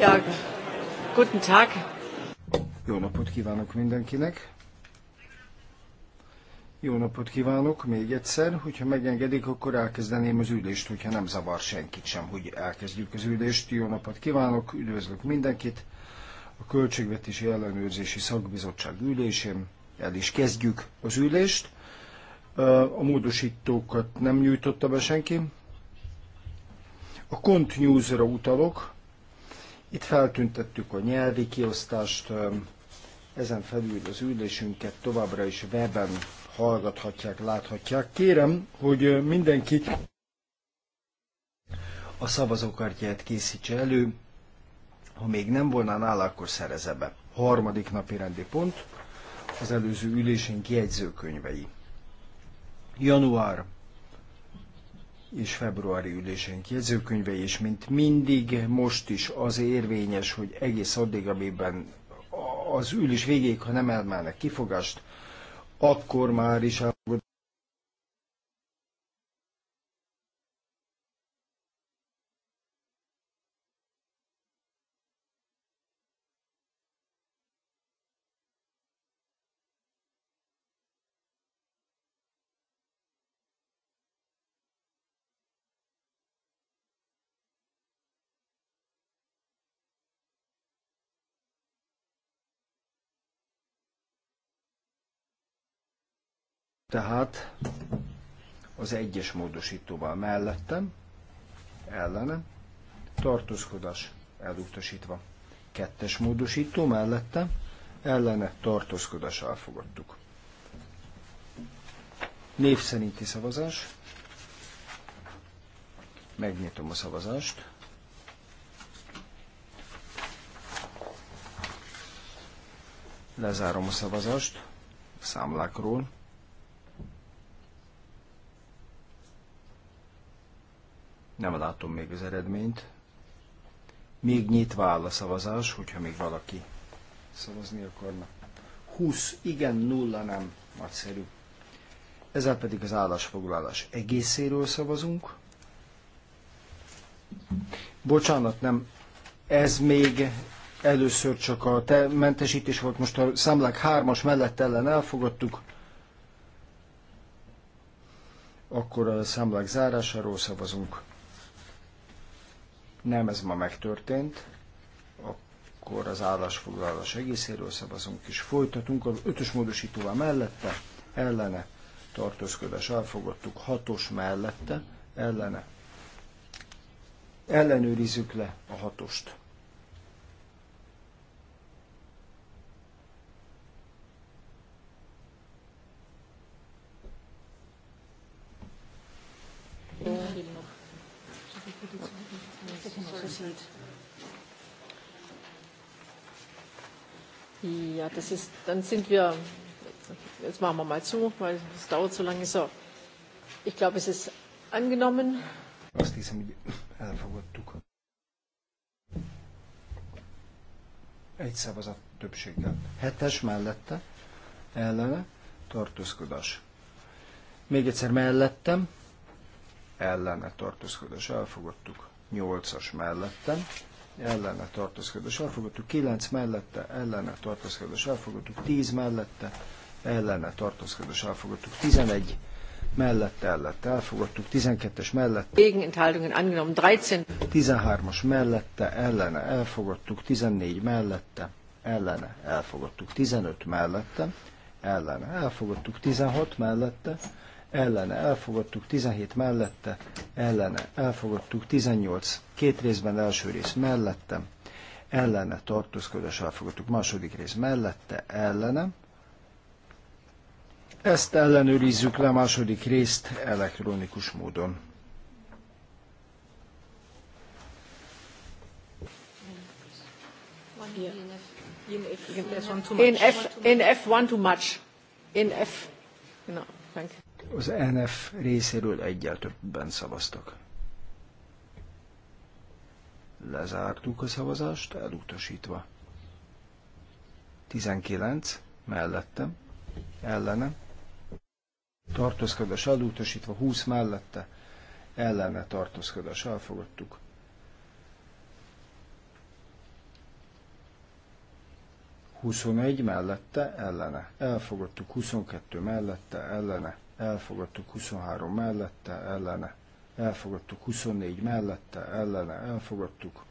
Ja, guten Tag. Jó napot kívánok mindenkinek. Jó napot kívánok még egyszer. Hogyha megengedik, akkor elkezdeném az ülést, hogyha nem zavar senkit sem, hogy elkezdjük az ülést. Jó napot kívánok, üdvözlök mindenkit a Költségvetési Ellenőrzési Szakbizottság ülésén. El is kezdjük az ülést a módosítókat nem nyújtotta be senki. A Cont News-ra utalok. Itt feltüntettük a nyelvi kiosztást, ezen felül az ülésünket továbbra is weben hallgathatják, láthatják. Kérem, hogy mindenki a szavazókártyáját készítse elő, ha még nem volna nála, akkor szereze be. Harmadik napi rendi pont, az előző ülésén jegyzőkönyvei január és februári ülésénk jegyzőkönyve, és mint mindig most is az érvényes, hogy egész addig, amiben az ülés végéig, ha nem elmennek kifogást, akkor már is el Tehát az egyes módosítóval mellettem, ellenem, tartózkodás elutasítva. Kettes módosító mellette, ellene tartózkodás elfogadtuk. Név szerinti szavazás. Megnyitom a szavazást. Lezárom a szavazást a számlákról. Nem látom még az eredményt. Még nyitva áll a szavazás, hogyha még valaki szavazni akarna. 20 igen, nulla nem. Nagyszerű. Ezzel pedig az állásfoglalás egészéről szavazunk. Bocsánat, nem. Ez még először csak a te mentesítés volt, most a számlák hármas mellett ellen elfogadtuk. Akkor a számlák zárásáról szavazunk. Nem, ez ma megtörtént. Akkor az állásfoglalás egészéről szavazunk, és folytatunk az ötös módosítóval mellette, ellene, tartózkodás elfogadtuk, hatos mellette, ellene. Ellenőrizzük le a hatost. you. Gesundheit. Ja, das ist, dann sind wir, jetzt machen wir mal zu, weil es dauert so lange. So, ich glaube, es ist angenommen. Aus diesem, äh, elfogadtuk. Egy szavazat többséggel. Hetes mellette, ellene, tartózkodás. Még egyszer mellettem, ellene tartózkodás. Elfogadtuk. 8-as mellettem, ellene tartózkodás elfogadtuk, 9 mellette ellene tartózkodás elfogadtuk, 10 mellette ellene tartózkodás elfogadtuk, 11 mellette ellette elfogadtuk, 12-es mellette. Gegenenthaltungen angenommen, 13. 13-as mellette ellene elfogadtuk, 14 mellette ellene elfogadtuk, 15 mellette ellene elfogadtuk, 16 mellette ellene elfogadtuk, 17 mellette, ellene elfogadtuk, 18 két részben első rész mellette, ellene tartózkodás elfogadtuk, második rész mellette, ellene. Ezt ellenőrizzük le második részt elektronikus módon. In F, in F one too much. In F, no, thank you az NF részéről egyel többen szavaztak. Lezártuk a szavazást, elutasítva. 19 mellettem, ellenem. Tartózkodás elutasítva, 20 mellette, ellene tartózkodás elfogadtuk. Huszonegy mellette, ellene. Elfogadtuk Huszonkettő mellette, ellene elfogadtuk 23 mellette, ellene, elfogadtuk 24 mellette, ellene, elfogadtuk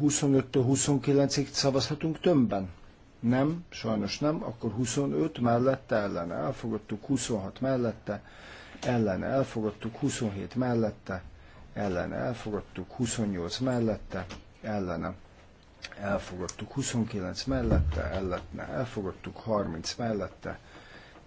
25-től 29-ig szavazhatunk tömbben? Nem, sajnos nem, akkor 25 mellette ellene elfogadtuk, 26 mellette ellene elfogadtuk, 27 mellette ellene elfogadtuk, 28 mellette ellene elfogadtuk 29 mellette, ellene elfogadtuk 30 mellette,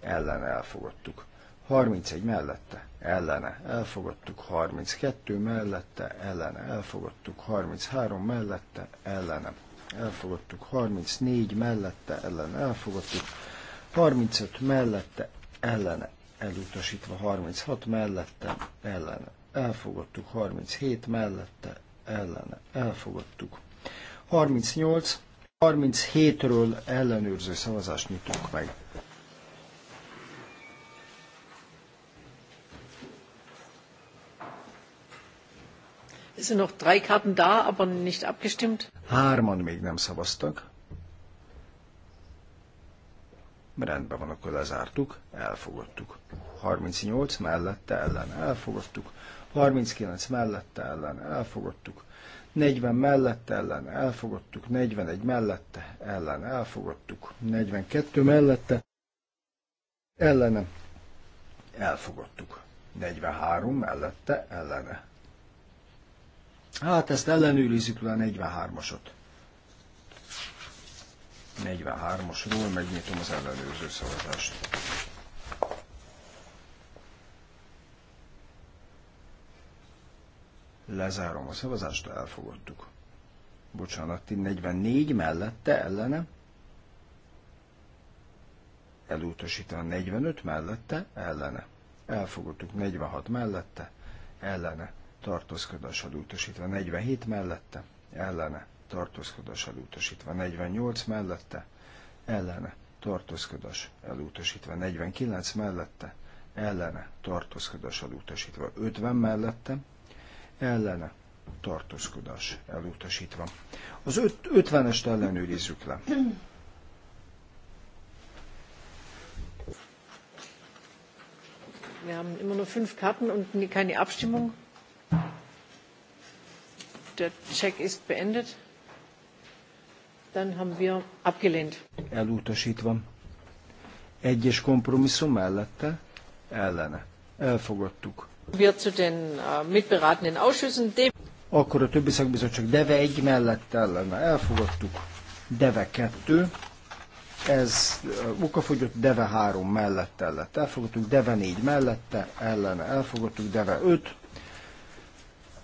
ellene elfogadtuk. 31 mellette, ellene elfogadtuk, 32 mellette, ellene elfogadtuk, 33 mellette, ellene elfogadtuk, 34 mellette, ellene elfogadtuk, 35 mellette, ellene elutasítva, 36 mellette, ellene elfogadtuk, 37 mellette, ellene elfogadtuk, 38, 37-ről ellenőrző szavazást nyitunk meg. Es sind noch drei Karten da, aber nicht abgestimmt. Hárman még nem szavaztak. Rendben van, akkor lezártuk, elfogadtuk. 38 mellette ellen elfogadtuk, 39 mellette ellen elfogadtuk, 40 mellette ellen elfogadtuk, 41 mellette ellen elfogadtuk, 42 mellette ellene elfogadtuk, 43 mellette ellene. Hát ezt ellenőrizzük le a 43-asot. 43-asról megnyitom az ellenőrző szavazást. Lezárom a szavazást, elfogadtuk. Bocsánat, ti 44 mellette, ellene. Elutasítva 45 mellette, ellene. Elfogadtuk 46 mellette, ellene. Tartózkodás elutasítva 47 mellette, ellene. Tartózkodás elutasítva 48 mellette, ellene. Tartózkodás elutasítva 49 mellette, ellene. Tartózkodás elutasítva 50 mellette, ellene tartózkodás elutasítva. Az 50-est ellenőrizzük le. Wir haben immer nur fünf Karten und keine Abstimmung. Der Check ist beendet. Dann haben wir abgelehnt. Elutasítva. Egyes kompromisszum mellette, ellene. Elfogadtuk. Äh, Akkor a többi szakbizottság Deve egy mellett ellene elfogadtuk, Deve kettő, ez munkafogyott Deve három mellett ellett elfogadtuk, Deve négy mellette ellene elfogadtuk, Deve öt.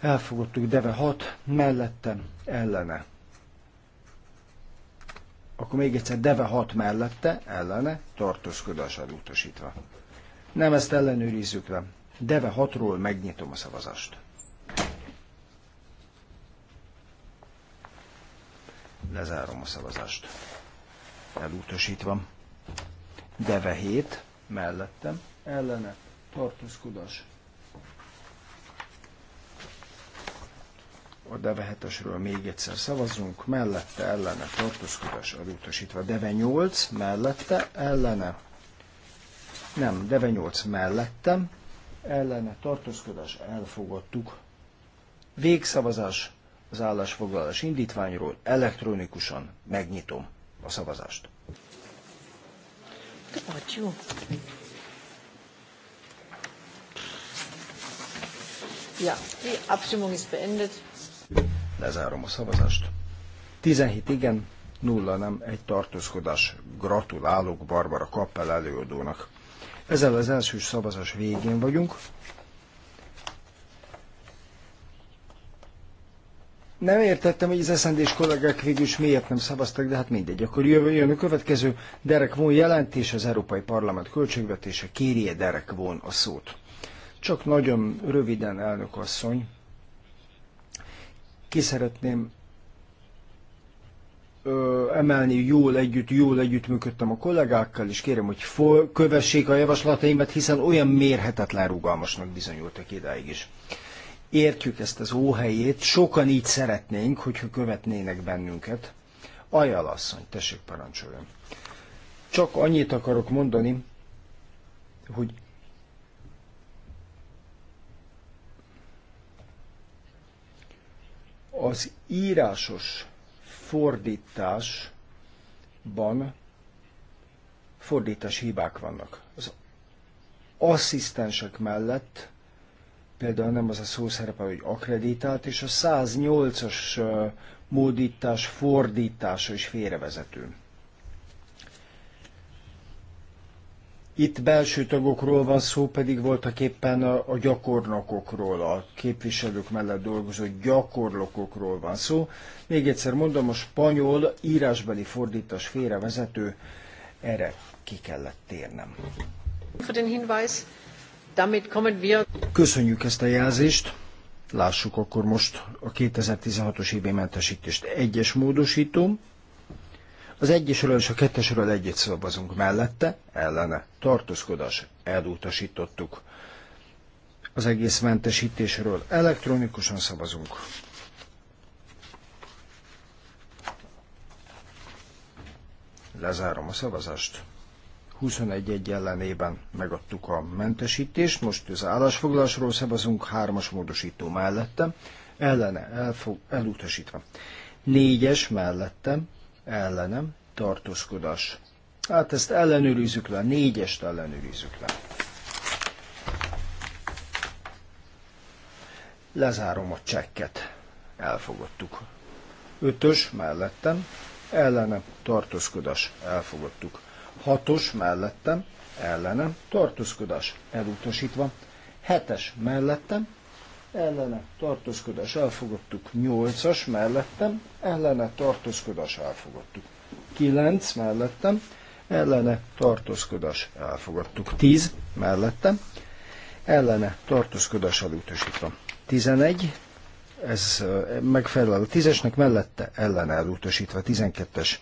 elfogadtuk, Deve hat mellette ellene. Akkor még egyszer Deve hat mellette ellene tartózkodását utasítva. Nem ezt ellenőrizzük le. Deve 6-ról megnyitom a szavazást. Lezárom a szavazást. Elutasítva. Deve 7 mellettem, ellene tartózkodás. A Deve 7 még egyszer szavazunk, mellette ellene tartózkodás elutasítva. Deve 8 mellette ellene. Nem, Deve 8 mellettem, ellene tartózkodás elfogadtuk. Végszavazás az állásfoglalás indítványról elektronikusan megnyitom a szavazást. Ja, die Abstimmung ist beendet. Lezárom a szavazást. 17 igen, nulla nem, egy tartózkodás. Gratulálok Barbara Kappel előadónak. Ezzel az első szavazás végén vagyunk. Nem értettem, hogy az eszendés kollégák végül is miért nem szavaztak, de hát mindegy. Akkor jön, jön a következő Derek Von jelentés, az Európai Parlament költségvetése. Kérje Derek Von a szót. Csak nagyon röviden, elnök asszony. Ki szeretném ö, emelni, jól együtt, jól együttműködtem a kollégákkal, és kérem, hogy fol, kövessék a javaslataimat, hiszen olyan mérhetetlen rugalmasnak bizonyultak idáig is. Értjük ezt az óhelyét, sokan így szeretnénk, hogyha követnének bennünket. Ajala asszony, tessék parancsoljon. Csak annyit akarok mondani, hogy az írásos fordításban fordítás hibák vannak. Az asszisztensek mellett például nem az a szó szerepel, hogy akreditált, és a 108-as módítás fordítása is félrevezető. Itt belső tagokról van szó, pedig voltak éppen a, a gyakornokokról, a képviselők mellett dolgozó gyakornokokról van szó. Még egyszer mondom, a spanyol írásbeli fordítás félrevezető, erre ki kellett térnem. Köszönjük ezt a jelzést. Lássuk akkor most a 2016-os évi mentesítést. Egyes módosítom. Az egyesről és a kettesről egyet szavazunk mellette, ellene tartózkodás elutasítottuk. Az egész mentesítésről elektronikusan szavazunk. Lezárom a szavazást. 21 ellenében megadtuk a mentesítést, most az állásfoglalásról szavazunk, hármas módosító mellettem, ellene elfog, elutasítva. Négyes mellettem, ellenem, tartózkodás. Hát ezt ellenőrizzük le, négyest ellenőrizzük le. Lezárom a csekket. Elfogadtuk. Ötös mellettem, ellenem, tartózkodás. Elfogadtuk. Hatos mellettem, ellenem, tartózkodás. Elutasítva. Hetes mellettem, ellene tartózkodás elfogadtuk, 8-as mellettem, ellene tartózkodás elfogadtuk, 9 mellettem, ellene tartózkodás elfogadtuk, 10 mellettem, ellene tartózkodás elutasítva, 11, ez megfelel a 10-esnek, mellette ellene elutasítva, 12-es,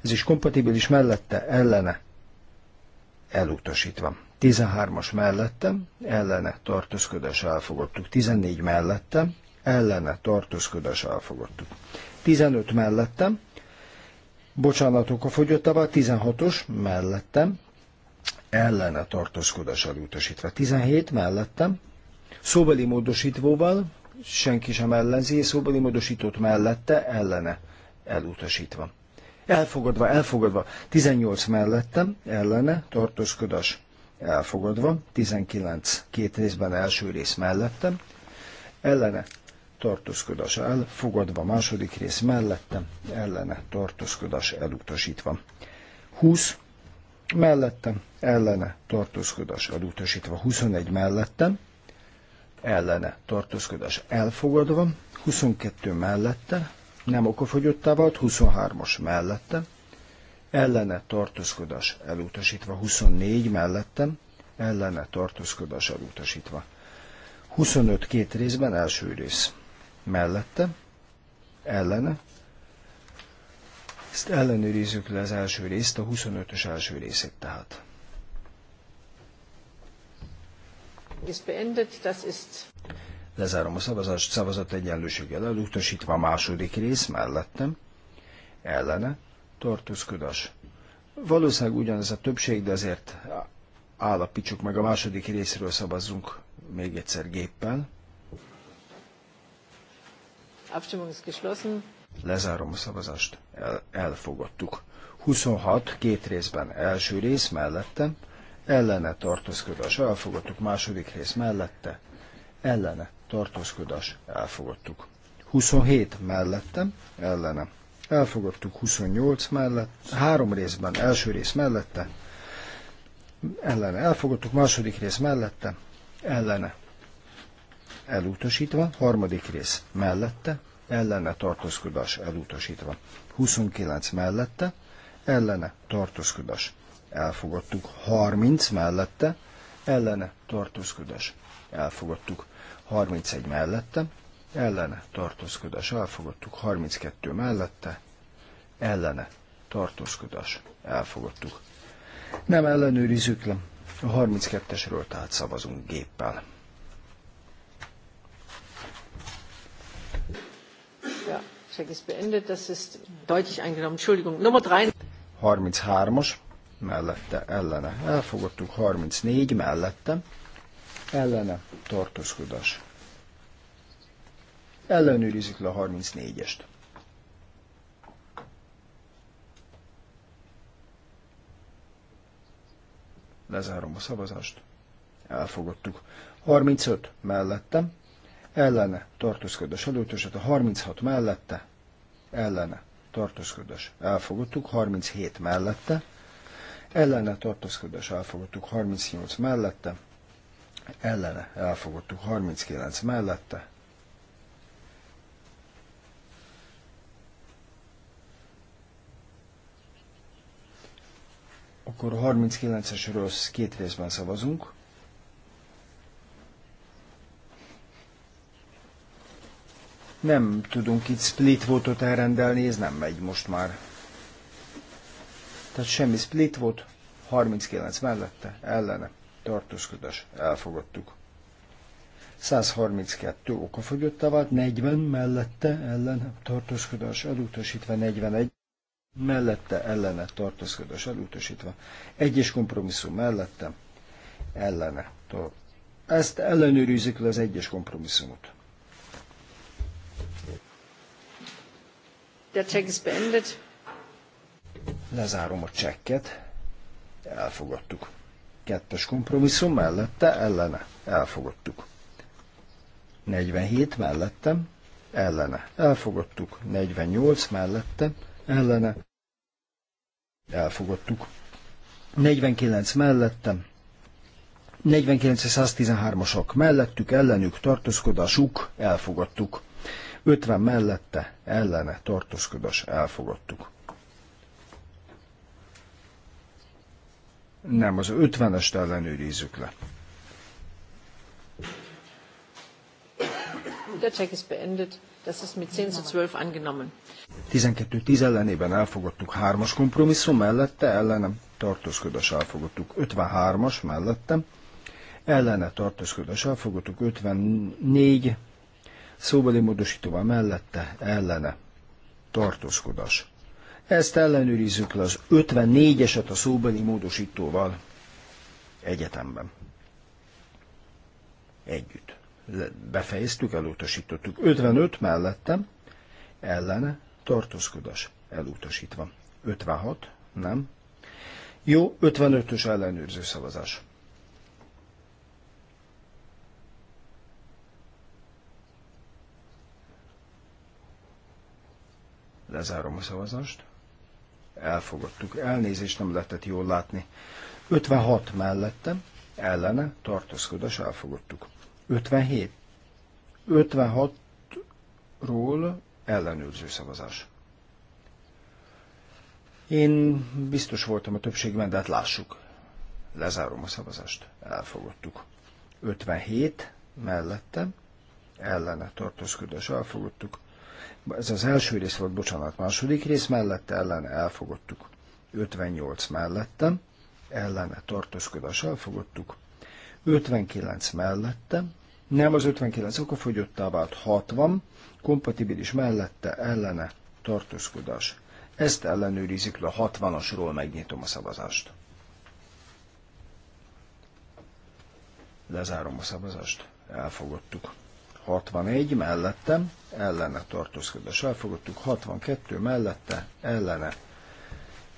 ez is kompatibilis, mellette ellene elutasítva. 13-as mellettem, ellene tartózkodás elfogadtuk. 14 mellettem, ellene tartózkodás elfogadtuk. 15 mellettem, bocsánatok a fogyottával, 16-os mellettem, ellene tartózkodás elutasítva. 17 mellettem, szóbeli módosítvóval, senki sem ellenzi, szóbeli módosítót mellette, ellene elutasítva. Elfogadva, elfogadva. 18 mellettem, ellene tartózkodás elfogadva, 19 két részben első rész mellettem, ellene tartózkodás elfogadva, második rész mellettem, ellene tartózkodás elutasítva. 20 mellettem, ellene tartózkodás elutasítva, 21 mellettem, ellene tartózkodás elfogadva, 22 mellette, nem okofogyottá vált, 23-as mellette, ellene tartózkodás elutasítva, 24 mellettem, ellene tartózkodás elutasítva. 25 két részben első rész. Mellette, ellene, ezt ellenőrizzük le az első részt, a 25-ös első részét tehát. Lezárom a szavazást, szavazat egyenlőséggel elutasítva a második rész mellettem, ellene, tartózkodás. Valószínűleg ugyanez a többség, de azért állapítsuk meg a második részről szavazzunk még egyszer géppel. Abstimmung ist geschlossen. Lezárom a szavazást. El, elfogadtuk. 26 két részben első rész mellette, ellene tartózkodás elfogadtuk, második rész mellette, ellene tartózkodás elfogadtuk. 27 mellettem, ellene elfogadtuk 28 mellett, három részben, első rész mellette, ellene elfogadtuk, második rész mellette, ellene elutasítva, harmadik rész mellette, ellene tartózkodás elutasítva, 29 mellette, ellene tartózkodás elfogadtuk, 30 mellette, ellene tartózkodás elfogadtuk, 31 mellette, ellene tartózkodás elfogadtuk, 32 mellette ellene tartózkodás elfogadtuk. Nem ellenőrizzük le, a 32-esről tehát szavazunk géppel. Ja, 33-as, mellette ellene. Elfogadtuk 34 mellette, ellene tartózkodás Ellenőrizzük le a 34-est. Lezárom a szavazást. Elfogadtuk. 35 mellette. ellene tartózkodás előtöset, a 36 mellette, ellene tartózkodás elfogadtuk, 37 mellette, ellene tartózkodás elfogadtuk, 38 mellette, ellene elfogadtuk, 39 mellette, Akkor a 39-es rossz két részben szavazunk. Nem tudunk itt split votot elrendelni, ez nem megy most már. Tehát semmi split volt, 39 mellette, ellene, tartózkodás, elfogadtuk. 132 okafogyott vált, 40 mellette, ellen, tartózkodás, elutasítva 41 mellette ellene tartózkodás elutasítva, egyes kompromisszum mellette ellene. Ezt ellenőrizzük le az egyes kompromisszumot. Der Check ist beendet. Lezárom a csekket. Elfogadtuk. Kettes kompromisszum mellette, ellene. Elfogadtuk. 47 mellettem, ellene. Elfogadtuk. 48 mellette, ellene elfogadtuk. 49 mellettem, 49-113-asak mellettük, ellenük tartózkodásuk, elfogadtuk. 50 mellette, ellene tartózkodás, elfogadtuk. Nem, az 50-est ellenőrizzük le. Der Check ist beendet. Das ist mit 10 zu 12 angenommen. 12-10 ellenében elfogadtuk 3-as kompromisszum, mellette ellenem tartózkodás elfogadtuk 53-as mellettem, ellene tartózkodás elfogadtuk 54 szóbeli módosítóval mellette ellene tartózkodás. Ezt ellenőrizzük le az 54-eset a szóbeli módosítóval egyetemben. Együtt befejeztük, elutasítottuk. 55 mellettem, ellene, tartózkodás, elutasítva. 56, nem. Jó, 55-ös ellenőrző szavazás. Lezárom a szavazást. Elfogadtuk. Elnézést nem lehetett jól látni. 56 mellettem, ellene, tartózkodás, elfogadtuk. 57. 56-ról ellenőrző szavazás. Én biztos voltam a többségben, de hát lássuk. Lezárom a szavazást. Elfogadtuk. 57 mellette ellene tartózkodás elfogadtuk. Ez az első rész volt, bocsánat, második rész mellette ellene elfogadtuk. 58 mellettem ellene tartózkodás elfogadtuk. 59 mellette, nem az 59 fogyottá vált 60, kompatibilis mellette ellene tartózkodás. Ezt ellenőrizik le a 60-asról, megnyitom a szavazást. Lezárom a szavazást, elfogadtuk. 61 mellettem, ellene tartózkodás elfogadtuk, 62 mellette, ellene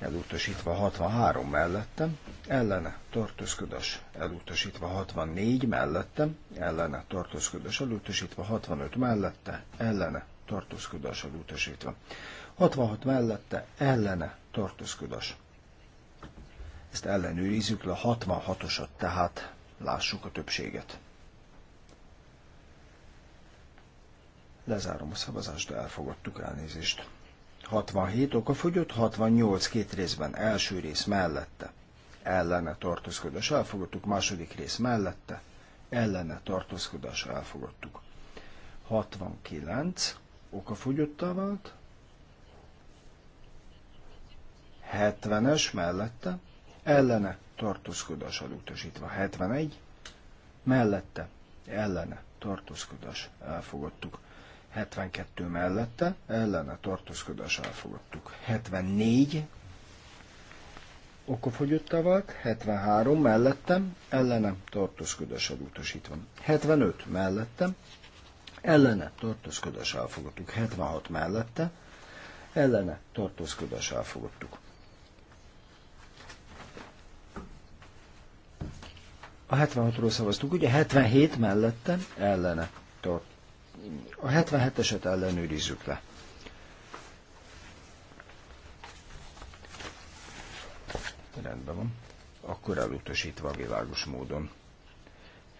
elutasítva 63 mellettem, ellene tartózkodás elutasítva 64 mellettem, ellene tartózkodás elutasítva 65 mellette, ellene tartózkodás elutasítva. 66 mellette, ellene tartózkodás. Ezt ellenőrizzük le 66-osat, tehát lássuk a többséget. Lezárom a szavazást, de elfogadtuk elnézést. 67 oka fogyott, 68 két részben, első rész mellette, ellene tartózkodás elfogadtuk, második rész mellette, ellene tartózkodás elfogadtuk. 69 okafogyottá vált, 70-es mellette, ellene tartózkodás elutasítva, 71 mellette, ellene tartózkodás elfogadtuk. 72 mellette, ellene tartózkodás elfogadtuk. 74 okofogyottá vált, 73 mellettem, ellene tartózkodás elutasítva. 75 mellettem, ellene tartózkodás elfogadtuk. 76 mellette, ellene tartózkodás elfogadtuk. A 76-ról szavaztuk, ugye 77 mellette ellene tart a 77-eset ellenőrizzük le. Rendben van. Akkor elutasítva világos módon.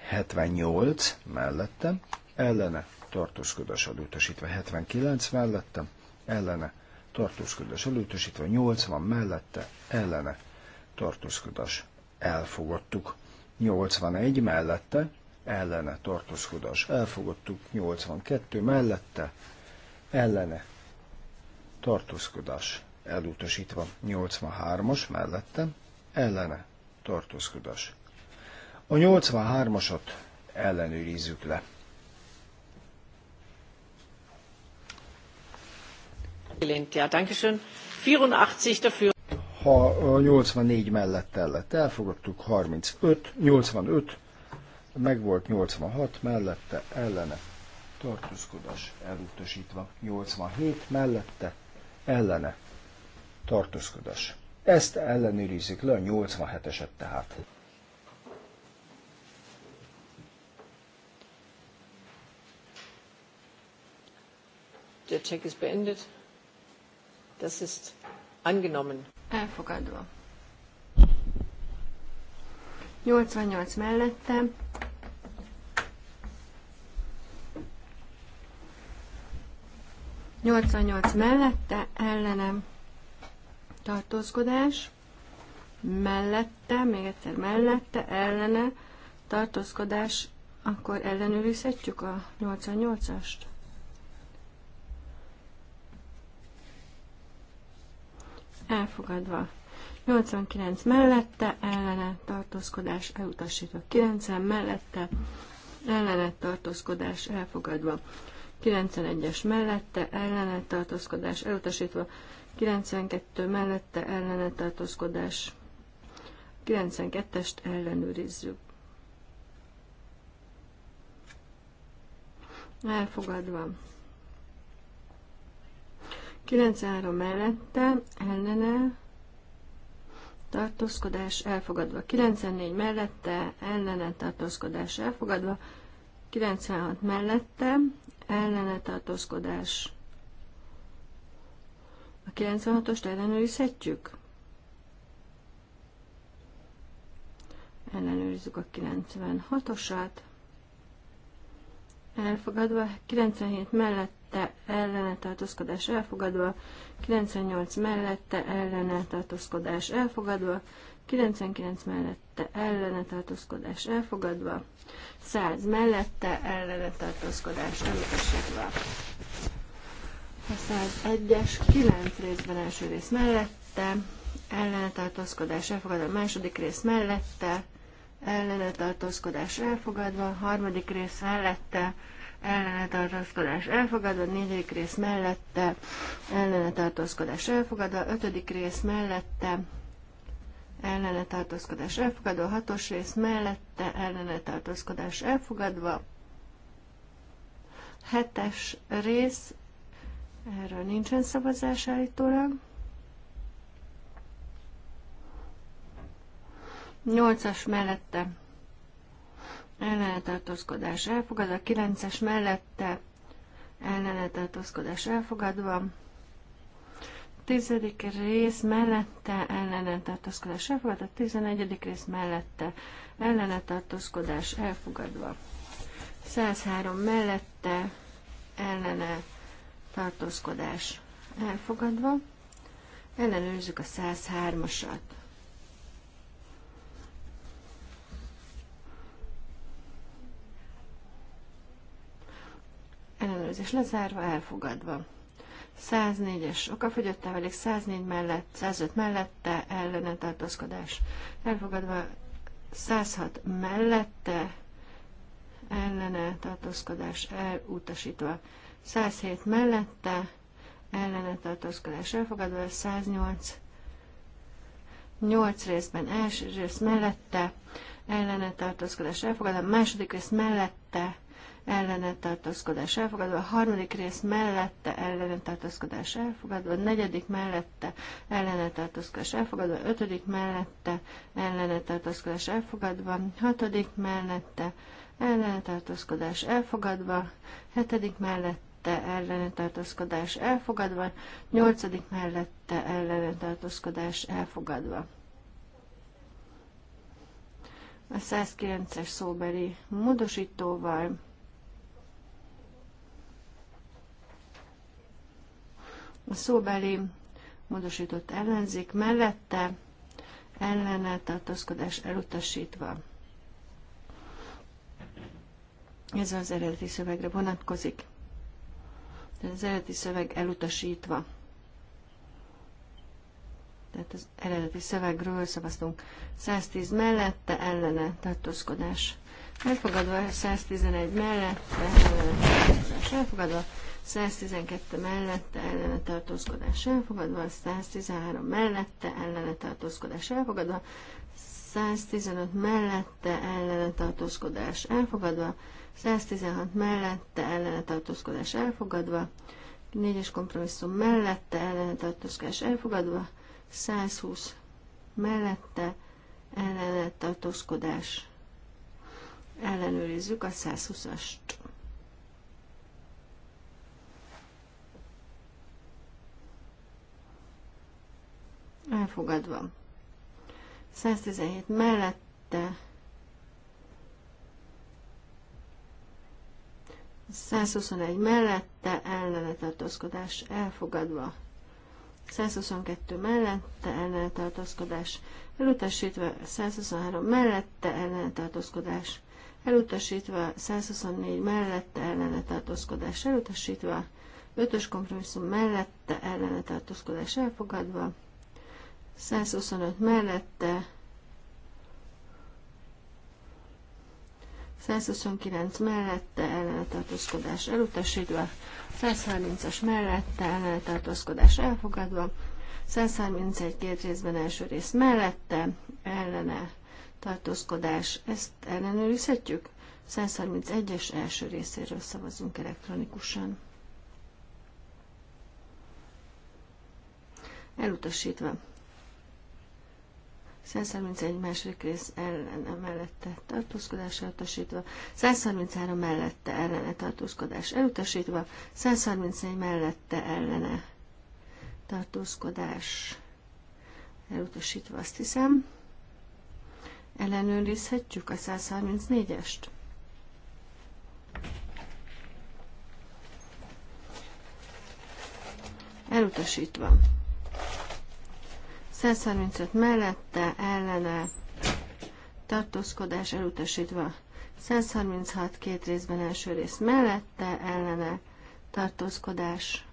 78 mellettem, ellene tartózkodás elutasítva 79 mellettem, ellene tartózkodás elutasítva 80 mellette, ellene tartózkodás elfogadtuk. 81 mellette, ellene tartózkodás. Elfogadtuk 82 mellette, ellene tartózkodás. Elutasítva 83-as mellette, ellene tartózkodás. A 83-asat ellenőrizzük le. Ja, danke schön. 84 dafür ha 84 mellett ellett elfogadtuk, 35, 85 megvolt 86 mellette ellene tartózkodás elutasítva, 87 mellette ellene tartózkodás. Ezt ellenőrizik le a 87-eset tehát. Der Check ist beendet. Das ist angenommen. Elfogadva. 88 mellette, 88 mellette ellenem tartózkodás, mellette, még egyszer mellette, ellene tartózkodás, akkor ellenőrizhetjük a 88-ast. Elfogadva. 89 mellette, ellene tartózkodás elutasítva. 90 mellette, ellene tartózkodás elfogadva. 91-es mellette ellene tartózkodás elutasítva, 92 mellette ellene tartózkodás, 92-est ellenőrizzük. Elfogadva. 93 mellette ellene tartózkodás elfogadva. 94 mellette ellene tartózkodás elfogadva. 96 mellette ellene tartózkodás. A 96-ost ellenőrizhetjük? Ellenőrizzük a 96-osát. Elfogadva, 97 mellette ellene tartózkodás elfogadva, 98 mellette ellene tartózkodás elfogadva, 99 mellette ellene tartózkodás elfogadva, 100 mellette ellene tartózkodás elutasítva. A 101-es 9 részben első rész mellette, ellene tartózkodás elfogadva a második rész mellette, ellene tartózkodás elfogadva, a harmadik rész mellette, ellene tartózkodás elfogadva, negyedik rész mellette, ellene tartózkodás elfogadva, ötödik rész mellette, ellene tartózkodás elfogadva, a hatos rész mellette ellene tartózkodás elfogadva, hetes rész, erről nincsen szavazás állítólag, nyolcas mellette ellene tartózkodás elfogadva, kilences mellette ellene tartózkodás elfogadva, tizedik rész mellette ellene tartózkodás elfogadva, a tizenegyedik rész mellette ellene tartózkodás elfogadva. 103 mellette ellene tartózkodás elfogadva. Ellenőrizzük a 103-asat. Ellenőrzés lezárva, elfogadva. 104-es okafogyottá válik, 104 mellett, 105 mellette ellene tartózkodás elfogadva, 106 mellette ellene tartózkodás elutasítva, 107 mellette ellene tartózkodás elfogadva, 108 8 részben első rész mellette ellene tartózkodás elfogadva, második rész mellette ellene tartózkodás elfogadva, a harmadik rész mellette ellene tartózkodás elfogadva, a negyedik mellette ellene tartózkodás elfogadva, a ötödik mellette ellene tartózkodás elfogadva, a hatodik mellette ellene tartózkodás elfogadva, a hetedik mellette mellette ellene tartózkodás elfogadva, nyolcadik mellette ellene tartózkodás elfogadva. A 109-es szóbeli módosítóval A szóbeli módosított ellenzék mellette ellene tartózkodás elutasítva. Ez az eredeti szövegre vonatkozik. Tehát az eredeti szöveg elutasítva. Tehát az eredeti szövegről szavaztunk. 110 mellette ellene tartózkodás. Elfogadva 111 mellette ellene tartózkodás. Elfogadva 112 mellette ellene tartózkodás elfogadva, 113 mellette ellene tartózkodás elfogadva, 115 mellette ellene tartózkodás elfogadva, 116 mellette ellene tartózkodás elfogadva, 4-es kompromisszum mellette ellene tartózkodás elfogadva, 120 mellette ellene tartózkodás ellenőrizzük a 120-ast. Elfogadva. 117 mellette 121 mellette ellene tartózkodás elfogadva. 122 mellette ellene tartózkodás elutasítva, 123 mellette ellene tartózkodás elutasítva, 124 mellette ellene tartózkodás elutasítva, 5-ös kompromisszum mellette ellene tartózkodás elfogadva, 125 mellette, 129 mellette ellenetartózkodás elutasítva, 130-as mellette ellenetartózkodás elfogadva, 131 két részben első rész mellette ellene tartózkodás, ezt ellenőrizhetjük? 131-es első részéről szavazunk elektronikusan. Elutasítva. 131 második rész ellene mellette tartózkodás elutasítva, 133 mellette ellene tartózkodás elutasítva, 134 mellette ellene tartózkodás elutasítva, azt hiszem. Ellenőrizhetjük a 134-est. Elutasítva. 135 mellette ellene tartózkodás elutasítva. 136 két részben első rész mellette ellene tartózkodás.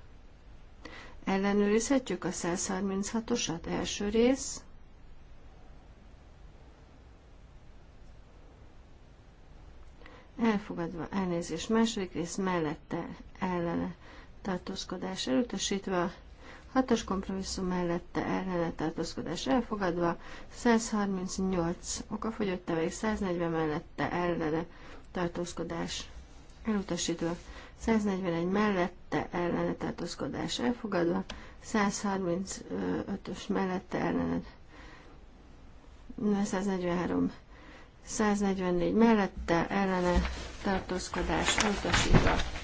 Ellenőrizhetjük a 136-osat első rész. Elfogadva elnézés második rész mellette ellene tartózkodás elutasítva hatos kompromisszum mellette ellene tartózkodás elfogadva, 138 okafogyott tevék, 140 mellette ellene tartózkodás elutasítva, 141 mellette ellene tartózkodás elfogadva, 135-ös mellette ellene 143 144 mellette ellene tartózkodás elutasítva.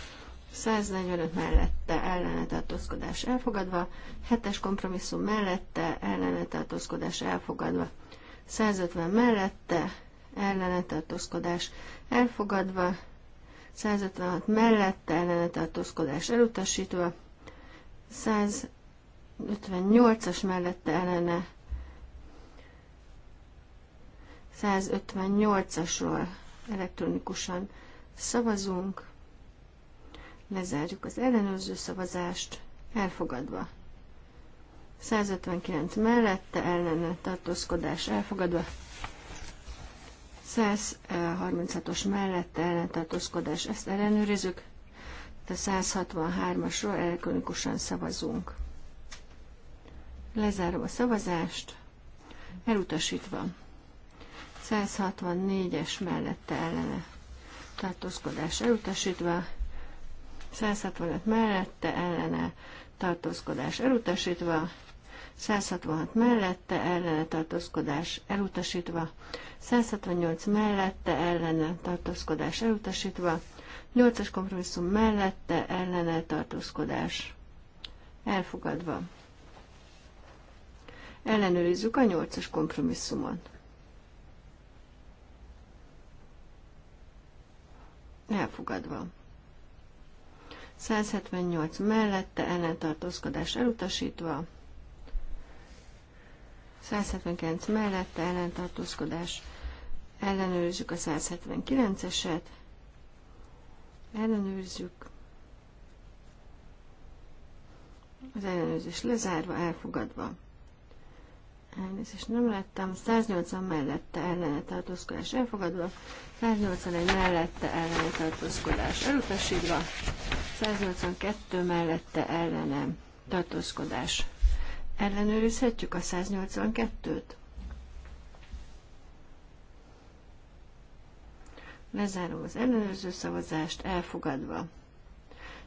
145 mellette ellene tartózkodás elfogadva, 7-es kompromisszum mellette ellene tartózkodás elfogadva, 150 mellette ellene tartózkodás elfogadva, 156 mellette ellene tartózkodás elutasítva, 158-as mellette ellene 158-asról elektronikusan szavazunk. Lezárjuk az ellenőrző szavazást, elfogadva. 159 mellette ellene tartózkodás elfogadva. 136-os mellette tartózkodás, ezt ellenőrizzük, A 163-asról elektronikusan szavazunk. Lezárom a szavazást, elutasítva. 164-es mellette ellene tartózkodás elutasítva, 165 mellette ellene tartózkodás elutasítva, 166 mellette ellene tartózkodás elutasítva, 168 mellette ellene tartózkodás elutasítva, 8-as kompromisszum mellette ellene tartózkodás elfogadva. Ellenőrizzük a 8-as kompromisszumot. Elfogadva. 178 mellette ellentartózkodás elutasítva, 179 mellette ellentartózkodás, ellenőrizzük a 179-eset, ellenőrizzük, az ellenőrzés lezárva, elfogadva. Elnézést nem lettem. 180 mellette ellene tartózkodás elfogadva, 181 mellette ellene tartózkodás elutasítva, 182 mellette ellenem tartózkodás. Ellenőrizhetjük a 182-t? Lezárom az ellenőrző szavazást, elfogadva.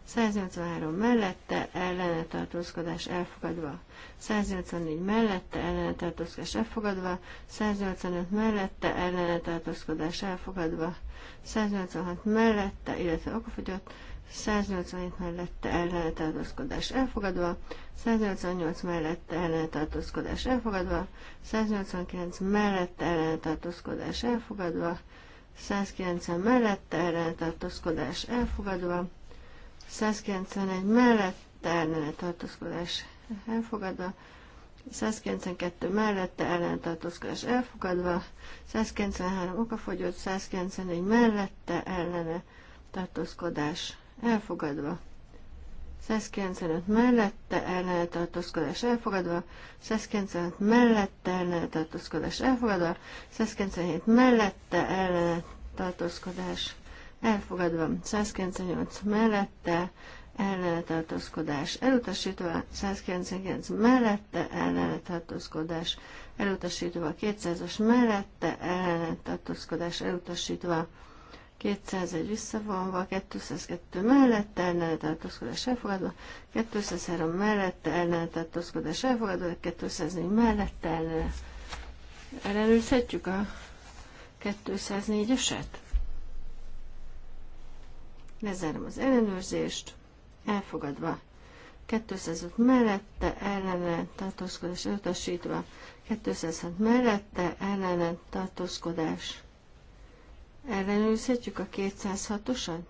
183 mellette, ellene tartózkodás elfogadva. 184 mellette, ellene tartózkodás elfogadva. 185 mellette, ellene tartózkodás elfogadva. 186 mellette, illetve okafogyott. 188 mellette ellenetartózkodás elfogadva, 188 mellette ellenetartózkodás elfogadva, 189 mellette ellenetartózkodás elfogadva, 190 mellette ellenetartózkodás elfogadva, 191 mellette ellenetartózkodás elfogadva, 192 mellette ellenetartózkodás elfogadva, 193 okafogyott, 194 mellette ellene tartózkodás elfogadva. 195 mellette ellene tartózkodás elfogadva, 195 mellette ellene tartózkodás elfogadva, 197 mellette ellene tartózkodás elfogadva, 198 mellette ellene tartózkodás elutasítva, 199 mellette ellene tartózkodás elutasítva, 200-as mellette ellene tartózkodás elutasítva, 201 visszavonva, 202 mellette ellenet tartózkodás elfogadva, 203 mellette ellenet tartózkodás elfogadva, 204 mellette ellenet. Ellenőrizhetjük a 204-eset? Lezárom az ellenőrzést, elfogadva. 205 mellette ellenet tartózkodás elutasítva, 206 mellette ellenet tartózkodás Ellenőrizhetjük a 206-osat?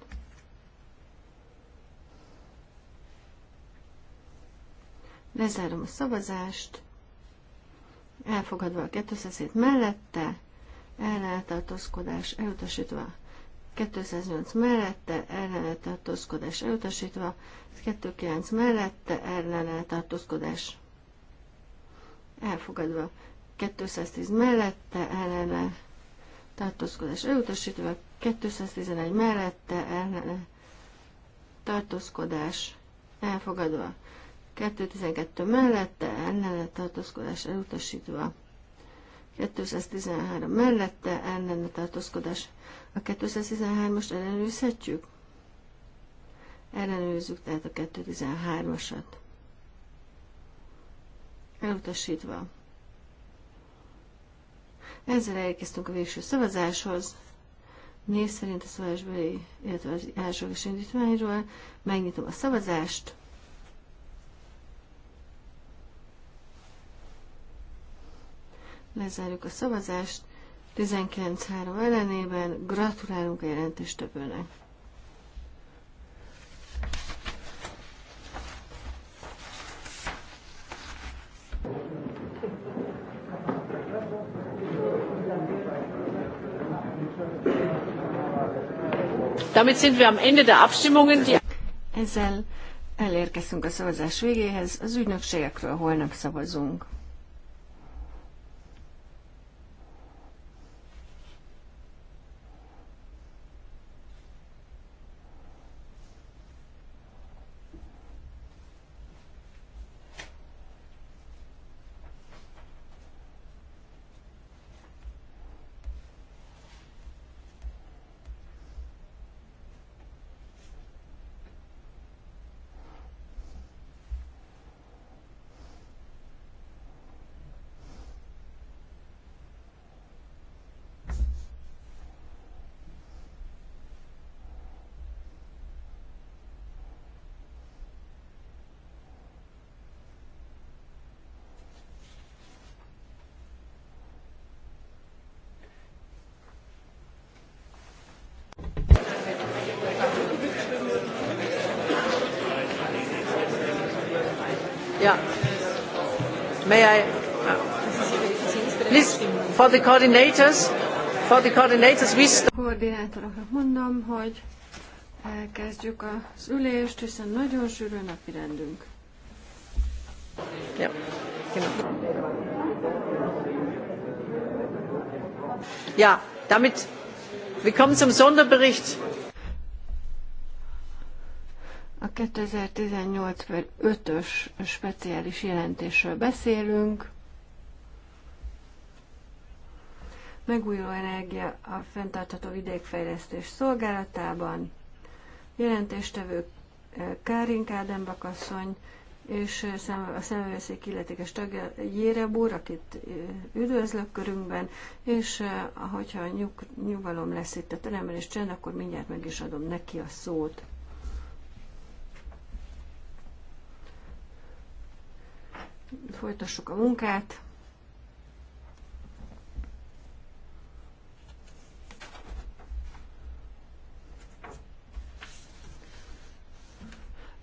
Lezárom a szavazást. Elfogadva a 207 mellette, ellenetartózkodás elutasítva. 208 mellette, ellenetartózkodás elutasítva. 209 mellette, ellenetartózkodás elfogadva. 210 mellette, ellenetartózkodás tartózkodás elutasítva, 211 mellette ellene tartózkodás elfogadva, 212 mellette ellene tartózkodás elutasítva, 213 mellette ellene tartózkodás. A 213 as ellenőrizhetjük? Ellenőrizzük tehát a 213-asat. Elutasítva. Ezzel elkezdtünk a végső szavazáshoz. Név szerint a szavazásbeli, illetve az elsőgés indítványról. Megnyitom a szavazást. Lezárjuk a szavazást. 19-3 ellenében gratulálunk a jelentéstevőnek. Damit sind wir am Ende der Abstimmungen. Ezzel elérkeztünk a szavazás végéhez, az ügynökségekről holnap szavazunk. May I? Please, for the coordinators, for the coordinators, we start. Koordinátoroknak mondom, hogy elkezdjük az ülést, hiszen nagyon sűrű napi rendünk. Ja, ja, damit wir kommen zum Sonderbericht a 2018 per 5-ös speciális jelentésről beszélünk. Megújuló energia a fenntartható vidékfejlesztés szolgálatában. Jelentéstevő eh, Kárin Kádembak és eh, a szemvevőszék illetékes tagja Jére Búr, akit eh, üdvözlök körünkben, és hogyha nyug, nyugalom lesz itt a teremben és csend, akkor mindjárt meg is adom neki a szót. Folytassuk a munkát.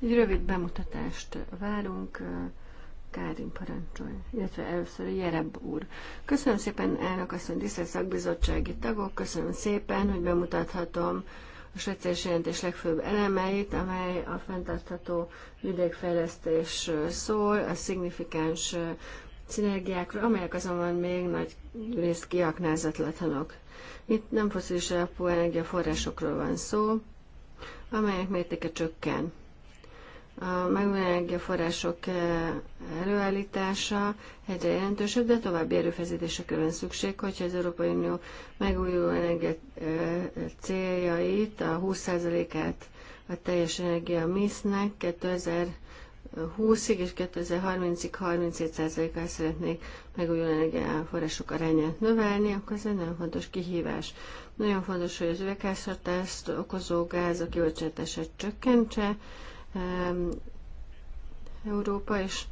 Egy rövid bemutatást várunk. Kárin parancsolj, illetve először Jereb úr. Köszönöm szépen, elnök asszony, tisztelt szakbizottsági tagok, köszönöm szépen, hogy bemutathatom a speciális jelentés legfőbb elemeit, amely a fenntartható vidékfejlesztés szól, a szignifikáns szinergiákról, amelyek azonban még nagy részt kiaknázatlatlanok. Itt nem foszilis alapú energiaforrásokról van szó, amelyek mértéke csökken a megújuló források eh, előállítása egyre jelentősebb, de további erőfeszítésekre van szükség, hogyha az Európai Unió megújuló energia eh, céljait, a 20%-át a teljes energia MISZ-nek 2020-ig és 2030-ig 37%-kal szeretnék megújuló energiaforrások arányát növelni, akkor ez egy nagyon fontos kihívás. Nagyon fontos, hogy az üvegházhatást okozó gázok kibocsátását csökkentse, Európa, és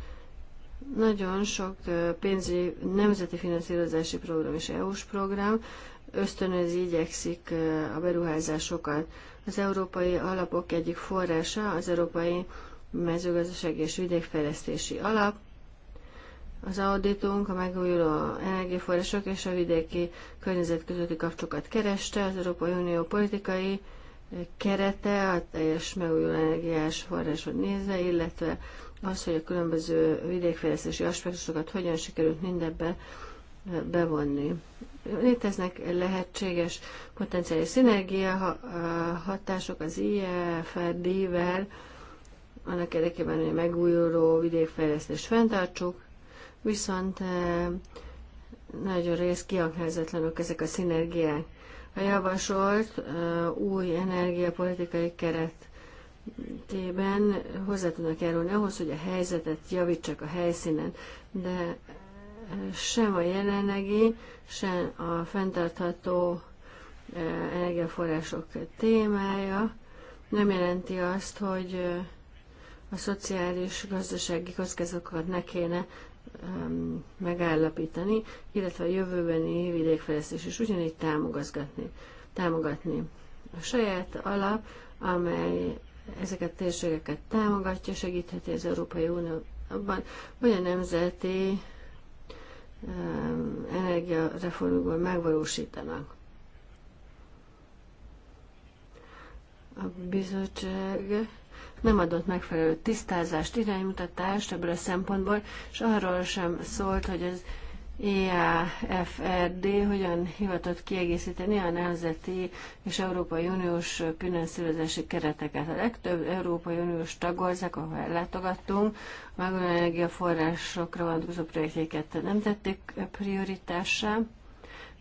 nagyon sok pénzügyi nemzeti finanszírozási program és EU-s program ösztönözi, igyekszik a beruházásokat. Az európai alapok egyik forrása az Európai mezőgazdaság és Vidékfejlesztési Alap, az auditunk a megújuló energiaforrások és a vidéki környezet közötti kapcsokat kereste, az Európai Unió politikai kerete, a teljes megújuló energiás hogy nézve, illetve az, hogy a különböző vidékfejlesztési aspektusokat hogyan sikerült mindebbe bevonni. Léteznek lehetséges potenciális szinergia hatások az IFRD-vel, annak érdekében, hogy a megújuló vidékfejlesztést fenntartsuk, viszont nagyon rész kiaknázatlanok ezek a szinergiák. A javasolt új energiapolitikai keretében hozzá tudnak járulni ahhoz, hogy a helyzetet javítsak a helyszínen, de sem a jelenlegi, sem a fenntartható energiaforrások témája nem jelenti azt, hogy a szociális, gazdasági kockázatokat ne kéne Um, megállapítani, illetve a jövőbeni vidékfejlesztés is ugyanígy támogatni. támogatni. A saját alap, amely ezeket a térségeket támogatja, segítheti az Európai Unió abban, hogy a nemzeti um, energiareformokból megvalósítanak. A bizottság nem adott megfelelő tisztázást, iránymutatást ebből a szempontból, és arról sem szólt, hogy az EAFRD hogyan hivatott kiegészíteni a nemzeti és Európai Uniós finanszírozási kereteket. A legtöbb Európai Uniós tagország, ahol ellátogattunk, a megújuló energiaforrásokra vonatkozó projektjéket nem tették prioritássá,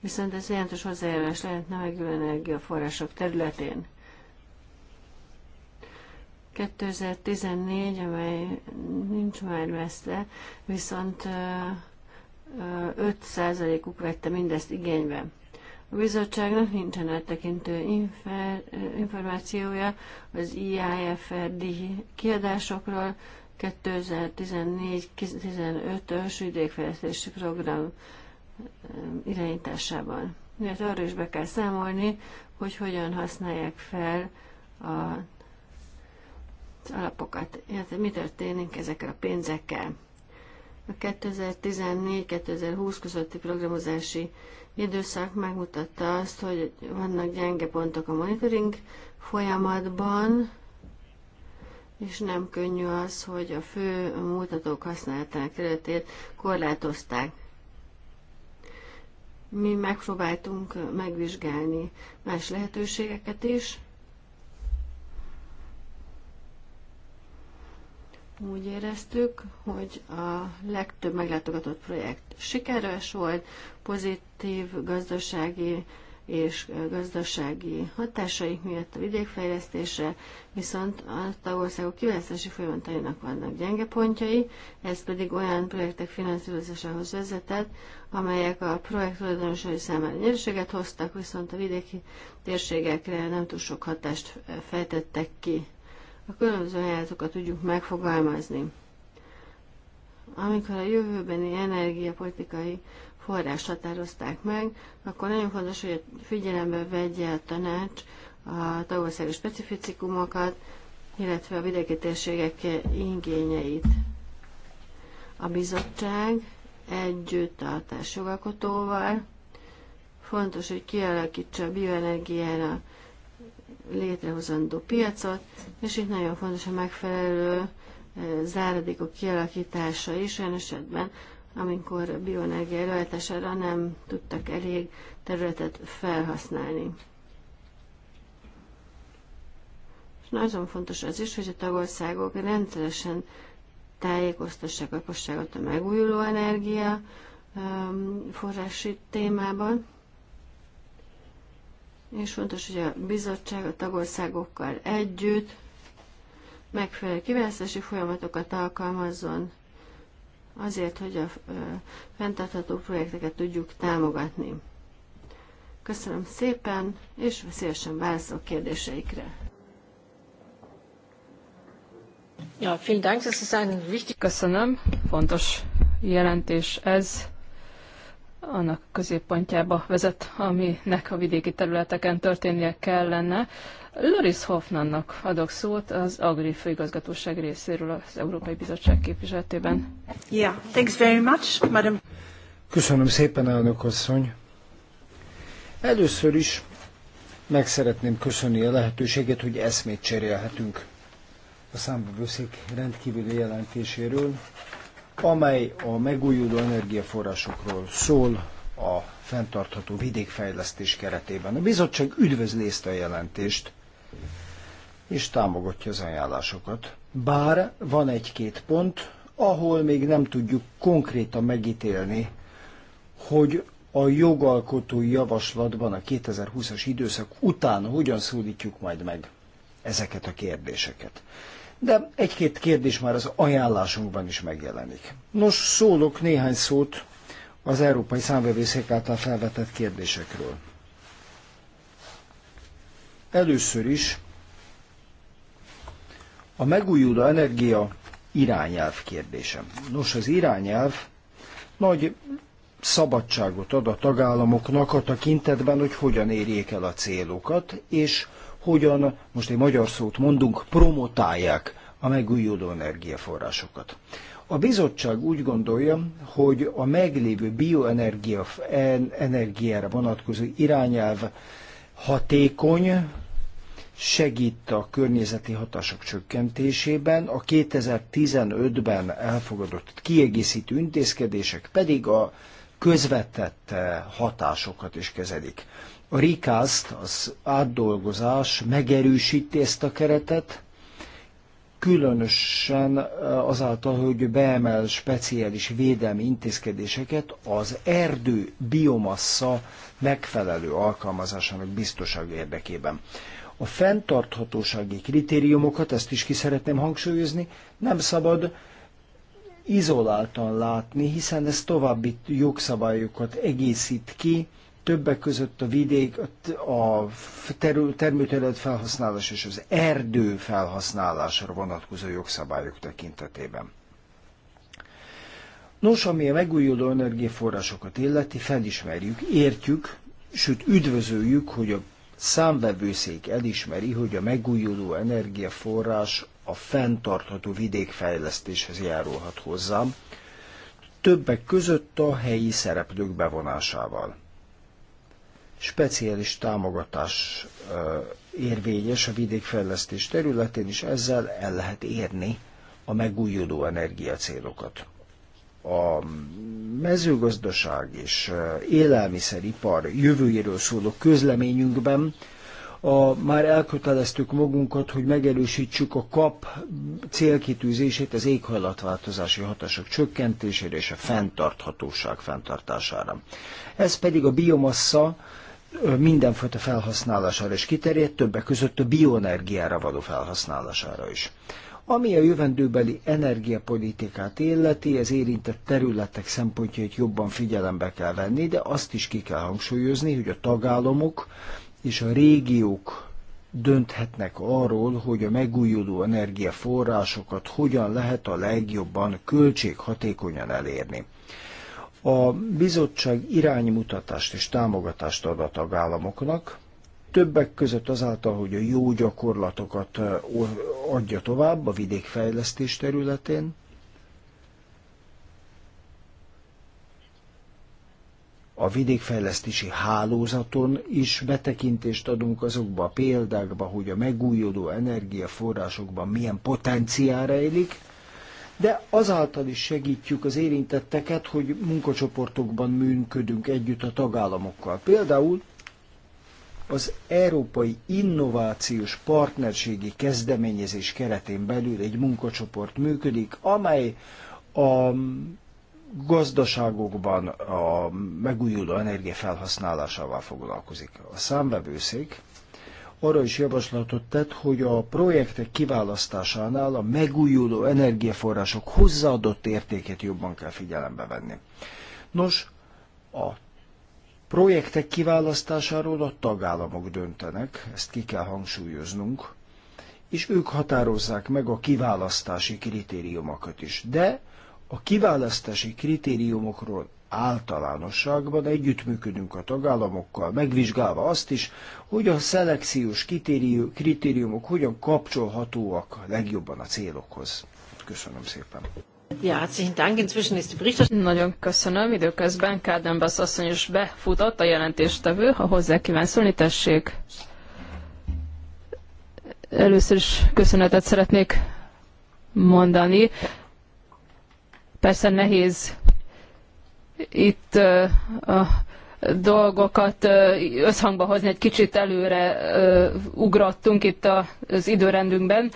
viszont ez jelentős hozzájárulás lehetne megújuló energiaforrások területén. 2014, amely nincs már messze, viszont 5%-uk vette mindezt igénybe. A bizottságnak nincsen áttekintő információja az IIFRD kiadásokról 2014-15-ös vidékfejlesztési program irányításában. Mert arra is be kell számolni, hogy hogyan használják fel a alapokat, illetve mi történik ezekkel a pénzekkel. A 2014-2020 közötti programozási időszak megmutatta azt, hogy vannak gyenge pontok a monitoring folyamatban, és nem könnyű az, hogy a fő mutatók használatának területét korlátozták. Mi megpróbáltunk megvizsgálni más lehetőségeket is, úgy éreztük, hogy a legtöbb meglátogatott projekt sikeres volt, pozitív gazdasági és gazdasági hatásaik miatt a vidékfejlesztésre, viszont a tagországok kiválasztási folyamatainak vannak gyenge pontjai, ez pedig olyan projektek finanszírozásához vezetett, amelyek a projekt tulajdonosai számára nyereséget hoztak, viszont a vidéki térségekre nem túl sok hatást fejtettek ki a különböző helyzetokat tudjuk megfogalmazni. Amikor a jövőbeni energiapolitikai forrást határozták meg, akkor nagyon fontos, hogy figyelembe vegye a tanács a tagországi specifikumokat, illetve a vidéki térségek ingényeit. A bizottság együttartás jogalkotóval fontos, hogy kialakítsa a bioenergiára létrehozandó piacot, és itt nagyon fontos a megfelelő eh, záradékok kialakítása is olyan esetben, amikor bioenergia előállítására nem tudtak elég területet felhasználni. És nagyon fontos az is, hogy a tagországok rendszeresen tájékoztassák a a megújuló energia ehm, forrási témában, és fontos, hogy a bizottság a tagországokkal együtt megfelelő kiválasztási folyamatokat alkalmazzon azért, hogy a fenntartható projekteket tudjuk támogatni. Köszönöm szépen, és szívesen válaszolok kérdéseikre. Ja, vielen Dank, das ist ein wichtig... Köszönöm, fontos jelentés ez annak középpontjába vezet, aminek a vidéki területeken történnie kellene. Loris Hoffmannnak adok szót az Agri Főigazgatóság részéről az Európai Bizottság képviseletében. Yeah, thanks very much, madam. Köszönöm szépen, elnök asszony. Először is meg szeretném köszönni a lehetőséget, hogy eszmét cserélhetünk a számbevőszék rendkívüli jelentéséről, amely a megújuló energiaforrásokról szól a fenntartható vidékfejlesztés keretében. A bizottság üdvözli ezt a jelentést, és támogatja az ajánlásokat. Bár van egy-két pont, ahol még nem tudjuk konkrétan megítélni, hogy a jogalkotói javaslatban a 2020-as időszak után hogyan szólítjuk majd meg ezeket a kérdéseket de egy-két kérdés már az ajánlásunkban is megjelenik. Nos, szólok néhány szót az Európai Számvevőszék által felvetett kérdésekről. Először is a megújuló energia irányelv kérdése. Nos, az irányelv nagy szabadságot ad a tagállamoknak a tekintetben, hogy hogyan érjék el a célokat, és hogyan, most egy magyar szót mondunk, promotálják a megújuló energiaforrásokat. A bizottság úgy gondolja, hogy a meglévő bioenergia energiára vonatkozó irányelv hatékony, segít a környezeti hatások csökkentésében, a 2015-ben elfogadott kiegészítő intézkedések pedig a közvetett eh, hatásokat is kezelik. A recast, az átdolgozás megerősíti ezt a keretet, különösen eh, azáltal, hogy beemel speciális védelmi intézkedéseket az erdő biomassa megfelelő alkalmazásának biztoság érdekében. A fenntarthatósági kritériumokat, ezt is ki szeretném hangsúlyozni, nem szabad izoláltan látni, hiszen ez további jogszabályokat egészít ki, többek között a vidék, a termőterület felhasználás és az erdő felhasználásra vonatkozó jogszabályok tekintetében. Nos, ami a megújuló energiaforrásokat illeti, felismerjük, értjük, sőt üdvözöljük, hogy a számvevőszék elismeri, hogy a megújuló energiaforrás a fenntartható vidékfejlesztéshez járulhat hozzá, többek között a helyi szereplők bevonásával speciális támogatás érvényes a vidékfejlesztés területén, és ezzel el lehet érni a megújuló energiacélokat. A mezőgazdaság és élelmiszeripar jövőjéről szóló közleményünkben a, már elköteleztük magunkat, hogy megerősítsük a kap célkitűzését az éghajlatváltozási hatások csökkentésére és a fenntarthatóság fenntartására. Ez pedig a biomassa mindenfajta felhasználására is kiterjedt, többek között a bioenergiára való felhasználására is. Ami a jövendőbeli energiapolitikát illeti, az érintett területek szempontjait jobban figyelembe kell venni, de azt is ki kell hangsúlyozni, hogy a tagállamok és a régiók dönthetnek arról, hogy a megújuló energiaforrásokat hogyan lehet a legjobban költséghatékonyan elérni. A bizottság iránymutatást és támogatást ad a tagállamoknak, többek között azáltal, hogy a jó gyakorlatokat adja tovább a vidékfejlesztés területén, a vidékfejlesztési hálózaton is betekintést adunk azokba a példákba, hogy a megújuló energiaforrásokban milyen potenciál rejlik, de azáltal is segítjük az érintetteket, hogy munkacsoportokban működünk együtt a tagállamokkal. Például az Európai Innovációs Partnerségi Kezdeményezés keretén belül egy munkacsoport működik, amely a gazdaságokban a megújuló energia felhasználásával foglalkozik. A számvevőszék arra is javaslatot tett, hogy a projektek kiválasztásánál a megújuló energiaforrások hozzáadott értékét jobban kell figyelembe venni. Nos, a projektek kiválasztásáról a tagállamok döntenek, ezt ki kell hangsúlyoznunk, és ők határozzák meg a kiválasztási kritériumokat is. De a kiválasztási kritériumokról általánosságban együttműködünk a tagállamokkal, megvizsgálva azt is, hogy a szelekciós kritériumok hogyan kapcsolhatóak legjobban a célokhoz. Köszönöm szépen. Ja, herzlichen Dank. Inzwischen ist die Berichterstattung. Nagyon köszönöm. Időközben Kádembasz asszony is befutott a jelentéstevő, ha hozzá kíván szólni, tessék. Először is köszönetet szeretnék mondani. Persze nehéz itt a dolgokat összhangba hozni, egy kicsit előre ugrottunk itt az időrendünkben.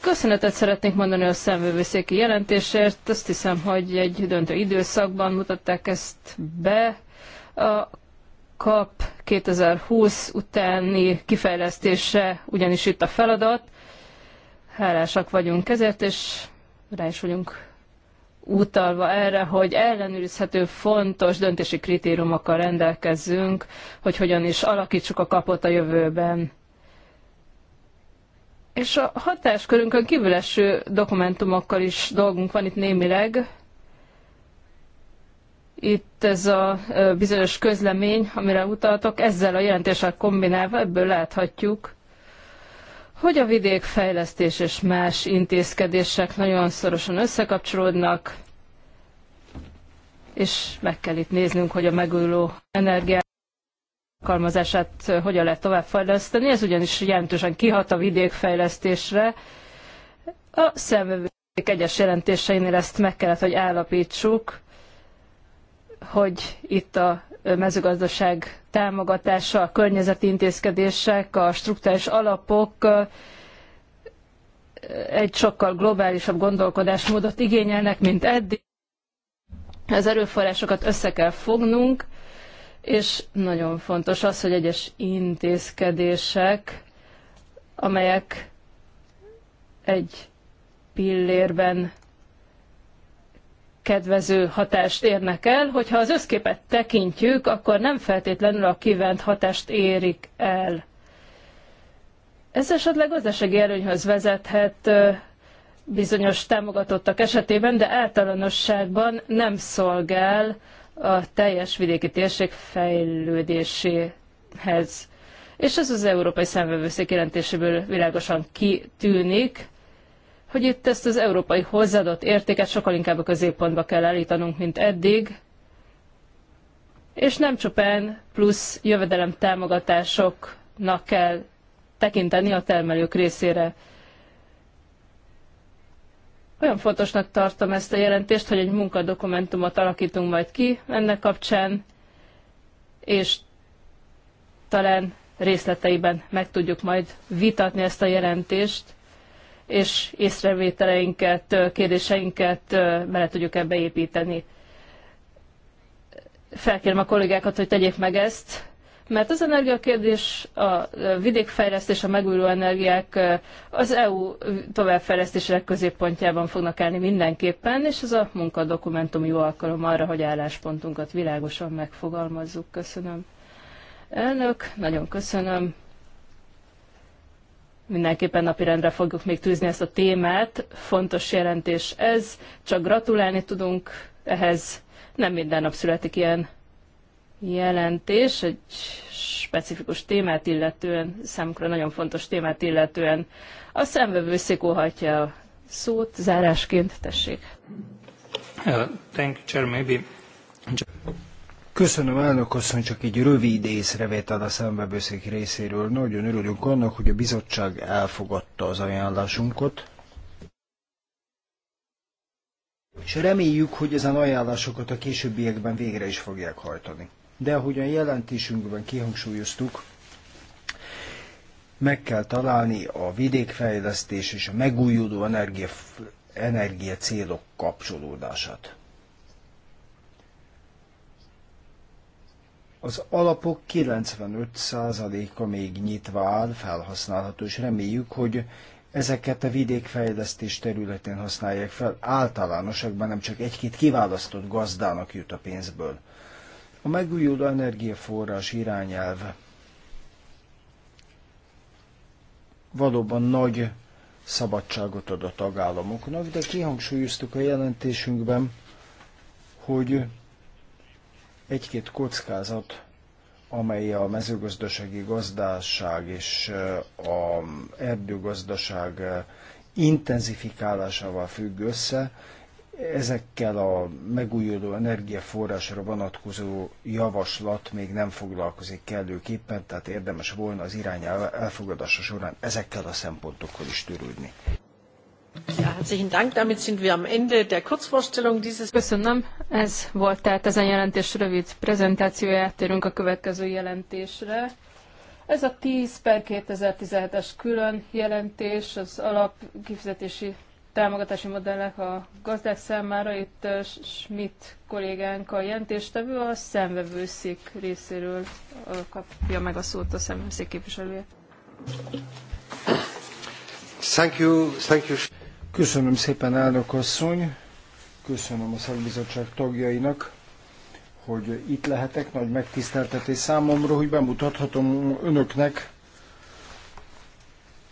Köszönetet szeretnék mondani a szemvőszéki jelentésért. Azt hiszem, hogy egy döntő időszakban mutatták ezt be. A KAP 2020 utáni kifejlesztése ugyanis itt a feladat. Hálásak vagyunk ezért, és rá is vagyunk utalva erre, hogy ellenőrizhető fontos döntési kritériumokkal rendelkezzünk, hogy hogyan is alakítsuk a kapot a jövőben. És a hatáskörünkön kívül eső dokumentumokkal is dolgunk van itt némileg. Itt ez a bizonyos közlemény, amire utaltok, ezzel a jelentéssel kombinálva ebből láthatjuk, hogy a vidékfejlesztés és más intézkedések nagyon szorosan összekapcsolódnak, és meg kell itt néznünk, hogy a megújuló energiák alkalmazását hogyan lehet továbbfejleszteni. Ez ugyanis jelentősen kihat a vidékfejlesztésre. A szemvevők egyes jelentéseinél ezt meg kellett, hogy állapítsuk, hogy itt a mezőgazdaság támogatása, a környezeti intézkedések, a strukturális alapok egy sokkal globálisabb gondolkodásmódot igényelnek, mint eddig. Az erőforrásokat össze kell fognunk, és nagyon fontos az, hogy egyes intézkedések, amelyek egy pillérben kedvező hatást érnek el, hogyha az összképet tekintjük, akkor nem feltétlenül a kívánt hatást érik el. Ez esetleg gazdasági előnyhöz vezethet bizonyos támogatottak esetében, de általánosságban nem szolgál a teljes vidéki térség fejlődéséhez. És ez az Európai Számvevőszék jelentéséből világosan kitűnik, hogy itt ezt az európai hozzáadott értéket sokkal inkább a középpontba kell állítanunk, mint eddig, és nem csupán plusz jövedelem támogatásoknak kell tekinteni a termelők részére. Olyan fontosnak tartom ezt a jelentést, hogy egy munkadokumentumot alakítunk majd ki ennek kapcsán, és talán részleteiben meg tudjuk majd vitatni ezt a jelentést, és észrevételeinket, kérdéseinket bele tudjuk ebbe építeni. Felkérem a kollégákat, hogy tegyék meg ezt, mert az energiakérdés, a vidékfejlesztés, a megújuló energiák az EU továbbfejlesztésének középpontjában fognak állni mindenképpen, és ez a munkadokumentum jó alkalom arra, hogy álláspontunkat világosan megfogalmazzuk. Köszönöm. Elnök, nagyon köszönöm. Mindenképpen napirendre fogjuk még tűzni ezt a témát. Fontos jelentés ez, csak gratulálni tudunk ehhez. Nem minden nap születik ilyen jelentés, egy specifikus témát illetően, számukra nagyon fontos témát illetően. A szemvevő szikóhatja a szót, zárásként tessék. Uh, thank you, Chair. Maybe... Köszönöm, elnök asszony, csak egy rövid észrevétel a szembebőszék részéről. Nagyon örülünk annak, hogy a bizottság elfogadta az ajánlásunkat. És reméljük, hogy ezen ajánlásokat a későbbiekben végre is fogják hajtani. De a jelentésünkben kihangsúlyoztuk, meg kell találni a vidékfejlesztés és a megújuló energia, energia célok kapcsolódását. Az alapok 95%-a még nyitva áll, felhasználható, és reméljük, hogy ezeket a vidékfejlesztés területén használják fel, általánosakban nem csak egy-két kiválasztott gazdának jut a pénzből. A megújuló energiaforrás irányelv valóban nagy szabadságot ad a tagállamoknak, de kihangsúlyoztuk a jelentésünkben, hogy egy-két kockázat, amely a mezőgazdasági gazdaság és a erdőgazdaság intenzifikálásával függ össze, ezekkel a megújuló energiaforrásra vonatkozó javaslat még nem foglalkozik kellőképpen, tehát érdemes volna az irány elfogadása során ezekkel a szempontokkal is törődni. Köszönöm, ez volt tehát ezen jelentés rövid prezentációja, áttérünk a következő jelentésre. Ez a 10 per 2017-es külön jelentés az alapkifizetési támogatási modellek a gazdák számára. Itt uh, Schmidt kollégánk a jelentéstevő a szemvevőszék részéről uh, kapja meg a szót a szemvevőszék képviselője. Thank you, thank you. Köszönöm szépen, elnök asszony. Köszönöm a szakbizottság tagjainak, hogy itt lehetek. Nagy megtiszteltetés számomra, hogy bemutathatom önöknek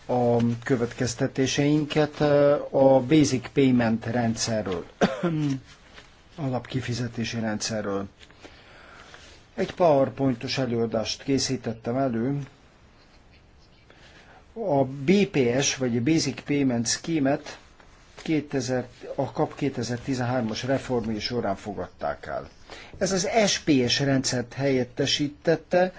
a következtetéseinket eh, a Basic Payment rendszerről, alapkifizetési rendszerről. Egy PowerPointos előadást készítettem elő. A BPS, vagy a Basic Payment Scheme-et 2000, a KAP 2013-as reformi során fogadták el. Ez az SPS rendszert helyettesítette,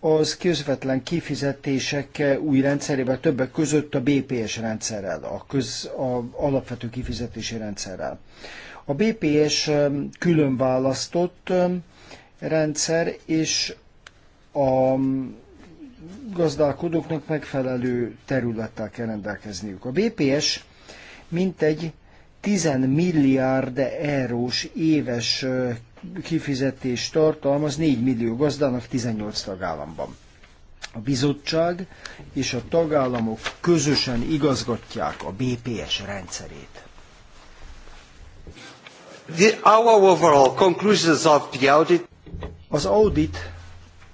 az közvetlen kifizetések új rendszerével többek között a BPS rendszerrel, a, köz, a alapvető kifizetési rendszerrel. A BPS külön választott rendszer, és a gazdálkodóknak megfelelő területtel kell rendelkezniük. A BPS mintegy 10 milliárd eurós éves kifizetés tartalmaz 4 millió gazdának 18 tagállamban. A bizottság és a tagállamok közösen igazgatják a BPS rendszerét. The, our overall conclusions of the audit. Az audit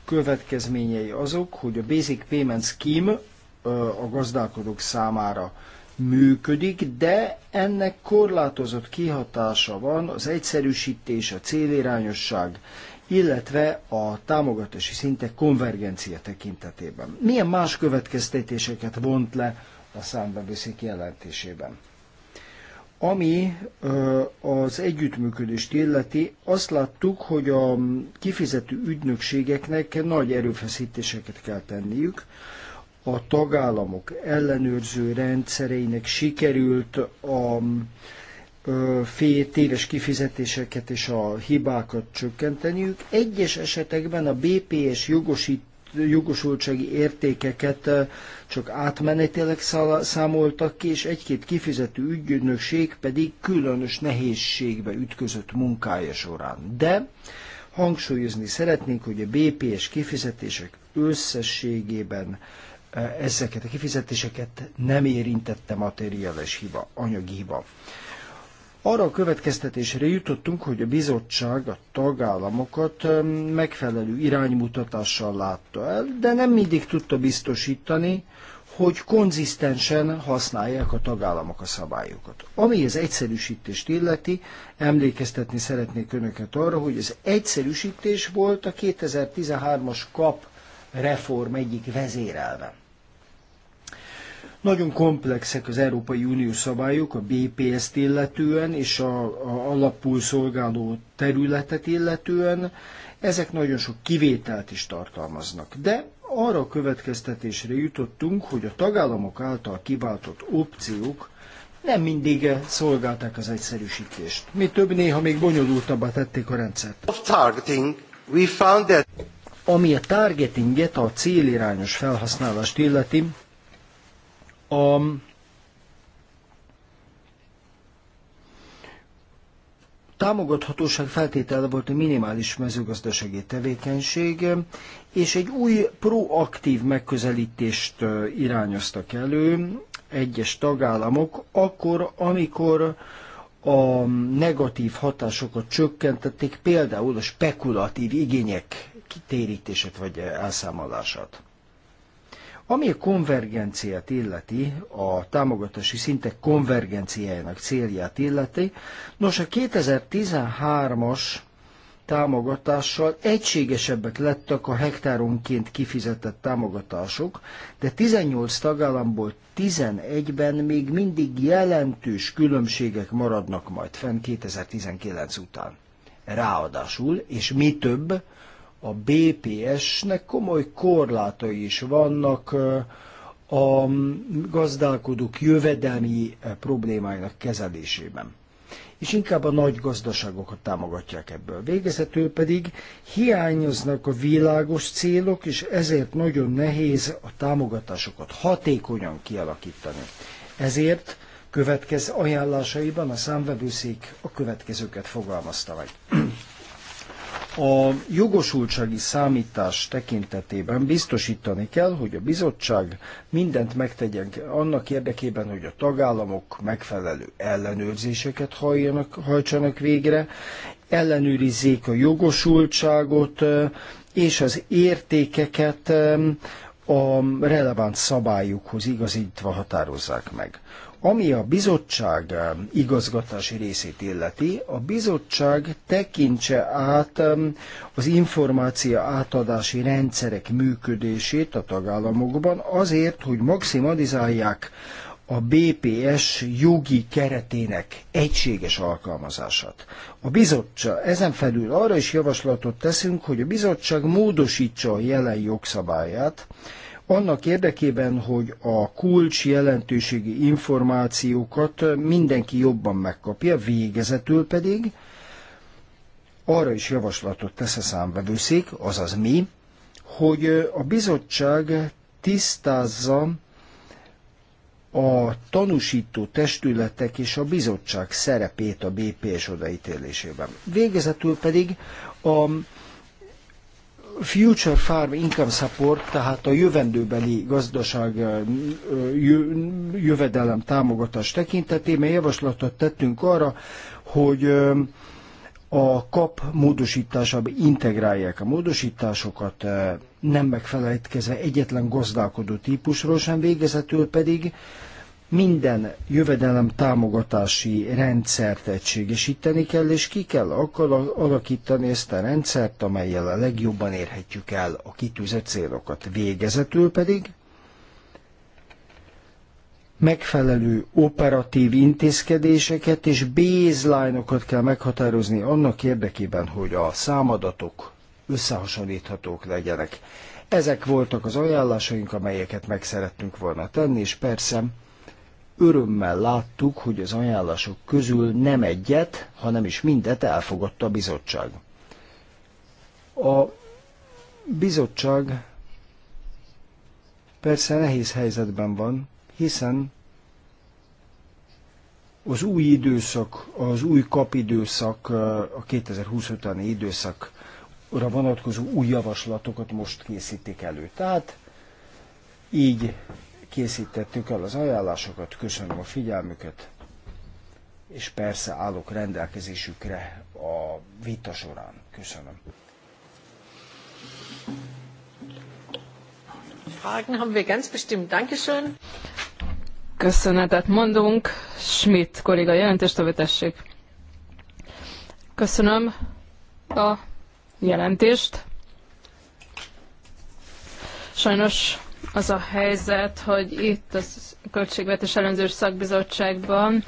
következményei azok, hogy a Basic Payment Scheme a gazdálkodók számára működik, de ennek korlátozott kihatása van az egyszerűsítés, a célirányosság, illetve a támogatási szintek konvergencia tekintetében. Milyen más következtetéseket vont le a számbevőszék jelentésében? Ami az együttműködést illeti, azt láttuk, hogy a kifizető ügynökségeknek nagy erőfeszítéseket kell tenniük, a tagállamok ellenőrző rendszereinek sikerült a fél téves kifizetéseket és a hibákat csökkenteniük. Egyes esetekben a BPS jogosít jogosultsági értékeket csak átmenetileg számoltak ki, és egy-két kifizető ügynökség pedig különös nehézségbe ütközött munkája során. De hangsúlyozni szeretnénk, hogy a BPS kifizetések összességében ezeket a kifizetéseket nem érintette materiális hiba, anyagi hiba. Arra a következtetésre jutottunk, hogy a bizottság a tagállamokat megfelelő iránymutatással látta el, de nem mindig tudta biztosítani, hogy konzisztensen használják a tagállamok a szabályokat. Ami az egyszerűsítést illeti, emlékeztetni szeretnék önöket arra, hogy az egyszerűsítés volt a 2013-as kap reform egyik vezérelve. Nagyon komplexek az Európai Unió szabályok, a BPS-t illetően és a, a alapul szolgáló területet illetően. Ezek nagyon sok kivételt is tartalmaznak. De arra a következtetésre jutottunk, hogy a tagállamok által kiváltott opciók nem mindig szolgálták az egyszerűsítést. Mi több néha még bonyolultabbá tették a rendszert. Ami a targetinget, a célirányos felhasználást illeti, a támogathatóság feltétele volt a minimális mezőgazdasági tevékenység, és egy új proaktív megközelítést irányoztak elő egyes tagállamok, akkor, amikor a negatív hatásokat csökkentették, például a spekulatív igények kitérítését vagy elszámolását. Ami a konvergenciát illeti, a támogatási szintek konvergenciájának célját illeti, nos a 2013-as támogatással egységesebbek lettek a hektáronként kifizetett támogatások, de 18 tagállamból 11-ben még mindig jelentős különbségek maradnak majd fenn 2019 után. Ráadásul, és mi több, a BPS-nek komoly korlátai is vannak a gazdálkodók jövedelmi problémáinak kezelésében és inkább a nagy gazdaságokat támogatják ebből. Végezetül pedig hiányoznak a világos célok, és ezért nagyon nehéz a támogatásokat hatékonyan kialakítani. Ezért következő ajánlásaiban a számvevőszék a következőket fogalmazta meg. A jogosultsági számítás tekintetében biztosítani kell, hogy a bizottság mindent megtegyen annak érdekében, hogy a tagállamok megfelelő ellenőrzéseket halljanak, hajtsanak végre, ellenőrizzék a jogosultságot és az értékeket a releváns szabályokhoz igazítva határozzák meg. Ami a bizottság um, igazgatási részét illeti, a bizottság tekintse át um, az információ átadási rendszerek működését a tagállamokban azért, hogy maximalizálják a BPS jogi keretének egységes alkalmazását. A bizottság ezen felül arra is javaslatot teszünk, hogy a bizottság módosítsa a jelen jogszabályát, annak érdekében, hogy a kulcs jelentőségi információkat mindenki jobban megkapja, végezetül pedig arra is javaslatot tesz a számvevőszék, azaz mi, hogy a bizottság tisztázza a tanúsító testületek és a bizottság szerepét a BPS odaítélésében. Végezetül pedig a Future Farm Income Support, tehát a jövendőbeli gazdaság jövedelem támogatás tekintetében javaslatot tettünk arra, hogy a kap módosításába integrálják a módosításokat, nem megfelejtkezve egyetlen gazdálkodó típusról sem, végezetül pedig minden jövedelem támogatási rendszert egységesíteni kell, és ki kell alakítani ezt a rendszert, amelyel a legjobban érhetjük el a kitűzött célokat. Végezetül pedig megfelelő operatív intézkedéseket és baseline-okat kell meghatározni annak érdekében, hogy a számadatok összehasonlíthatók legyenek. Ezek voltak az ajánlásaink, amelyeket meg szerettünk volna tenni, és persze örömmel láttuk, hogy az ajánlások közül nem egyet, hanem is mindet elfogadta a bizottság. A bizottság persze nehéz helyzetben van, hiszen az új időszak, az új kapidőszak, a 2025 utáni időszakra vonatkozó új javaslatokat most készítik elő. Tehát így készítettük el az ajánlásokat, köszönöm a figyelmüket, és persze állok rendelkezésükre a vita során. Köszönöm. Fragen haben wir ganz bestimmt. Dankeschön. Köszönetet mondunk. Schmidt kolléga jelentést tessék. Köszönöm a jelentést. Sajnos az a helyzet, hogy itt a Költségvetés Ellenzős Szakbizottságban,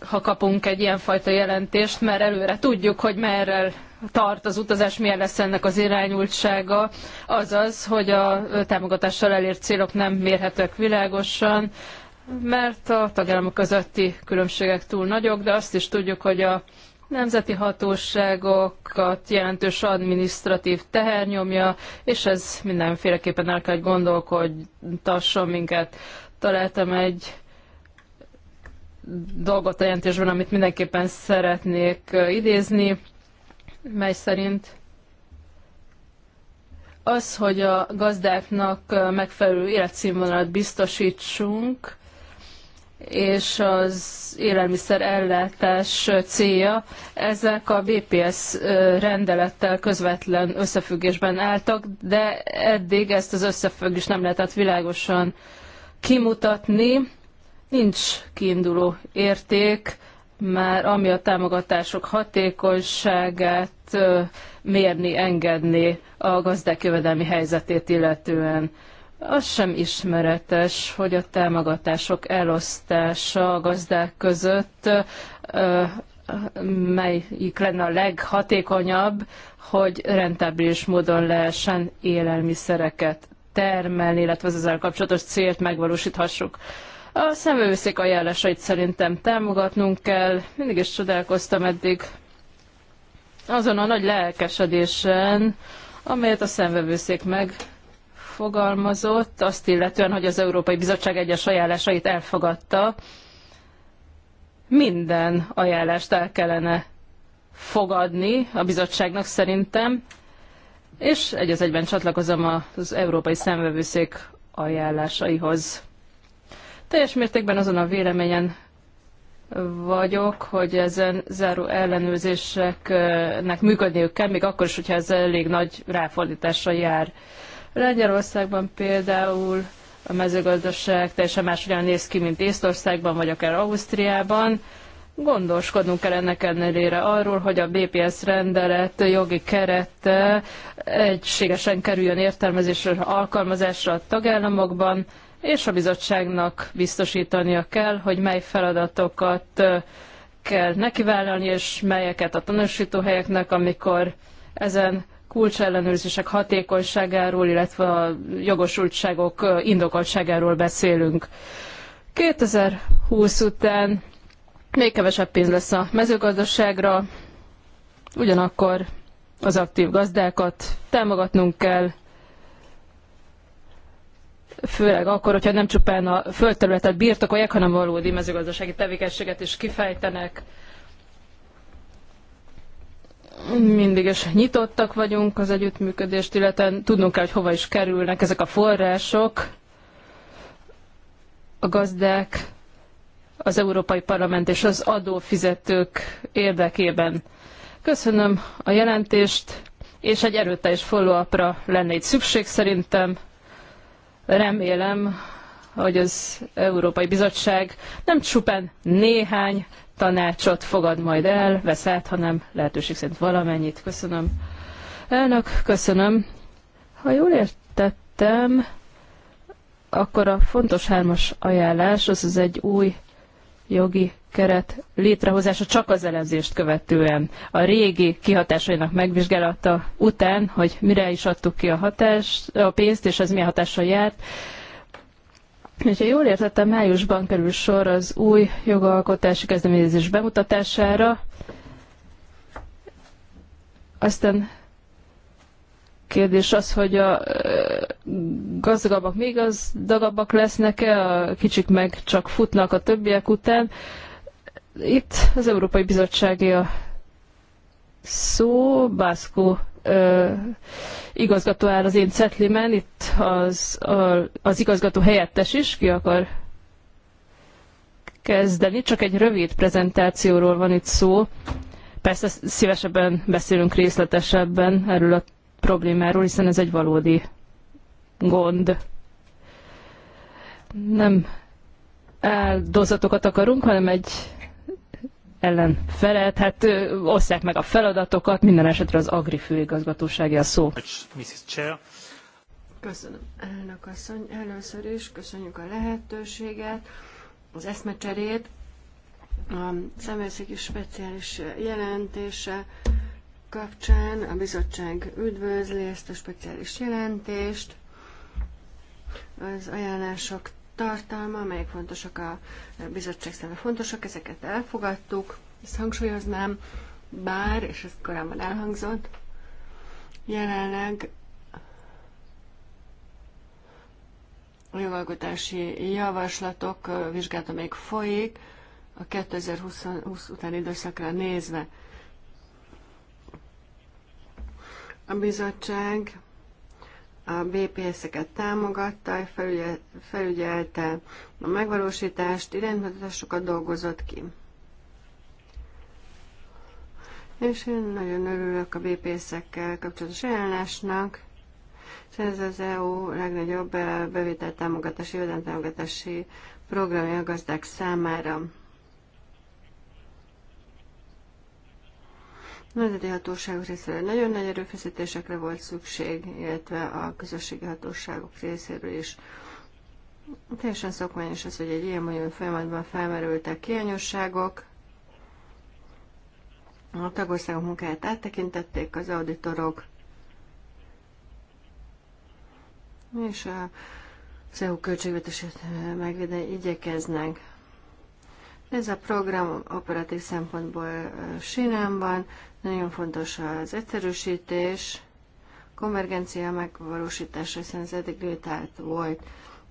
ha kapunk egy ilyenfajta jelentést, mert előre tudjuk, hogy merrel tart az utazás, milyen lesz ennek az irányultsága, azaz, hogy a támogatással elért célok nem mérhetők világosan, mert a tagállamok közötti különbségek túl nagyok, de azt is tudjuk, hogy a nemzeti hatóságokat jelentős adminisztratív tehernyomja, és ez mindenféleképpen el kell, hogy gondolkodtasson minket. Találtam egy dolgot a jelentésben, amit mindenképpen szeretnék idézni, mely szerint az, hogy a gazdáknak megfelelő életszínvonalat biztosítsunk, és az élelmiszer ellátás célja, ezek a BPS rendelettel közvetlen összefüggésben álltak, de eddig ezt az összefüggést nem lehetett világosan kimutatni. Nincs kiinduló érték, már ami a támogatások hatékonyságát mérni engedni a gazdák jövedelmi helyzetét illetően. Az sem ismeretes, hogy a támogatások elosztása a gazdák között, melyik lenne a leghatékonyabb, hogy rentábilis módon lehessen élelmiszereket termelni, illetve az ezzel kapcsolatos célt megvalósíthassuk. A szemőszék ajánlásait szerintem támogatnunk kell. Mindig is csodálkoztam eddig azon a nagy lelkesedésen, amelyet a szemvevőszék meg fogalmazott, azt illetően, hogy az Európai Bizottság egyes ajánlásait elfogadta, minden ajánlást el kellene fogadni a bizottságnak szerintem, és egy az egyben csatlakozom az Európai Szemvevőszék ajánlásaihoz. Teljes mértékben azon a véleményen vagyok, hogy ezen záró ellenőrzéseknek működniük kell, még akkor is, hogyha ez elég nagy ráfordításra jár. Lengyelországban például a mezőgazdaság teljesen máshogyan néz ki, mint Észtországban, vagy akár Ausztriában. Gondoskodnunk kell ennek ellenére arról, hogy a BPS rendelet jogi kerete egységesen kerüljön értelmezésre, alkalmazásra a tagállamokban, és a bizottságnak biztosítania kell, hogy mely feladatokat kell nekivállalni, és melyeket a tanúsítóhelyeknek, amikor ezen kulcsellenőrzések hatékonyságáról, illetve a jogosultságok indokoltságáról beszélünk. 2020 után még kevesebb pénz lesz a mezőgazdaságra, ugyanakkor az aktív gazdákat támogatnunk kell, főleg akkor, hogyha nem csupán a földterületet birtokolják, hanem valódi mezőgazdasági tevékenységet is kifejtenek mindig is nyitottak vagyunk az együttműködést, illetve tudnunk kell, hogy hova is kerülnek ezek a források. A gazdák, az Európai Parlament és az adófizetők érdekében. Köszönöm a jelentést, és egy erőteljes follow lenne itt szükség szerintem. Remélem, hogy az Európai Bizottság nem csupán néhány tanácsot fogad majd el, vesz át, hanem lehetőség szerint valamennyit. Köszönöm. Elnök, köszönöm. Ha jól értettem, akkor a fontos hármas ajánlás az, az egy új jogi keret létrehozása csak az elemzést követően, a régi kihatásainak megvizsgálata után, hogy mire is adtuk ki a, hatás, a pénzt, és ez milyen hatással járt, ha jól értettem, májusban kerül sor az új jogalkotási kezdeményezés bemutatására, aztán kérdés az, hogy a gazdagabbak még gazdagabbak lesznek-e, a kicsik meg csak futnak a többiek után. Itt az Európai Bizottságé a szó, Bászkó ö, igazgató áll az én cetlimen, itt az, a, az igazgató helyettes is, ki akar kezdeni. Csak egy rövid prezentációról van itt szó. Persze szívesebben beszélünk részletesebben erről a problémáról, hiszen ez egy valódi gond. Nem áldozatokat akarunk, hanem egy ellen felelt. Hát osszák meg a feladatokat, minden esetre az Agri főigazgatósági a szó. Köszönöm, elnök asszony. Először is köszönjük a lehetőséget, az eszmecserét, a személyszéki speciális jelentése kapcsán a bizottság üdvözli ezt a speciális jelentést. Az ajánlások tartalma, amelyek fontosak a bizottság számára fontosak, ezeket elfogadtuk, ezt hangsúlyoznám, bár, és ez korábban elhangzott, jelenleg a jogalkotási javaslatok vizsgálata még folyik, a 2020 utáni időszakra nézve. A bizottság a BPS-eket támogatta, felügyelte a megvalósítást, iránymutatásokat dolgozott ki. És én nagyon örülök a BPS-ekkel kapcsolatos ajánlásnak, ez az EU legnagyobb eh, bevételtámogatási, támogatási programja a gazdák számára. nemzeti hatóságok részéről nagyon nagy erőfeszítésekre volt szükség, illetve a közösségi hatóságok részéről is. Teljesen szokványos az, hogy egy ilyen bonyolult folyamatban felmerültek hiányosságok, a tagországok munkáját áttekintették az auditorok, és a CEU költségvetését megvédeni igyekeznek. Ez a program operatív szempontból sinem van, nagyon fontos az egyszerűsítés, konvergencia megvalósítása, hiszen ez eddig volt.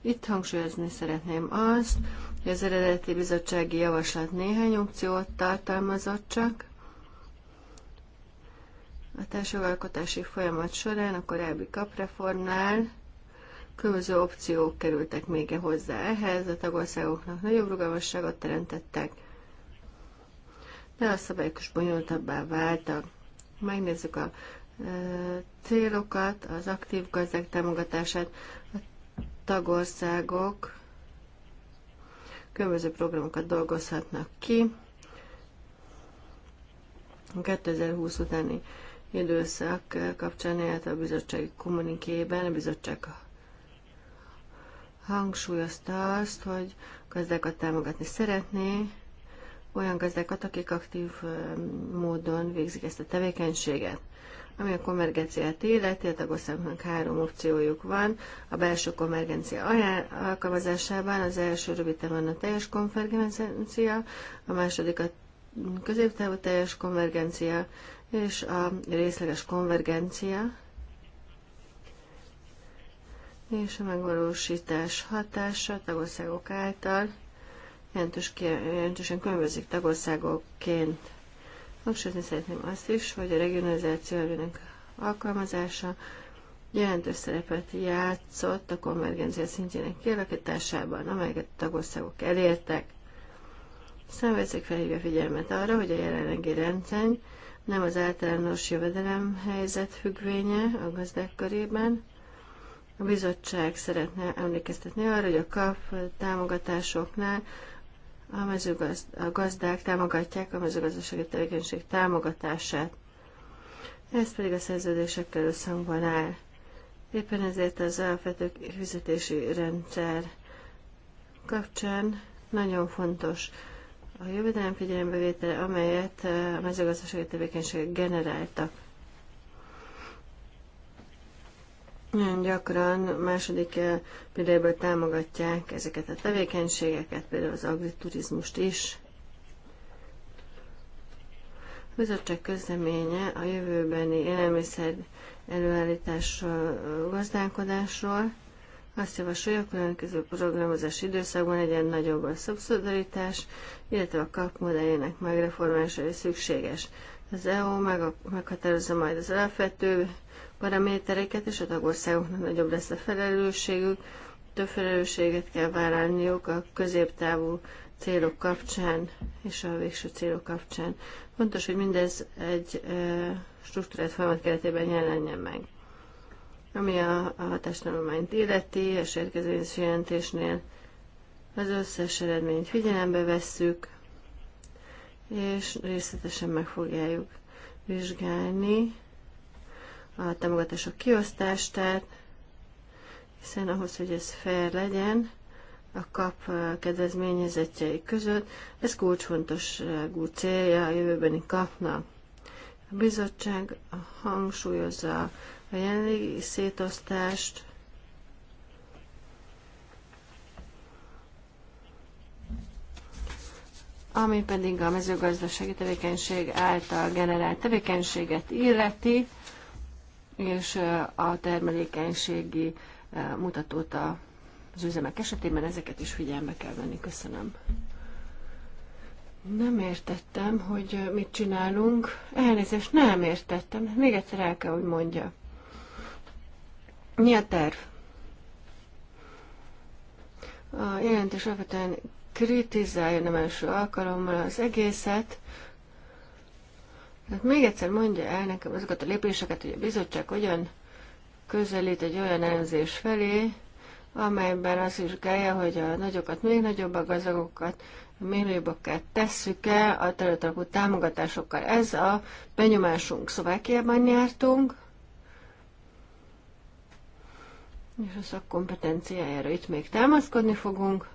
Itt hangsúlyozni szeretném azt, hogy az eredeti bizottsági javaslat néhány opciót tartalmazott csak. A társadalkotási folyamat során a korábbi kapreformnál különböző opciók kerültek még -e hozzá ehhez, a tagországoknak nagyobb rugalmasságot teremtettek, de a szabályok is bonyolultabbá váltak. Megnézzük a célokat, az aktív gazdák támogatását, a tagországok különböző programokat dolgozhatnak ki. 2020 utáni időszak kapcsán, élt a bizottsági kommunikében a bizottság hangsúlyozta azt, hogy gazdákat támogatni szeretné, olyan gazdákat, akik aktív módon végzik ezt a tevékenységet. Ami a konvergenciát illeti, a tagországoknak három opciójuk van. A belső konvergencia alkalmazásában az első rövid van a teljes konvergencia, a második a középtávú teljes konvergencia, és a részleges konvergencia, és a megvalósítás hatása tagországok által jelentős, jelentősen különbözik tagországokként. Hangsúlyozni szeretném azt is, hogy a regionalizáció előnek alkalmazása jelentős szerepet játszott a konvergencia szintjének kialakításában, amelyeket a tagországok elértek. Számveszék felhívja figyelmet arra, hogy a jelenlegi rendszer nem az általános jövedelem helyzet függvénye a gazdák körében. A bizottság szeretne emlékeztetni arra, hogy a KAP támogatásoknál a mezőgazdák támogatják a mezőgazdasági tevékenység támogatását. Ez pedig a szerződésekkel összhangban áll. Éppen ezért az alapvető fizetési rendszer kapcsán nagyon fontos a jövedelem figyelembevétele, amelyet eh, a mezőgazdasági tevékenységek generáltak. Nagyon gyakran második eh, pillérből támogatják ezeket a tevékenységeket, például az agriturizmust is. A bizottság közleménye a jövőbeni élelmiszer előállításról, eh, gazdálkodásról. Azt javasolja, hogy a különböző programozás időszakban legyen nagyobb a szubszidaritás, illetve a kap modelljének megreformálása is szükséges. Az EU meg meghatározza majd az alapvető paramétereket, és a tagországoknak nagyobb lesz a felelősségük, több felelősséget kell vállalniuk a középtávú célok kapcsán és a végső célok kapcsán. Fontos, hogy mindez egy struktúrált folyamat keretében jelenjen meg. Ami a, a hatástanulmányt illeti, a sérkezés jelentésnél az összes eredményt figyelembe vesszük, és részletesen meg fogják vizsgálni a támogatások kiosztását, hiszen ahhoz, hogy ez fair legyen a kap kedvezményezettjei között, ez kulcsfontosságú célja a jövőbeni kapnak. A bizottság hangsúlyozza a jelenlegi szétosztást, ami pedig a mezőgazdasági tevékenység által generált tevékenységet illeti, és a termelékenységi mutatót az üzemek esetében ezeket is figyelme kell venni. Köszönöm. Nem értettem, hogy mit csinálunk. Elnézést, nem értettem. Még egyszer el kell, hogy mondja. Mi a terv? A jelentés alapvetően kritizálja nem első alkalommal az egészet, Hát még egyszer mondja el nekem azokat a lépéseket, hogy a bizottság hogyan közelít egy olyan elemzés felé, amelyben azt vizsgálja, hogy a nagyokat még nagyobb, a gazdagokat még nagyobbakat tesszük el, a területalakú támogatásokkal. Ez a benyomásunk. Szlovákiában jártunk, és a szakkompetenciájára itt még támaszkodni fogunk.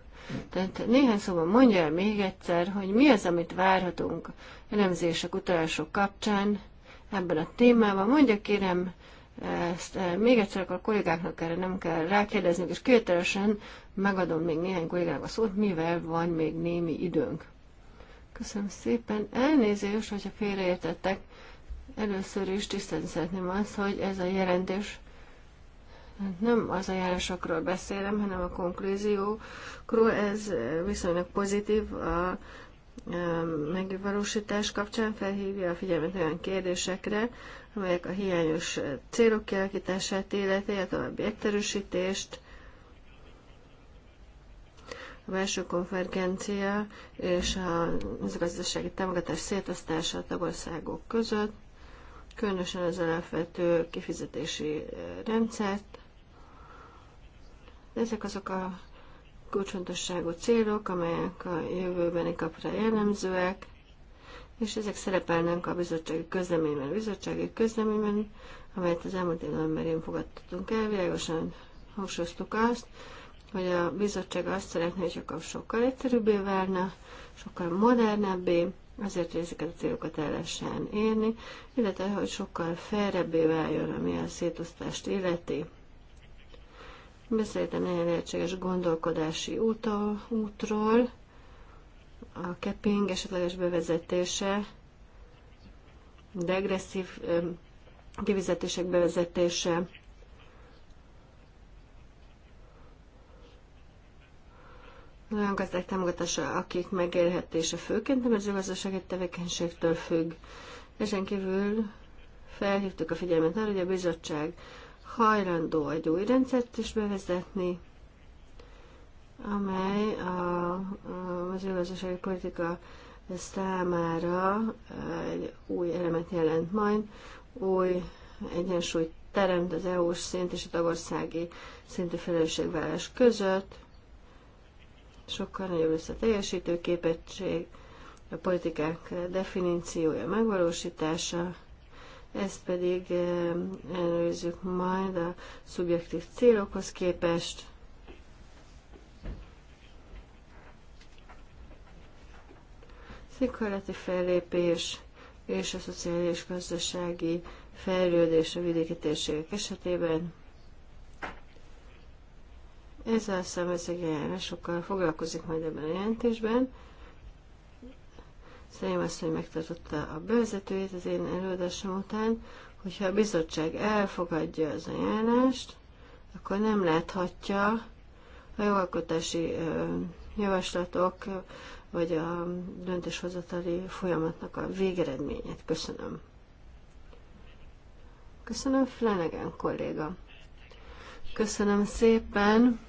Tehát néhány szóban mondja el még egyszer, hogy mi az, amit várhatunk elemzések, utalások kapcsán ebben a témában. Mondja kérem, ezt eh, még egyszer a kollégáknak erre nem kell rákérdezni, és kételesen megadom még néhány kollégának a szót, mivel van még némi időnk. Köszönöm szépen. Elnézést, hogyha félreértettek. Először is tisztelni szeretném azt, hogy ez a jelentés nem az ajánlásokról beszélem, hanem a konklúziókról. Ez viszonylag pozitív a megvalósítás kapcsán felhívja a figyelmet olyan kérdésekre, amelyek a hiányos célok kialakítását illeti, a további egyterűsítést, a belső konvergencia és a gazdasági támogatás szétosztása a tagországok között, különösen az alapvető kifizetési rendszert, ezek azok a kulcsontosságú célok, amelyek a jövőbeni kapra jellemzőek, és ezek szerepelnek a bizottsági közleményben. A bizottsági közleményben, amelyet az elmúlt év novemberén fogadtunk el, világosan hangsúlyoztuk azt, hogy a bizottság azt szeretné, hogy a sokkal egyszerűbbé válna, sokkal modernebbé, azért, hogy ezeket a célokat el lehessen érni, illetve hogy sokkal felrebbé váljon, ami a szétosztást illeti. Beszéltem néhány lehetséges gondolkodási úta, útról, a capping esetleges bevezetése, degresszív kivizetések bevezetése, olyan gazdák támogatása, akik megélhetése főként a mezőgazdasági tevékenységtől függ. Ezen kívül felhívtuk a figyelmet arra, hogy a bizottság hajlandó egy új rendszert is bevezetni, amely a, a mezőgazdasági politika számára egy új elemet jelent majd, új egyensúlyt teremt az EU-s szint és a tagországi szintű felelősségvállás között, sokkal nagyobb lesz a teljesítőképesség, a politikák definíciója, megvalósítása, ezt pedig előzzük majd a szubjektív célokhoz képest. Szikorleti fellépés és a szociális gazdasági fejlődés a vidéki térségek esetében. Ezzel a szemezegjelenre sokkal foglalkozik majd ebben a jelentésben. Szerintem azt, hogy megtartotta a bevezetőjét az én előadásom után, hogyha a bizottság elfogadja az ajánlást, akkor nem láthatja a jogalkotási javaslatok vagy a döntéshozatali folyamatnak a végeredményét. Köszönöm. Köszönöm, Flanagan kolléga. Köszönöm szépen.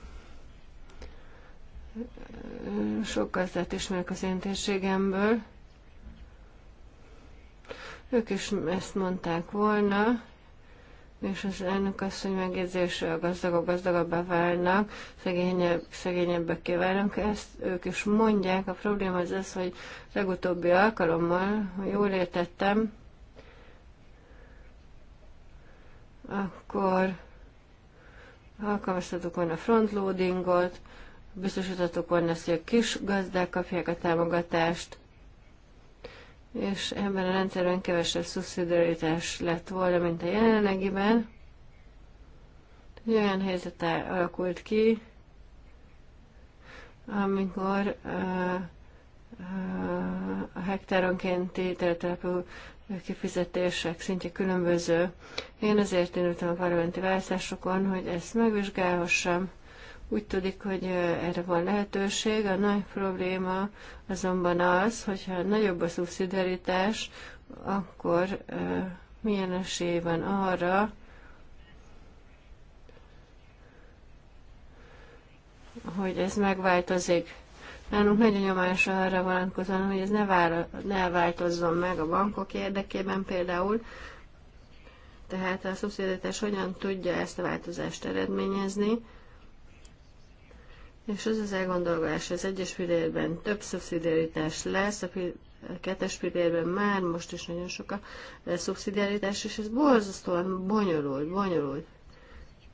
Sokkal tett ismerek az én térségemből. Ők is ezt mondták volna, és az elnök azt, hogy megjegyzésre a gazdagok gazdagabbá válnak, szegényebb, szegényebbek válnak, ezt ők is mondják. A probléma az az, hogy legutóbbi alkalommal, ha jól értettem, akkor alkalmaztatok volna a frontloadingot, biztosítatok volna, hogy a kis gazdák kapják a támogatást, és ebben a rendszerben kevesebb szubszidiaritás lett volna, mint a jelenlegiben. olyan helyzet alakult ki, amikor a hektáronkénti települő kifizetések szintje különböző. Én azért indultam a parlamenti választásokon, hogy ezt megvizsgálhassam, úgy tudik, hogy erre van lehetőség. A nagy probléma azonban az, hogyha nagyobb a szubszidiaritás, akkor milyen esély van arra, hogy ez megváltozik. Nálunk nagy a nyomás arra vonatkozóan, hogy ez ne, vála, ne változzon meg a bankok érdekében például. Tehát a szubszidiaritás hogyan tudja ezt a változást eredményezni és az az elgondolás, az egyes pillérben több szubszidiaritás lesz, a, a kettes pillérben már most is nagyon sok a e, szubszidiaritás, és ez borzasztóan bonyolult, bonyolult.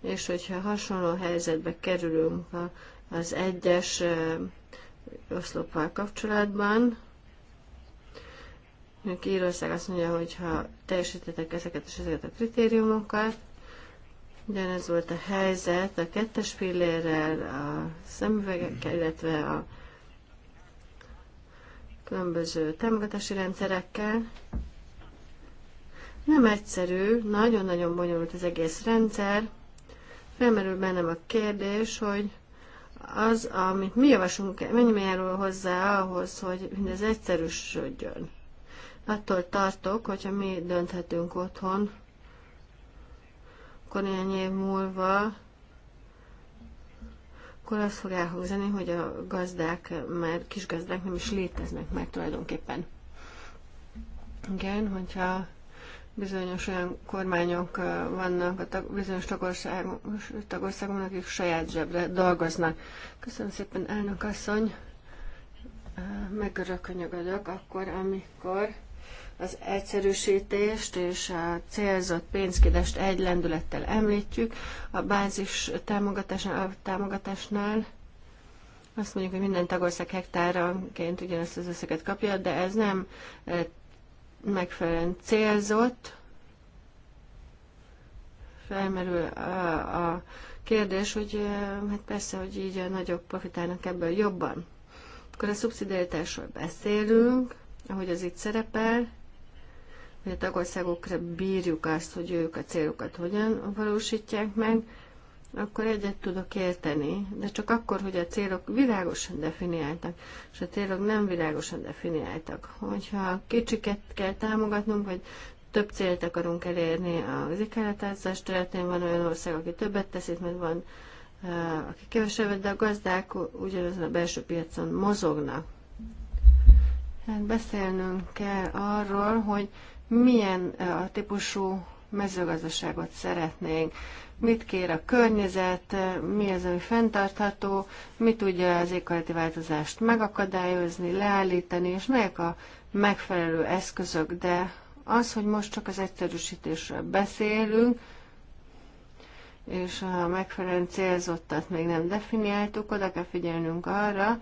És hogyha hasonló helyzetbe kerülünk a, az egyes e, oszloppal kapcsolatban, Írország azt mondja, hogy ha teljesítetek ezeket és ezeket a kritériumokat, Ugyanez volt a helyzet a kettes pillérrel, a szemüvegekkel, illetve a különböző támogatási rendszerekkel. Nem egyszerű, nagyon-nagyon bonyolult az egész rendszer. Felmerül bennem a kérdés, hogy az, amit mi javasunk, mennyi járul hozzá ahhoz, hogy mindez egyszerűsödjön. Attól tartok, hogyha mi dönthetünk otthon, akkor néhány év múlva akkor azt fog elhangzani, hogy a gazdák már, gazdák nem is léteznek már tulajdonképpen. Igen, hogyha bizonyos olyan kormányok vannak, a tag, bizonyos tagországok, tagországoknak, akik saját zsebre dolgoznak. Köszönöm szépen, elnök asszony! Megörökönyögödök akkor, amikor az egyszerűsítést és a célzott pénzkidest egy lendülettel említjük. A bázis támogatásnál, a támogatásnál azt mondjuk, hogy minden tagország hektáranként ugyanezt az összeget kapja, de ez nem eh, megfelelően célzott. Felmerül a, eh, a kérdés, hogy eh, hát persze, hogy így a nagyobb profitálnak ebből jobban. Akkor a szubszidiaritásról beszélünk, ahogy az itt szerepel, hogy a tagországokra bírjuk azt, hogy ők a célokat hogyan valósítják meg, akkor egyet tudok érteni, de csak akkor, hogy a célok világosan definiáltak, és a célok nem világosan definiáltak. Hogyha kicsiket kell támogatnunk, vagy több célt akarunk elérni az ikálatázás területén, van olyan ország, aki többet itt mert van, aki kevesebbet, de a gazdák ugyanazon a belső piacon mozognak. Hát beszélnünk kell arról, hogy milyen eh, a típusú mezőgazdaságot szeretnénk, mit kér a környezet, mi az, ami fenntartható, mi tudja az éghajlati változást megakadályozni, leállítani, és melyek a megfelelő eszközök, de az, hogy most csak az egyszerűsítésről beszélünk, és a megfelelően célzottat még nem definiáltuk, oda kell figyelnünk arra,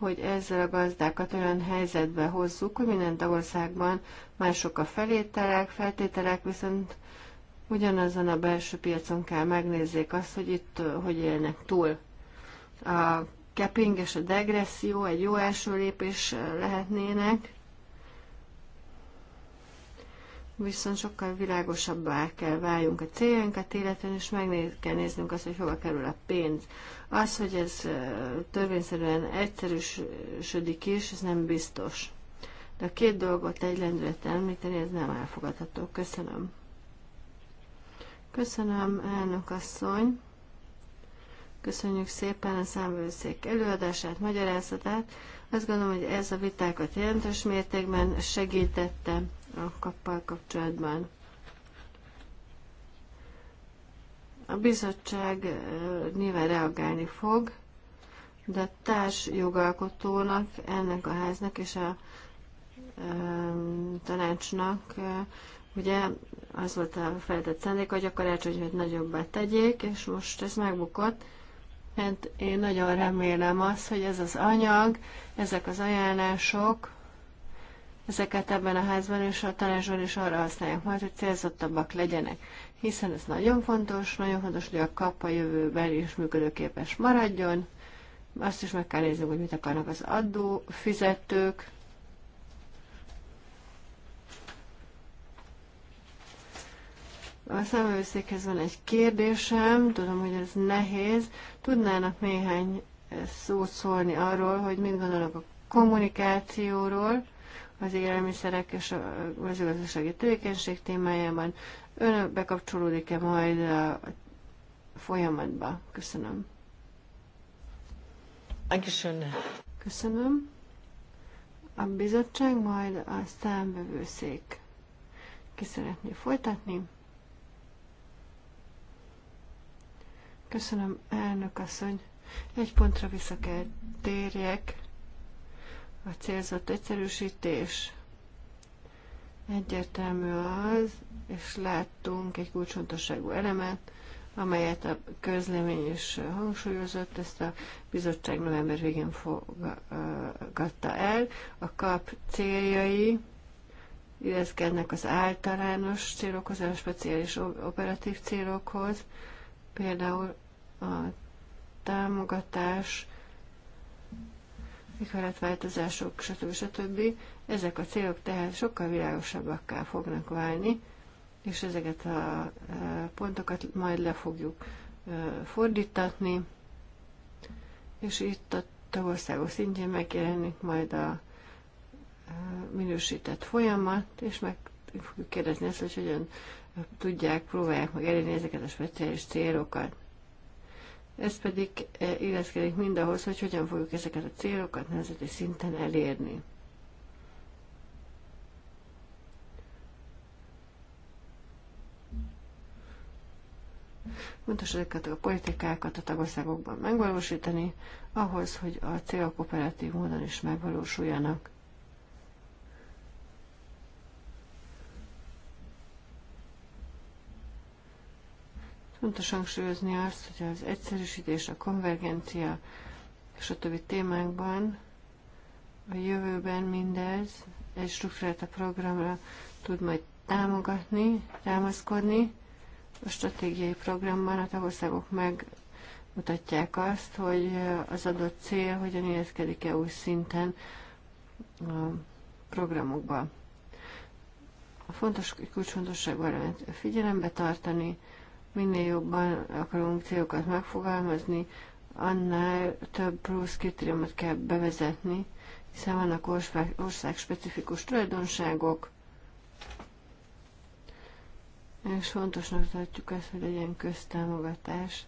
hogy ezzel a gazdákat olyan helyzetbe hozzuk, hogy minden tagországban mások a felételek, feltételek, viszont ugyanazon a belső piacon kell megnézzék azt, hogy itt hogy élnek túl. A capping és a degresszió egy jó első lépés lehetnének, viszont sokkal világosabbá kell váljunk a céljainkat, életen, és meg kell néznünk azt, hogy hova kerül a pénz. Az, hogy ez törvényszerűen egyszerűsödik is, ez nem biztos. De a két dolgot egy lendület említeni, ez nem elfogadható. Köszönöm. Köszönöm, elnök asszony. Köszönjük szépen a számvőszék előadását, magyarázatát. Azt gondolom, hogy ez a vitákat jelentős mértékben segítette a kappal kapcsolatban. A bizottság nyilván reagálni fog, de a társ jogalkotónak, ennek a háznak és a tanácsnak ugye az volt a feltett szándék, hogy a karácsonyfőt nagyobbá tegyék, és most ez megbukott. Hát én nagyon remélem azt, hogy ez az anyag, ezek az ajánlások, ezeket ebben a házban és a tanácsban is arra használják majd, hogy célzottabbak legyenek hiszen ez nagyon fontos, nagyon fontos, hogy a kap a jövőben is működőképes maradjon. Azt is meg kell nézni, hogy mit akarnak az fizetők. A számövőszékhez van egy kérdésem, tudom, hogy ez nehéz. Tudnának néhány szót szólni arról, hogy mit gondolnak a kommunikációról, az élelmiszerek és a mezőgazdasági tevékenység témájában, Ön bekapcsolódik-e majd a folyamatba? Köszönöm. Köszönöm. Köszönöm. A bizottság, majd a számbevőszék. Ki szeretné folytatni? Köszönöm, elnök asszony. Egy pontra vissza kell térjek. A célzott egyszerűsítés Egyértelmű az, és láttunk egy kulcsfontosságú elemet, amelyet a közlemény is hangsúlyozott, ezt a bizottság november végén fogadta el. A kap céljai illeszkednek az általános célokhoz, a speciális operatív célokhoz, például a támogatás éghajlatváltozások, stb. stb. Ezek a célok tehát sokkal világosabbakká fognak válni, és ezeket a e, pontokat majd le fogjuk e, fordítatni, és itt a tagországos szintjén megjelenik majd a e, minősített folyamat, és meg fogjuk kérdezni ezt, hogy hogyan tudják, próbálják meg elérni ezeket a speciális célokat. Ez pedig eh, illeszkedik mindahhoz, hogy hogyan fogjuk ezeket a célokat nemzeti szinten elérni. Fontos ezeket a politikákat a tagországokban megvalósítani, ahhoz, hogy a célok operatív módon is megvalósuljanak. Fontos hangsúlyozni azt, hogy az egyszerűsítés, a konvergencia és a többi témákban a jövőben mindez egy struktúrát a programra tud majd támogatni, támaszkodni. A stratégiai programban a tagországok megmutatják azt, hogy az adott cél hogyan érkezik-e új szinten a programokba. A fontos kulcsfontosságban figyelembe tartani, Minél jobban akarunk célokat megfogalmazni, annál több plusz kritériumot kell bevezetni, hiszen vannak ország, specifikus tulajdonságok, és fontosnak tartjuk ezt hogy legyen köztámogatás.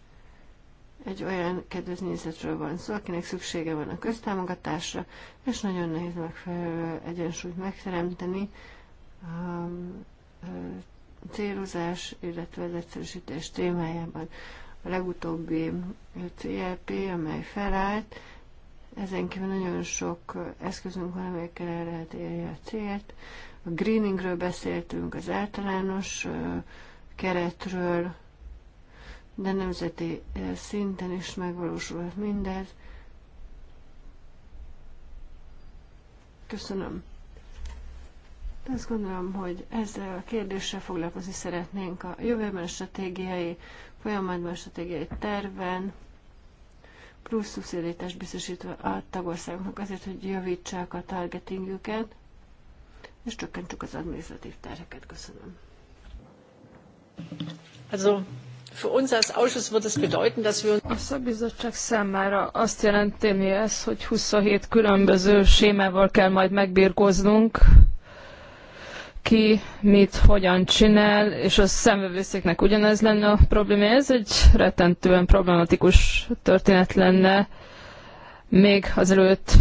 Egy olyan kedvezményzetről van szó, akinek szüksége van a köztámogatásra, és nagyon nehéz megfelelő egyensúlyt megteremteni a um, célozás, illetve az egyszerűsítés témájában a legutóbbi CLP, amely felállt, ezen kívül nagyon sok eszközünk van, amelyekkel el lehet érni a célt. A greeningről beszéltünk, az általános keretről, de nemzeti szinten is megvalósulhat mindez. Köszönöm azt gondolom, hogy ezzel a kérdéssel foglalkozni szeretnénk a jövőben a stratégiai folyamatban, a stratégiai terven, plusz szubszidítást biztosítva a tagországoknak azért, hogy javítsák a targetingüket, és csökkentsük az administratív terheket. Köszönöm. Also, für uns als Ausschuss wird es bedeuten, dass wir... A szakbizottság számára azt jelenteni ez, hogy 27 különböző sémával kell majd megbírkoznunk, ki mit hogyan csinál, és a szemvevőszéknek ugyanez lenne a probléma. Ez egy rettentően problematikus történet lenne, még azelőtt,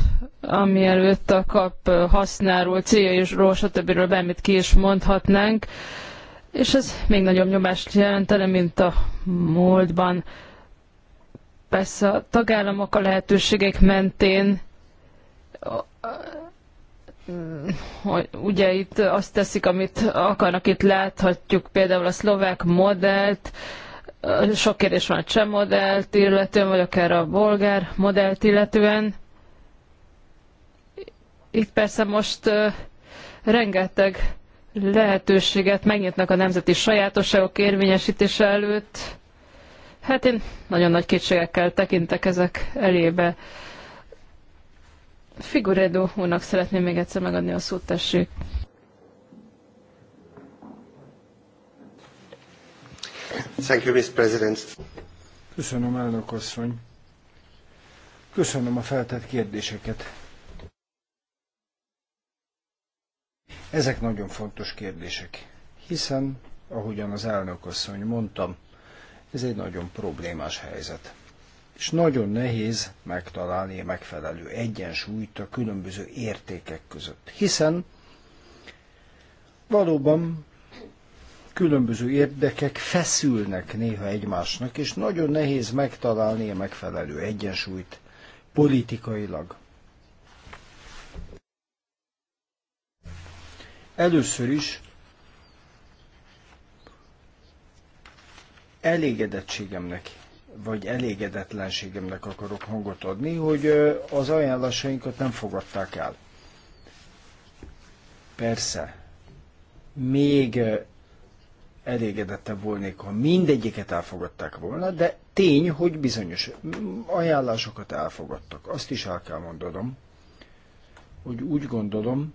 ami előtt a kap használó célja és ról, stb. bármit ki is mondhatnánk, és ez még nagyobb nyomást jelentene, mint a múltban. Persze a tagállamok a lehetőségek mentén hogy ugye itt azt teszik, amit akarnak, itt láthatjuk például a szlovák modellt, sok kérdés van a cseh modellt illetően, vagy akár a bolgár modellt illetően. Itt persze most rengeteg lehetőséget megnyitnak a nemzeti sajátosságok érvényesítése előtt. Hát én nagyon nagy kétségekkel tekintek ezek elébe. Figuredo úrnak szeretném még egyszer megadni a szót, tessék. Thank you, Mr. President. Köszönöm, elnök asszony. Köszönöm a feltett kérdéseket. Ezek nagyon fontos kérdések, hiszen, ahogyan az elnök asszony mondtam, ez egy nagyon problémás helyzet és nagyon nehéz megtalálni a megfelelő egyensúlyt a különböző értékek között. Hiszen valóban különböző érdekek feszülnek néha egymásnak, és nagyon nehéz megtalálni a megfelelő egyensúlyt politikailag. Először is elégedettségemnek vagy elégedetlenségemnek akarok hangot adni, hogy az ajánlásainkat nem fogadták el. Persze, még elégedettebb volnék, ha mindegyiket elfogadták volna, de tény, hogy bizonyos ajánlásokat elfogadtak. Azt is el kell mondanom, hogy úgy gondolom,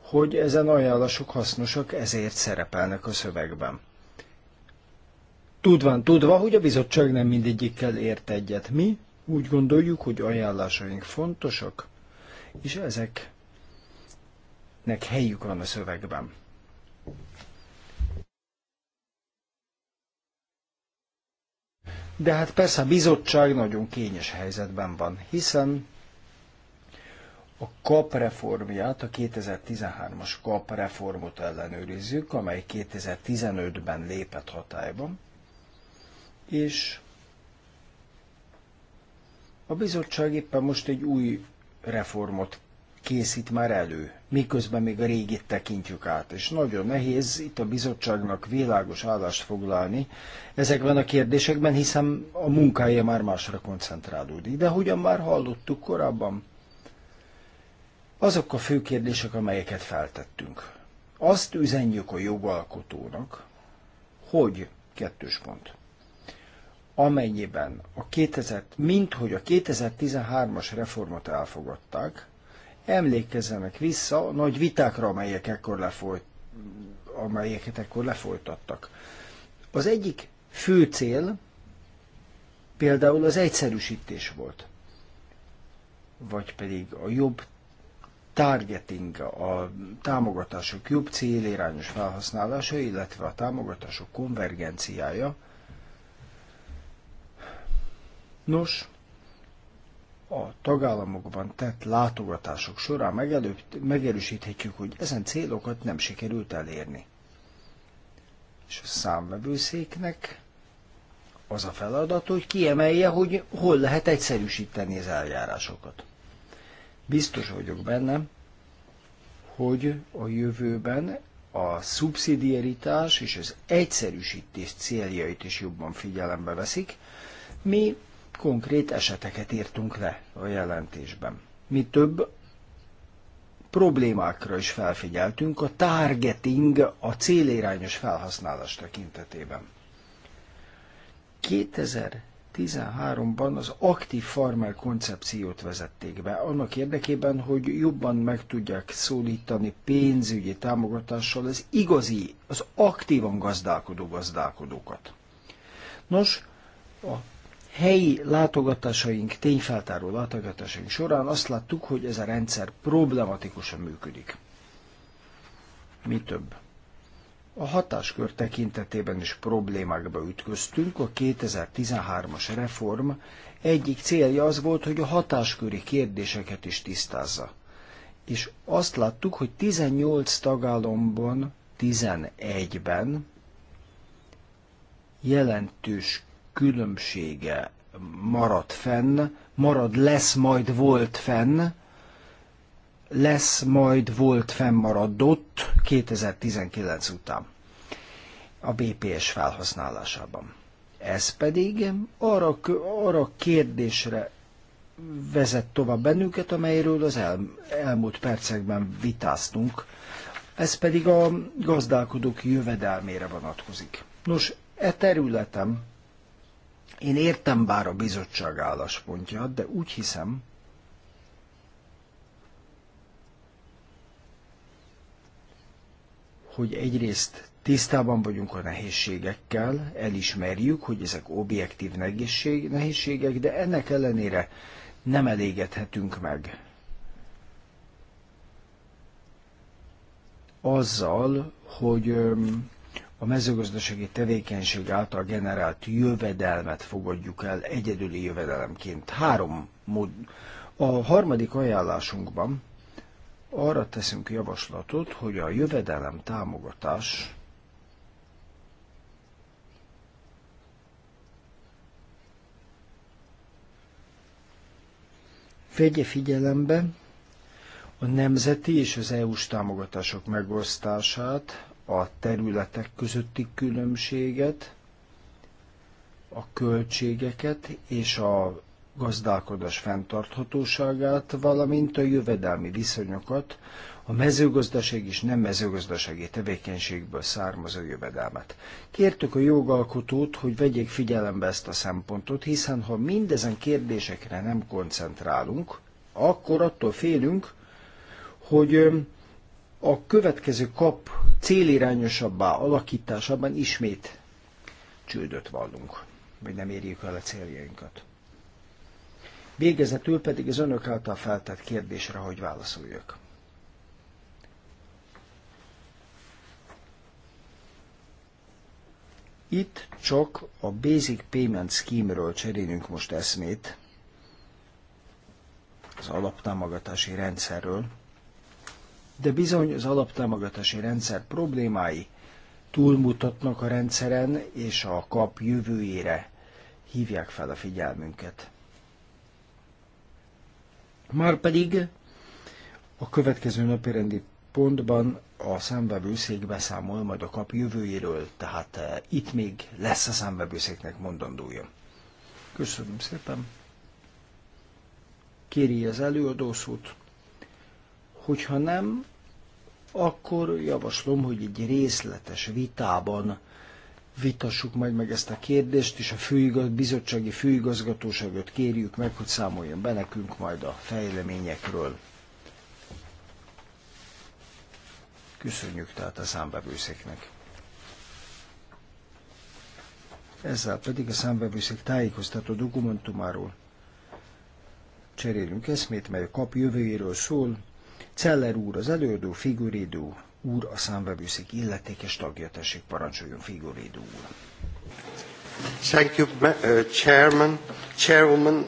hogy ezen ajánlások hasznosak, ezért szerepelnek a szövegben. Tudván tudva, hogy a bizottság nem mindegyikkel ért egyet. Mi úgy gondoljuk, hogy ajánlásaink fontosak, és ezeknek helyük van a szövegben. De hát persze a bizottság nagyon kényes helyzetben van, hiszen a KAP reformját, a 2013-as KAP reformot ellenőrizzük, amely 2015-ben lépett hatályba, és a bizottság éppen most egy új reformot készít már elő, miközben még a régit tekintjük át, és nagyon nehéz itt a bizottságnak világos állást foglalni ezekben a kérdésekben, hiszen a munkája már másra koncentrálódik. De hogyan már hallottuk korábban, azok a fő kérdések, amelyeket feltettünk. Azt üzenjük a jogalkotónak, hogy kettős pont amennyiben a 2000, mint hogy a 2013-as reformot elfogadták, emlékezzenek vissza a nagy vitákra, amelyek ekkor lefolyt, amelyeket ekkor lefolytattak. Az egyik fő cél például az egyszerűsítés volt, vagy pedig a jobb targeting, a támogatások jobb célirányos felhasználása, illetve a támogatások konvergenciája, Nos, a tagállamokban tett látogatások során megelőbb, megerősíthetjük, hogy ezen célokat nem sikerült elérni. És a számvevőszéknek az a feladat, hogy kiemelje, hogy hol lehet egyszerűsíteni az eljárásokat. Biztos vagyok benne, hogy a jövőben a szubszidiaritás és az egyszerűsítés céljait is jobban figyelembe veszik, mi konkrét eseteket írtunk le a jelentésben. Mi több problémákra is felfigyeltünk a targeting, a célirányos felhasználás tekintetében. 2013-ban az aktív farmer koncepciót vezették be, annak érdekében, hogy jobban meg tudják szólítani pénzügyi támogatással az igazi, az aktívan gazdálkodó gazdálkodókat. Nos, a helyi látogatásaink, tényfeltáró látogatásaink során azt láttuk, hogy ez a rendszer problematikusan működik. Mi több? A hatáskör tekintetében is problémákba ütköztünk. A 2013-as reform egyik célja az volt, hogy a hatásköri kérdéseket is tisztázza. És azt láttuk, hogy 18 tagállamban, 11-ben jelentős különbsége marad fenn, marad lesz majd volt fenn, lesz majd volt fennmaradott 2019 után a BPS felhasználásában. Ez pedig arra, arra kérdésre vezet tovább bennünket, amelyről az el, elmúlt percekben vitáztunk. Ez pedig a gazdálkodók jövedelmére vonatkozik. Nos, e területen én értem bár a bizottság álláspontját, de úgy hiszem, hogy egyrészt tisztában vagyunk a nehézségekkel, elismerjük, hogy ezek objektív nehézségek, de ennek ellenére nem elégedhetünk meg azzal, hogy a mezőgazdasági tevékenység által generált jövedelmet fogadjuk el egyedüli jövedelemként. Három mód. A harmadik ajánlásunkban arra teszünk javaslatot, hogy a jövedelem támogatás vegye figyelembe a nemzeti és az EU-s támogatások megosztását, a területek közötti különbséget, a költségeket és a gazdálkodás fenntarthatóságát, valamint a jövedelmi viszonyokat, a mezőgazdaság és nem mezőgazdasági tevékenységből származó jövedelmet. Kértük a jogalkotót, hogy vegyék figyelembe ezt a szempontot, hiszen ha mindezen kérdésekre nem koncentrálunk, akkor attól félünk, hogy a következő kap célirányosabbá alakításában ismét csődöt vallunk, vagy nem érjük el a céljainkat. Végezetül pedig az önök által feltett kérdésre, hogy válaszoljak. Itt csak a Basic Payment Scheme-ről cserélünk most eszmét, az alaptámogatási rendszerről, de bizony az alaptámogatási rendszer problémái túlmutatnak a rendszeren, és a kap jövőjére hívják fel a figyelmünket. Márpedig a következő napi rendi pontban a számvevőszék beszámol majd a kap jövőjéről, tehát eh, itt még lesz a számvevőszéknek mondandója. Köszönöm szépen. Kéri az előadószót. Hogyha nem, akkor javaslom, hogy egy részletes vitában vitassuk majd meg ezt a kérdést, és a főigaz, bizottsági főigazgatóságot kérjük meg, hogy számoljon be nekünk majd a fejleményekről. Köszönjük tehát a számbevőszéknek. Ezzel pedig a számbevőszék tájékoztató dokumentumáról cserélünk eszmét, mely a kap jövőjéről szól, Celler úr az előadó, Figurédó úr a számvevőszék illetékes tagja, tessék parancsoljon Figurédó úr. Thank you, uh, chairman, chairwoman.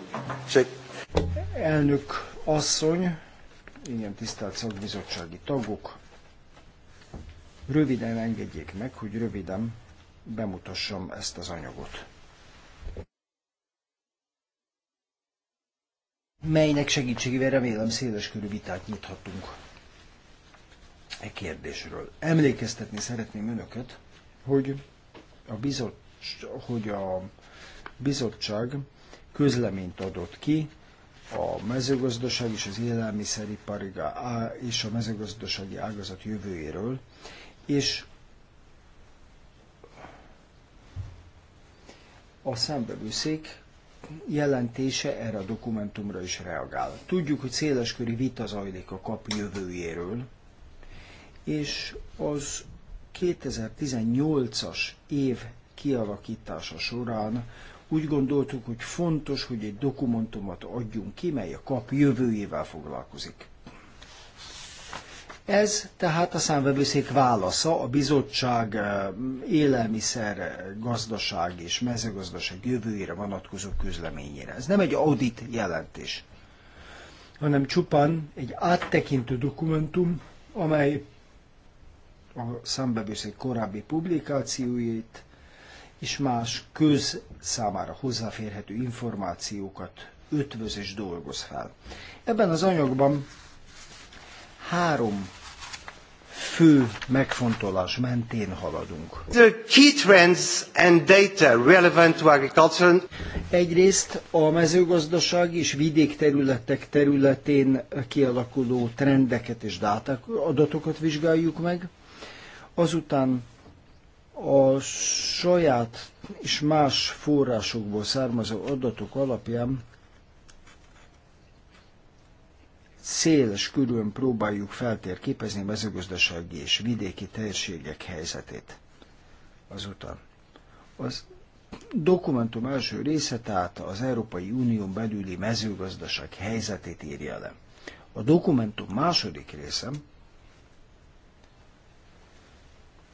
Elnök asszony, igen, tisztelt szakbizottsági tagok, röviden engedjék meg, hogy röviden bemutassam ezt az anyagot. melynek segítségével remélem széles körű vitát nyithatunk e kérdésről. Emlékeztetni szeretném önöket, hogy a, bizot, hogy a bizottság közleményt adott ki a mezőgazdaság és az élelmiszeripari és a mezőgazdasági ágazat jövőjéről, és a szembevőszék jelentése erre a dokumentumra is reagál. Tudjuk, hogy széleskörű vita zajlik a kap jövőjéről, és az 2018-as év kialakítása során úgy gondoltuk, hogy fontos, hogy egy dokumentumot adjunk ki, mely a kap jövőjével foglalkozik. Ez tehát a számvevőszék válasza a bizottság eh, élelmiszer, eh, gazdaság és mezőgazdaság jövőjére vonatkozó közleményére. Ez nem egy audit jelentés, hanem csupán egy áttekintő dokumentum, amely a számbevőszék korábbi publikációit és más köz számára hozzáférhető információkat ötvöz és dolgoz fel. Ebben az anyagban három fő megfontolás mentén haladunk. The key trends and data relevant to agriculture. Egyrészt a mezőgazdaság és vidékterületek területén kialakuló trendeket és dátak, adatokat vizsgáljuk meg. Azután a saját és más forrásokból származó adatok alapján széles körülön próbáljuk feltérképezni mezőgazdasági és vidéki térségek helyzetét. Azután az dokumentum első része, tehát az Európai Unión belüli mezőgazdaság helyzetét írja le. A dokumentum második része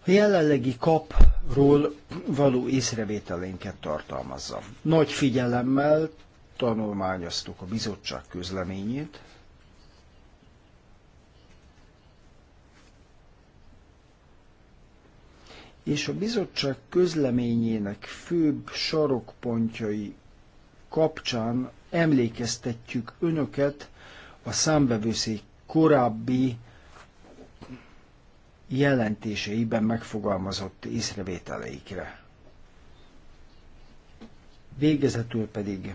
a jelenlegi kapról való észrevételénket tartalmazza. Nagy figyelemmel tanulmányoztuk a bizottság közleményét, és a bizottság közleményének főbb sarokpontjai kapcsán emlékeztetjük önöket a számbevőszék korábbi jelentéseiben megfogalmazott észrevételeikre. Végezetül pedig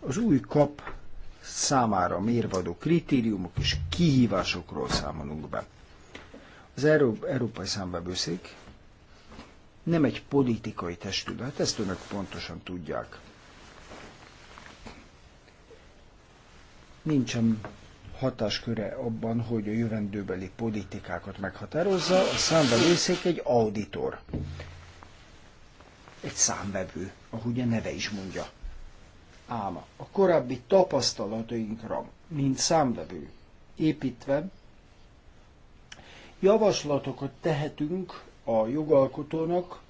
az új kap számára mérvadó kritériumok és kihívásokról számolunk be. Az Európai Számbevőszék nem egy politikai testület, ezt önök pontosan tudják. Nincsen hatásköre abban, hogy a jövendőbeli politikákat meghatározza, a számbevőszék egy auditor. Egy számvevő, ahogy a neve is mondja. Ám a korábbi tapasztalatainkra, mint számvevő, építve, javaslatokat tehetünk a jogalkotónak,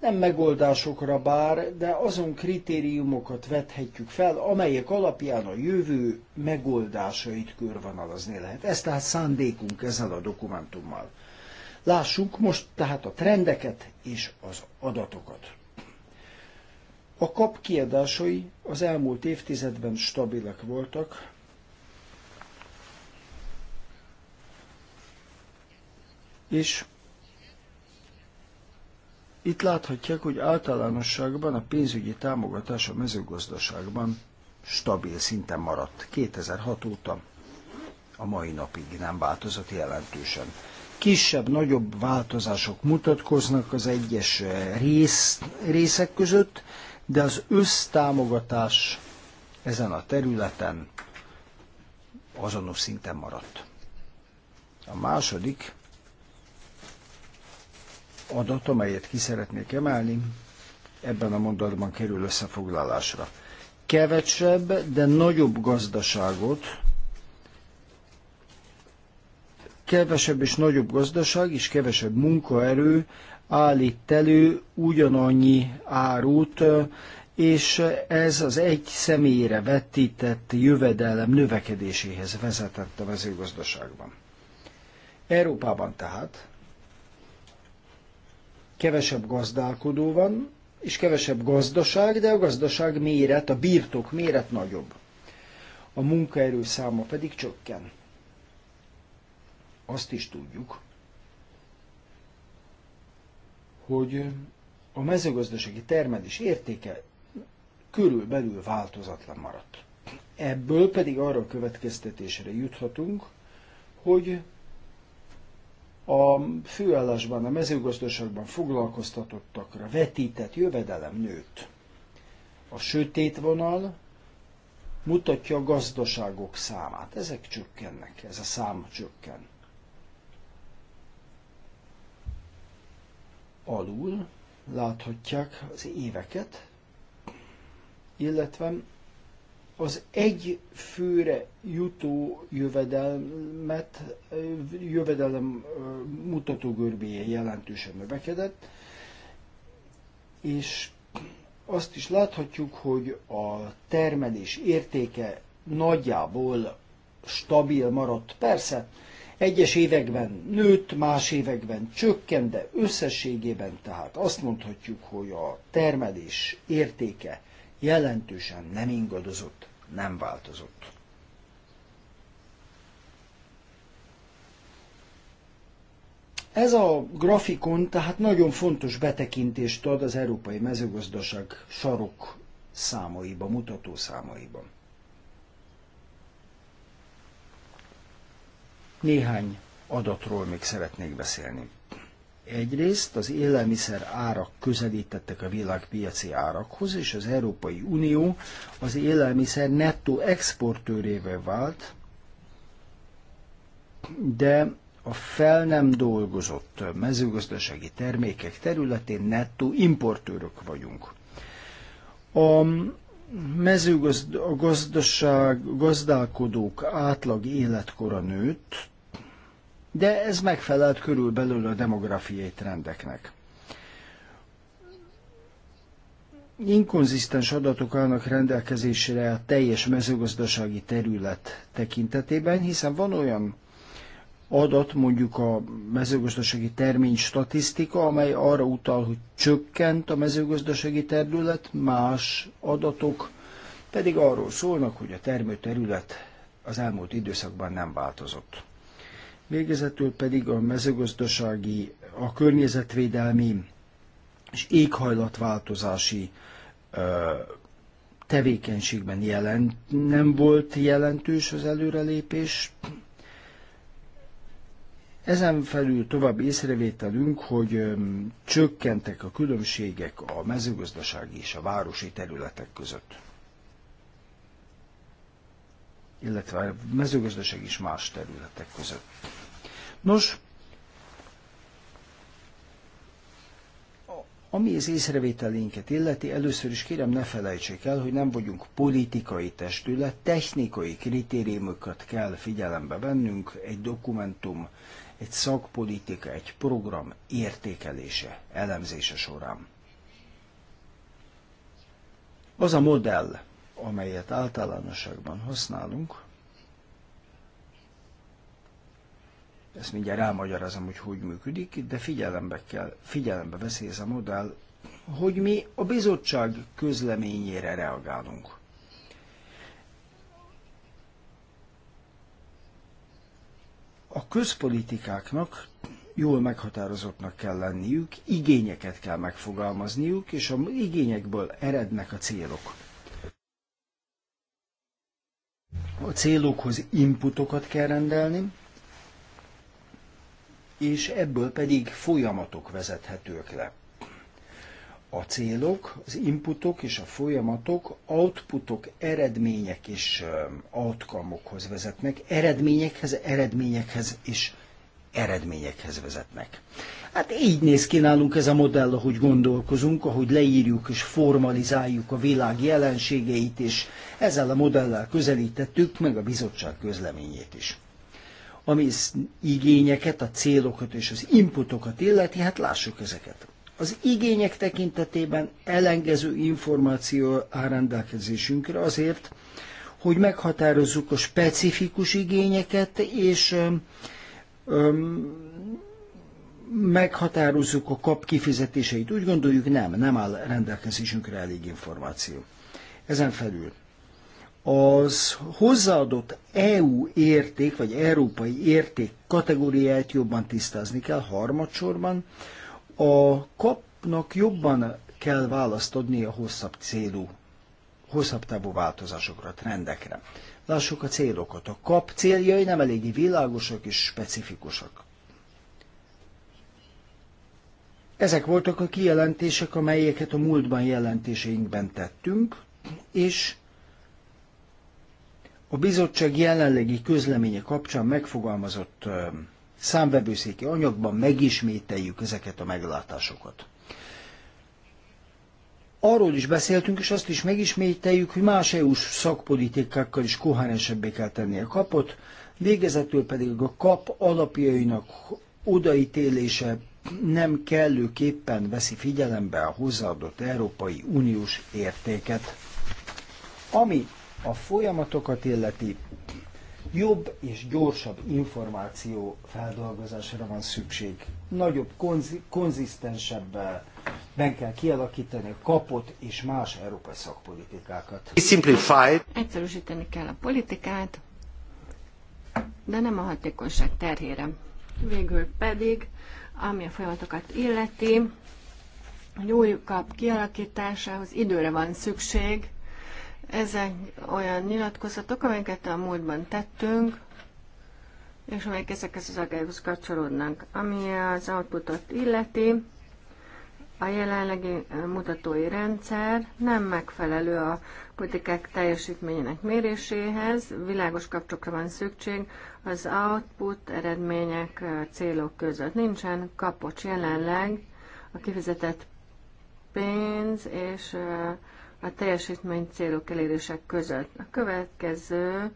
nem megoldásokra bár, de azon kritériumokat vethetjük fel, amelyek alapján a jövő megoldásait körvonalazni lehet. Ez tehát szándékunk ezzel a dokumentummal. Lássuk most tehát a trendeket és az adatokat. A kap kiadásai az elmúlt évtizedben stabilak voltak, és itt láthatják, hogy általánosságban a pénzügyi támogatás a mezőgazdaságban stabil szinten maradt 2006 óta a mai napig nem változott jelentősen. Kisebb, nagyobb változások mutatkoznak az egyes eh, rész, részek között, de az össztámogatás ezen a területen azonos szinten maradt. A második adat, amelyet ki szeretnék emelni, ebben a mondatban kerül összefoglalásra. Kevesebb, de nagyobb gazdaságot, kevesebb és nagyobb gazdaság és kevesebb munkaerő állít elő ugyanannyi árut, és ez az egy személyre vetített jövedelem növekedéséhez vezetett a mezőgazdaságban. Európában tehát Kevesebb gazdálkodó van, és kevesebb gazdaság, de a gazdaság méret, a birtok méret nagyobb. A munkaerő száma pedig csökken. Azt is tudjuk, hogy a mezőgazdasági termelés értéke körülbelül változatlan maradt. Ebből pedig arra a következtetésre juthatunk, hogy a főállásban, a mezőgazdaságban foglalkoztatottakra vetített jövedelem nőtt. A sötét vonal mutatja a gazdaságok számát. Ezek csökkennek, ez a szám csökken. Alul láthatják az éveket, illetve az egy főre jutó jövedelmet, jövedelem mutató görbéje jelentősen növekedett, és azt is láthatjuk, hogy a termelés értéke nagyjából stabil maradt. Persze, egyes években nőtt, más években csökkent, de összességében tehát azt mondhatjuk, hogy a termelés értéke jelentősen nem ingadozott, nem változott. Ez a grafikon tehát nagyon fontos betekintést ad az európai mezőgazdaság sarok számaiba, mutató számaiba. Néhány adatról még szeretnék beszélni. Egyrészt az élelmiszer árak közelítettek a világpiaci árakhoz, és az Európai Unió az élelmiszer nettó exportőrévé vált, de a fel nem dolgozott mezőgazdasági termékek területén nettó importőrök vagyunk. A mezőgazdaság gazdálkodók átlag életkora nőtt, de ez megfelelt körülbelül a demográfiai trendeknek. Inkonzisztens adatok állnak rendelkezésre a teljes mezőgazdasági terület tekintetében, hiszen van olyan adat, mondjuk a mezőgazdasági termény statisztika, amely arra utal, hogy csökkent a mezőgazdasági terület, más adatok pedig arról szólnak, hogy a termőterület az elmúlt időszakban nem változott. Végezetül pedig a mezőgazdasági, a környezetvédelmi és éghajlatváltozási tevékenységben jelent, nem volt jelentős az előrelépés. Ezen felül további észrevételünk, hogy csökkentek a különbségek a mezőgazdasági és a városi területek között illetve a mezőgazdaság is más területek között. Nos, Ami az észrevételénket illeti, először is kérem ne felejtsék el, hogy nem vagyunk politikai testület, technikai kritériumokat kell figyelembe vennünk, egy dokumentum, egy szakpolitika, egy program értékelése, elemzése során. Az a modell, amelyet általánosságban használunk, ezt mindjárt elmagyarázom, hogy hogy működik, de figyelembe kell, figyelembe veszi ez a modell, hogy mi a bizottság közleményére reagálunk. A közpolitikáknak jól meghatározottnak kell lenniük, igényeket kell megfogalmazniuk, és az igényekből erednek a célok. A célokhoz inputokat kell rendelni, és ebből pedig folyamatok vezethetők le. A célok, az inputok és a folyamatok outputok, eredmények és outcome-okhoz vezetnek, eredményekhez, eredményekhez és eredményekhez vezetnek. Hát így néz ki nálunk ez a modell, ahogy gondolkozunk, ahogy leírjuk és formalizáljuk a világ jelenségeit, és ezzel a modellel közelítettük meg a bizottság közleményét is. Ami az igényeket, a célokat és az inputokat illeti, hát lássuk ezeket. Az igények tekintetében elengező információ áll rendelkezésünkre azért, hogy meghatározzuk a specifikus igényeket, és öm, öm, meghatározzuk a kap kifizetéseit. Úgy gondoljuk, nem, nem áll rendelkezésünkre elég információ. Ezen felül az hozzáadott EU érték, vagy európai érték kategóriáját jobban tisztázni kell harmadsorban. A kapnak jobban kell választ adni a hosszabb célú, hosszabb távú változásokra, trendekre. Lássuk a célokat. A kap céljai nem eléggé világosak és specifikusak. Ezek voltak a kijelentések, amelyeket a múltban jelentéseinkben tettünk, és a bizottság jelenlegi közleménye kapcsán megfogalmazott számvevőszéki anyagban megismételjük ezeket a meglátásokat. Arról is beszéltünk, és azt is megismételjük, hogy más EU-s szakpolitikákkal is kohányesebbé kell tenni a kapot, végezetül pedig a kap alapjainak odaítélése nem kellőképpen veszi figyelembe a hozzáadott Európai Uniós értéket, ami a folyamatokat illeti jobb és gyorsabb információ feldolgozásra van szükség. Nagyobb, konzi- konzisztensebben kell kialakítani a kapot és más európai szakpolitikákat. Simplified. Egyszerűsíteni kell a politikát, de nem a hatékonyság terhére. Végül pedig ami a folyamatokat illeti, egy új kap kialakításához időre van szükség. Ezek olyan nyilatkozatok, amelyeket a múltban tettünk, és amelyek ezekhez az agályhoz kapcsolódnak. Ami az outputot illeti, a jelenlegi eh, mutatói rendszer nem megfelelő a politikák teljesítményének méréséhez, világos kapcsolatra van szükség az output eredmények célok között. Nincsen kapocs jelenleg a kifizetett pénz és a teljesítmény célok elérések között. A következő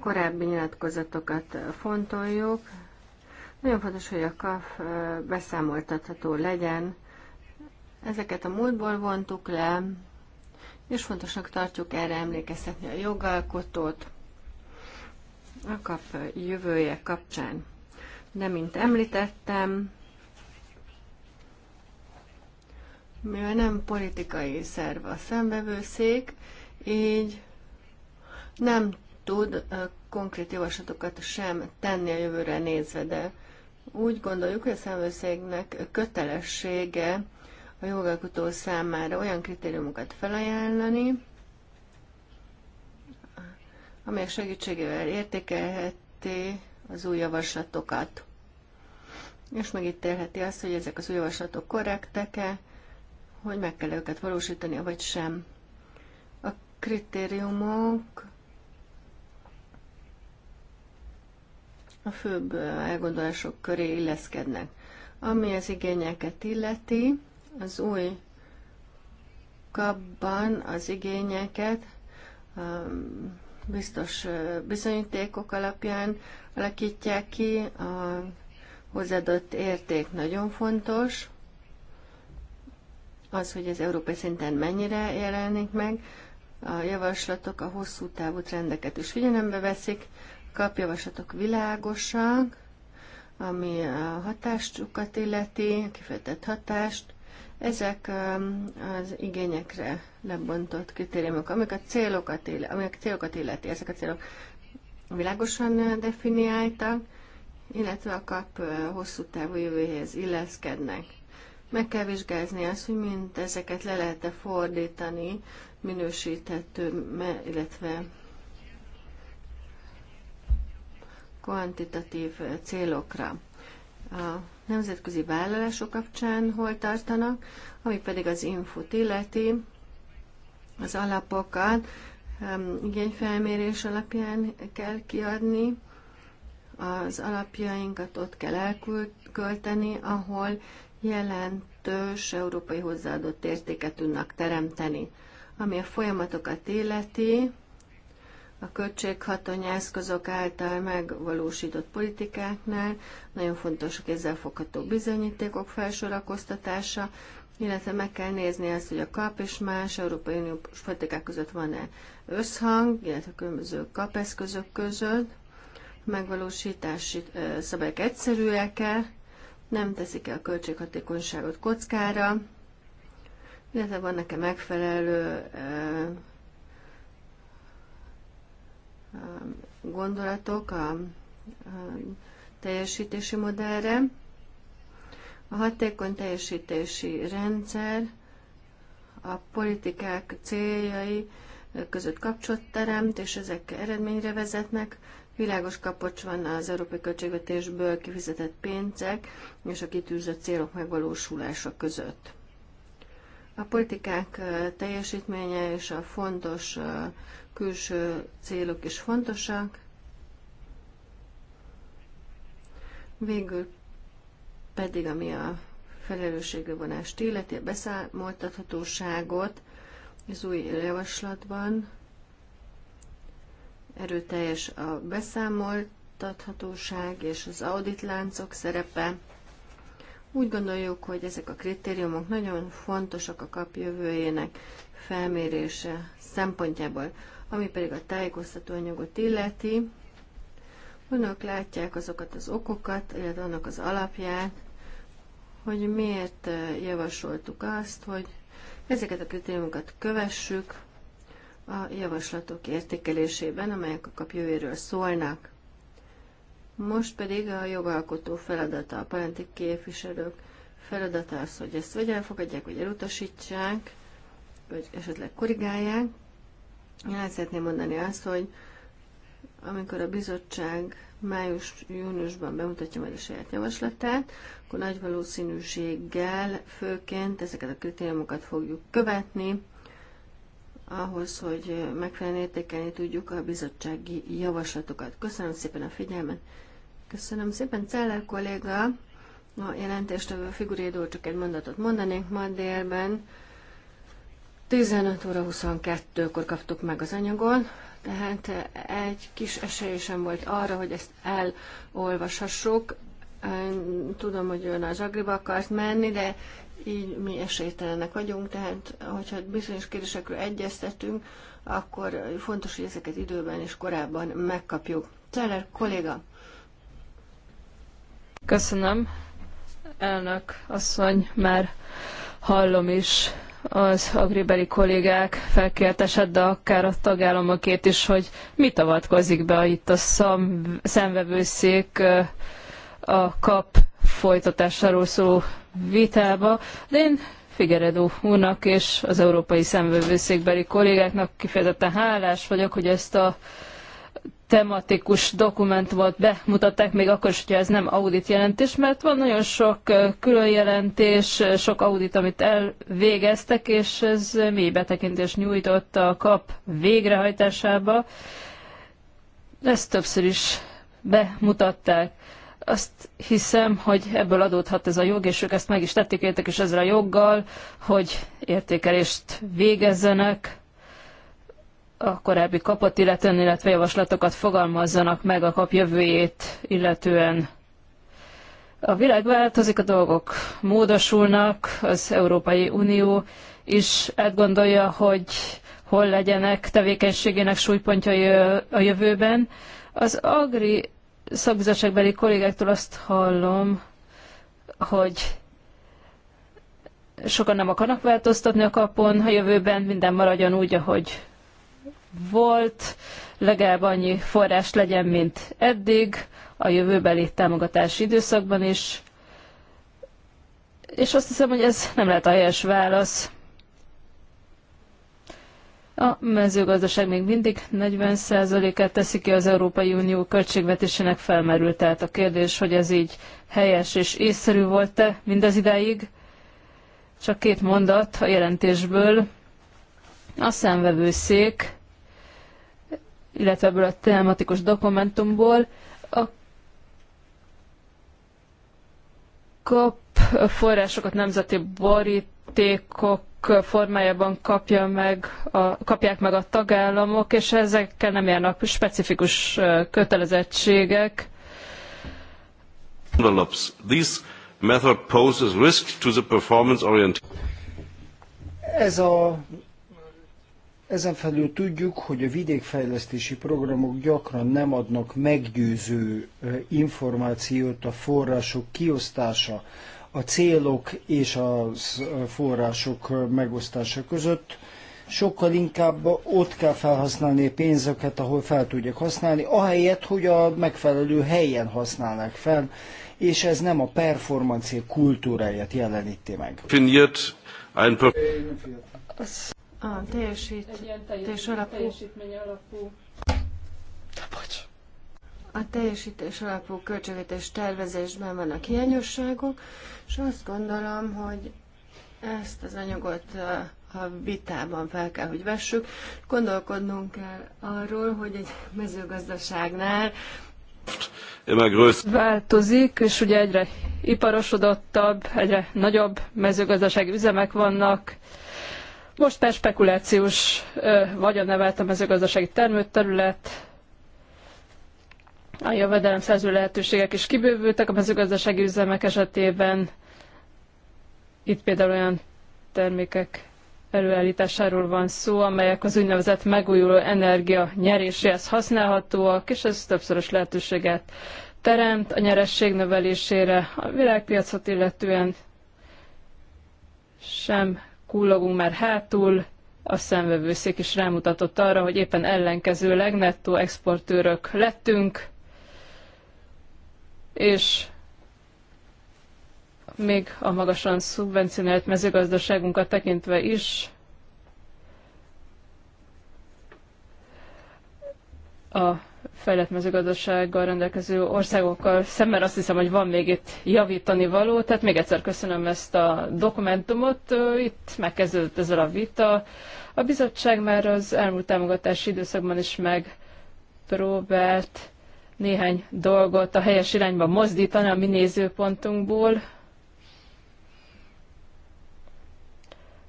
korábbi nyilatkozatokat fontoljuk. Nagyon fontos, hogy a kaf beszámoltatható legyen. Ezeket a múltból vontuk le, és fontosnak tartjuk erre emlékeztetni a jogalkotót a kap jövője kapcsán. De, mint említettem, mivel nem politikai szerv a szembevőszék, így nem tud konkrét javaslatokat sem tenni a jövőre nézve, de úgy gondoljuk, hogy a szembevőszéknek kötelessége a jogalkotó számára olyan kritériumokat felajánlani, amelyek segítségével értékelheti az új javaslatokat. És élheti azt, hogy ezek az új javaslatok korrektek-e, hogy meg kell őket valósítani, vagy sem. A kritériumok a főbb elgondolások köré illeszkednek. Ami az igényeket illeti, az új kapban az igényeket um, biztos bizonyítékok alapján alakítják ki. A hozzáadott érték nagyon fontos. Az, hogy az európai szinten mennyire jelenik meg, a javaslatok a hosszú távú trendeket is figyelembe veszik, kapjavaslatok világosak, ami a hatástukat illeti, kifejtett hatást, ezek um, az igényekre lebontott kritériumok, amik a célokat, éle, amik a célokat illeti, ezek a célok világosan uh, definiáltak, illetve a kap uh, hosszú távú jövőhez illeszkednek. Meg kell vizsgálni azt, hogy mind ezeket le lehet-e fordítani minősíthető, illetve kvantitatív uh, célokra. A nemzetközi vállalások kapcsán hol tartanak, ami pedig az infót illeti, az alapokat igényfelmérés alapján kell kiadni, az alapjainkat ott kell elkölteni, ahol jelentős európai hozzáadott értéket tudnak teremteni. Ami a folyamatokat illeti, a költséghatony eszközök által megvalósított politikáknál. Nagyon fontos a kézzelfogható bizonyítékok felsorakoztatása, illetve meg kell nézni azt, hogy a kap és más Európai Unió politikák között van-e összhang, illetve a különböző kap eszközök között. megvalósítási szabályok egyszerűek-e, nem teszik-e a költséghatékonyságot kockára, illetve vannak-e megfelelő gondolatok a teljesítési modellre. A hatékony teljesítési rendszer a politikák céljai között kapcsolat teremt, és ezek eredményre vezetnek. Világos kapocs van az európai költségvetésből kifizetett pénzek és a kitűzött célok megvalósulása között. A politikák teljesítménye és a fontos külső célok is fontosak. Végül pedig, ami a felelősségre vonást illeti, a beszámoltathatóságot az új javaslatban erőteljes a beszámoltathatóság és az auditláncok szerepe. Úgy gondoljuk, hogy ezek a kritériumok nagyon fontosak a kap jövőjének felmérése szempontjából. Ami pedig a tájékoztató anyagot illeti, önök látják azokat az okokat, illetve annak az alapját, hogy miért eh, javasoltuk azt, hogy ezeket a kritériumokat kövessük a javaslatok értékelésében, amelyek a kapjövéről szólnak. Most pedig a jogalkotó feladata, a parenti képviselők feladata az, hogy ezt vagy elfogadják, vagy elutasítsák, vagy esetleg korrigálják. El szeretném mondani azt, hogy amikor a bizottság május-júniusban bemutatja majd a saját javaslatát, akkor nagy valószínűséggel főként ezeket a kritériumokat fogjuk követni, ahhoz, hogy megfelelően értékelni tudjuk a bizottsági javaslatokat. Köszönöm szépen a figyelmet. Köszönöm szépen, Celler kolléga. A jelentéstevő figurédó csak egy mondatot mondanék ma délben. 15 óra 22-kor kaptuk meg az anyagon, tehát egy kis esély sem volt arra, hogy ezt elolvashassuk. Tudom, hogy ön az agriba akart menni, de így mi esélytelenek vagyunk, tehát hogyha bizonyos kérdésekről egyeztetünk, akkor fontos, hogy ezeket időben és korábban megkapjuk. Teller kolléga. Köszönöm. Elnök asszony, már hallom is az agribeli kollégák felkértesed, de akár a tagállamokét is, hogy mit avatkozik be itt a szam, szemvevőszék a kap folytatásáról szóló vitába. De én Figeredó úrnak és az Európai Szemvevőszékbeli kollégáknak kifejezetten hálás vagyok, hogy ezt a tematikus dokumentumot bemutatták, még akkor is, hogyha ez nem audit jelentés, mert van nagyon sok külön jelentés, sok audit, amit elvégeztek, és ez mély betekintést nyújtott a kap végrehajtásába. Ezt többször is bemutatták. Azt hiszem, hogy ebből adódhat ez a jog, és ők ezt meg is tették, értek is ezzel a joggal, hogy értékelést végezzenek a korábbi kapott illetően, illetve javaslatokat fogalmazzanak meg a kap jövőjét illetően. A világ változik, a dolgok módosulnak, az Európai Unió is átgondolja, hogy hol legyenek tevékenységének súlypontjai a jövőben. Az Agri szakbizottságbeli kollégáktól azt hallom, hogy sokan nem akarnak változtatni a kapon, a jövőben minden maradjon úgy, ahogy volt, legalább annyi forrás legyen, mint eddig, a jövőbeli támogatási időszakban is. És azt hiszem, hogy ez nem lehet a helyes válasz. A mezőgazdaság még mindig 40%-át teszi ki az Európai Unió költségvetésének felmerült. Tehát a kérdés, hogy ez így helyes és észszerű volt-e mindez idáig? Csak két mondat a jelentésből. A számvevőszék illetve ebből a tematikus dokumentumból. A kap forrásokat nemzeti borítékok formájában kapja meg a, kapják meg a tagállamok, és ezekkel nem járnak specifikus kötelezettségek. This method poses risk to the performance orientation. Ez a ezen felül tudjuk, hogy a vidékfejlesztési programok gyakran nem adnak meggyőző információt a források kiosztása, a célok és a források megosztása között. Sokkal inkább ott kell felhasználni a pénzeket, ahol fel tudják használni, ahelyett, hogy a megfelelő helyen használnák fel, és ez nem a performancia kultúráját jeleníti meg. Definiert ein a teljesít, egy ilyen teljesít, alapú, teljesítmény alapú bocs. A teljesítés alapú költségvetés tervezésben vannak hiányosságok, és azt gondolom, hogy ezt az anyagot a vitában fel kell, hogy vessük. Gondolkodnunk kell arról, hogy egy mezőgazdaságnál változik, és ugye egyre iparosodottabb, egyre nagyobb mezőgazdasági üzemek vannak, most már spekulációs vagyon nevelt a mezőgazdasági termőterület, a jövedelem szerző lehetőségek is kibővültek a mezőgazdasági üzemek esetében. Itt például olyan termékek előállításáról van szó, amelyek az úgynevezett megújuló energia nyeréséhez használhatóak, és ez többszörös lehetőséget teremt a nyeresség növelésére a világpiacot illetően sem kullogunk már hátul, a szemvevőszék is rámutatott arra, hogy éppen ellenkezőleg nettó exportőrök lettünk, és még a magasan szubvencionált mezőgazdaságunkat tekintve is a fejlett mezőgazdasággal rendelkező országokkal szemben azt hiszem, hogy van még itt javítani való. Tehát még egyszer köszönöm ezt a dokumentumot. Itt megkezdődött ezzel a vita. A bizottság már az elmúlt támogatási időszakban is megpróbált néhány dolgot a helyes irányba mozdítani a mi nézőpontunkból,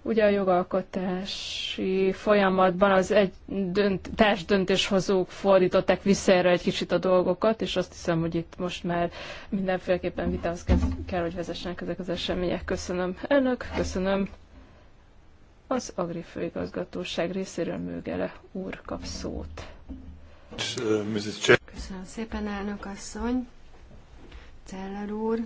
Ugye a jogalkotási folyamatban az egy dönt, társ döntéshozók fordították vissza erre egy kicsit a dolgokat, és azt hiszem, hogy itt most már mindenféleképpen vitához kell, kell hogy vezessenek ezek az események. Köszönöm elnök, köszönöm az Agri Főigazgatóság részéről Mőgele úr kap szót. Köszönöm szépen, elnök asszony, Celler úr,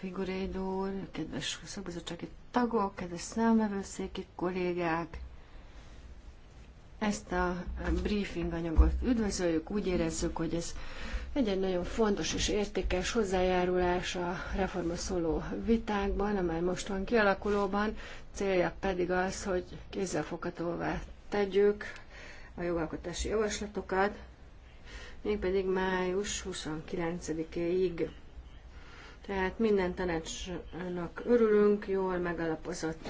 Figurédó úr, kedves szakbizottsági tagok, kedves számvevőszéki kollégák, ezt a briefing anyagot üdvözöljük, úgy érezzük, hogy ez egy, egy nagyon fontos és értékes hozzájárulás a reforma szóló vitákban, amely most van kialakulóban, célja pedig az, hogy kézzelfoghatóvá tegyük a jogalkotási javaslatokat, mégpedig május 29-éig. Tehát minden tanácsnak örülünk, jól megalapozott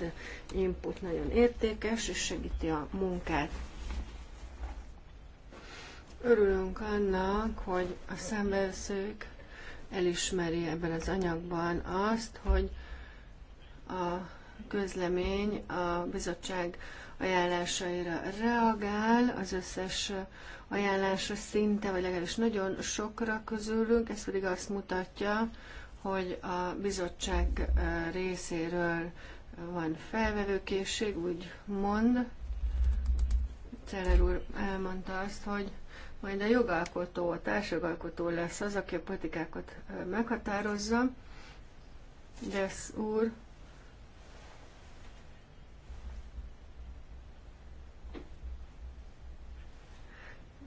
input nagyon értékes, és segíti a munkát. Örülünk annak, hogy a számbevőszők elismeri ebben az anyagban azt, hogy a közlemény a bizottság ajánlásaira reagál, az összes ajánlásra szinte, vagy legalábbis nagyon sokra közülünk, ez pedig azt mutatja, hogy a bizottság részéről van felvevőkészség, úgy mond. Celer úr elmondta azt, hogy majd a jogalkotó, a társjogalkotó lesz az, aki a politikákat meghatározza. Desz úr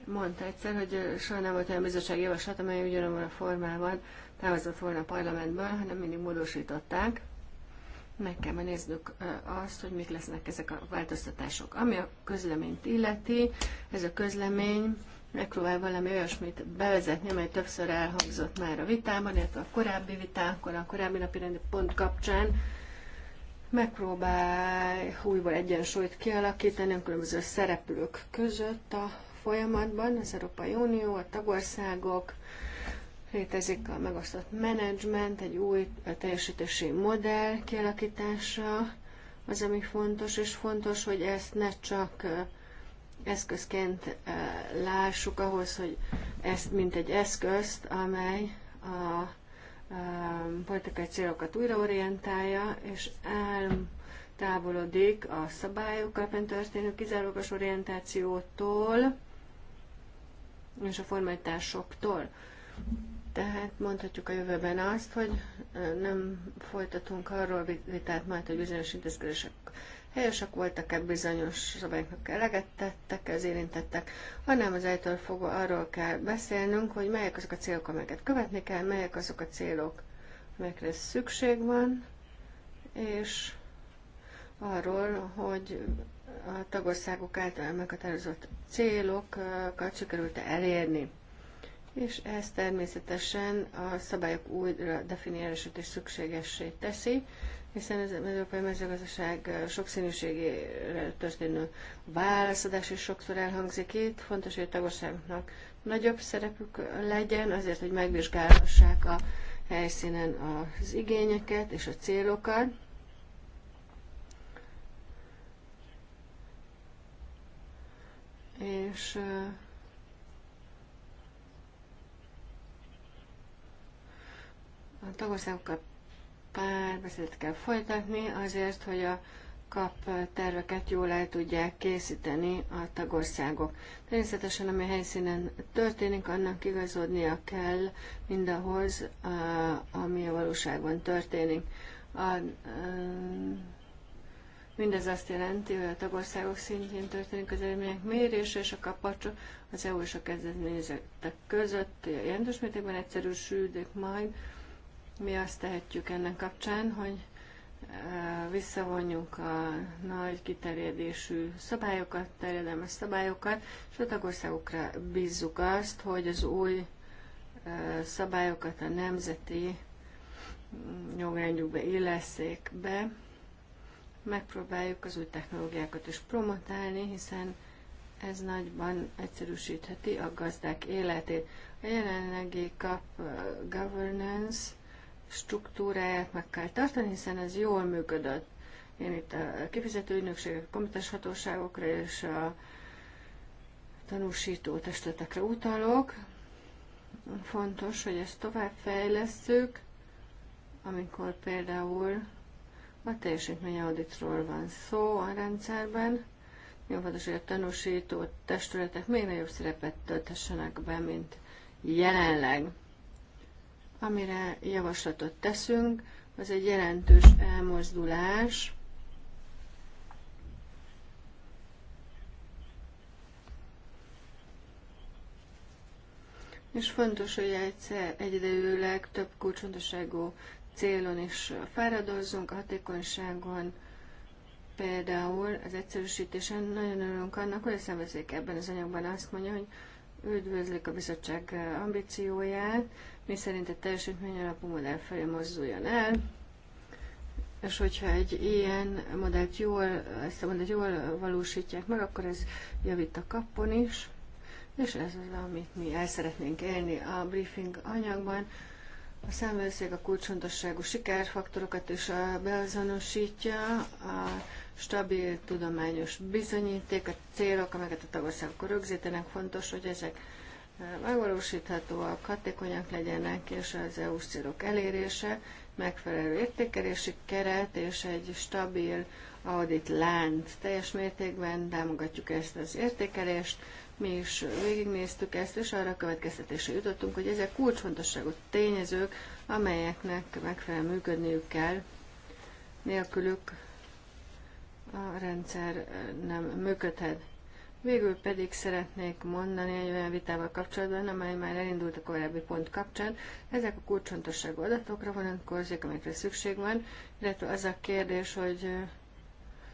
mondta egyszer, hogy soha nem volt olyan bizottsági javaslat, amely ugyanabban a formában távozott volna a parlamentből, hanem mindig módosították. Meg kell néznünk azt, hogy mik lesznek ezek a változtatások. Ami a közleményt illeti, ez a közlemény megpróbál valami olyasmit bevezetni, amely többször elhangzott már a vitában, illetve a korábbi vitákon, a korábbi napi rendi pont kapcsán, megpróbál újból egyensúlyt kialakítani a különböző szereplők között a folyamatban, az Európai Unió, a tagországok, Létezik a megosztott menedzsment, egy új teljesítési modell kialakítása, az, ami fontos, és fontos, hogy ezt ne csak eszközként lássuk ahhoz, hogy ezt, mint egy eszközt, amely a politikai célokat újraorientálja, és eltávolodik a szabályok alapján történő kizárólagos orientációtól és a formalitásoktól. Tehát mondhatjuk a jövőben azt, hogy nem folytatunk arról vitát majd, hogy bizonyos intézkedések helyesek voltak-e, bizonyos szabályoknak eleget tettek az érintettek, hanem az ejtől fogva arról kell beszélnünk, hogy melyek azok a célok, amelyeket követni kell, melyek azok a célok, amelyekre szükség van, és arról, hogy a tagországok által meghatározott célokat sikerült elérni és ez természetesen a szabályok újra definiálását is szükségessé teszi, hiszen az európai mezőgazdaság sokszínűségére történő válaszadás is sokszor elhangzik itt. Fontos, hogy a tagországoknak nagyobb szerepük legyen, azért, hogy megvizsgálhassák a helyszínen az igényeket és a célokat. És A tagországokkal párbeszédet kell folytatni azért, hogy a kap terveket jól el tudják készíteni a tagországok. Természetesen, ami a helyszínen történik, annak igazodnia kell mindahhoz, ami a valóságban történik. A, mindez azt jelenti, hogy a tagországok szintjén történik az eredmények mérése, és a kapacsok az EU és a kezdeményezettek között jelentős mértékben egyszerűsödik majd, mi azt tehetjük ennek kapcsán, hogy eh, visszavonjuk a nagy kiterjedésű szabályokat, terjedelmes szabályokat, és a tagországokra bízzuk azt, hogy az új eh, szabályokat a nemzeti mm, nyugányukba illeszék be. Megpróbáljuk az új technológiákat is promotálni, hiszen ez nagyban egyszerűsítheti a gazdák életét. A jelenlegi CAP eh, governance struktúráját meg kell tartani, hiszen ez jól működött. Én itt a kifizető ügynökségek, a komitás hatóságokra és a tanúsító testületekre utalok. Fontos, hogy ezt tovább fejlesszük, amikor például a teljesítmény auditról van szó a rendszerben. Nagyon hát fontos, hogy a tanúsító testületek még nagyobb szerepet töltessenek be, mint jelenleg. Amire javaslatot teszünk, az egy jelentős elmozdulás, És fontos, hogy egyszer egyidejűleg több kulcsontosságú célon is fáradozzunk, a hatékonyságon, például az egyszerűsítésen nagyon örülünk annak, hogy a ebben az anyagban azt mondja, hogy üdvözlik a bizottság ambícióját, mi szerint a teljesítmény alapú modell felé mozduljon el, és hogyha egy ilyen modellt jól, ezt a modellt jól valósítják meg, akkor ez javít a kapon is, és ez az, amit mi el szeretnénk élni a briefing anyagban. A számvőszék a kulcsontosságú sikerfaktorokat is beazonosítja, a stabil tudományos bizonyíték, a célok, amelyeket a tagországok rögzítenek, fontos, hogy ezek megvalósíthatóak, hatékonyak legyenek, és az EU-s célok elérése, megfelelő értékelési keret és egy stabil audit lánc. Teljes mértékben támogatjuk ezt az értékelést, mi is végignéztük ezt, és arra a következtetésre jutottunk, hogy ezek kulcsfontosságú tényezők, amelyeknek megfelelően működniük kell, nélkülük a rendszer nem működhet. Végül pedig szeretnék mondani egy olyan vitával kapcsolatban, amely már elindult a korábbi pont kapcsán. Ezek a kulcsontosságú adatokra vonatkozik, amikre szükség van, illetve az a kérdés, hogy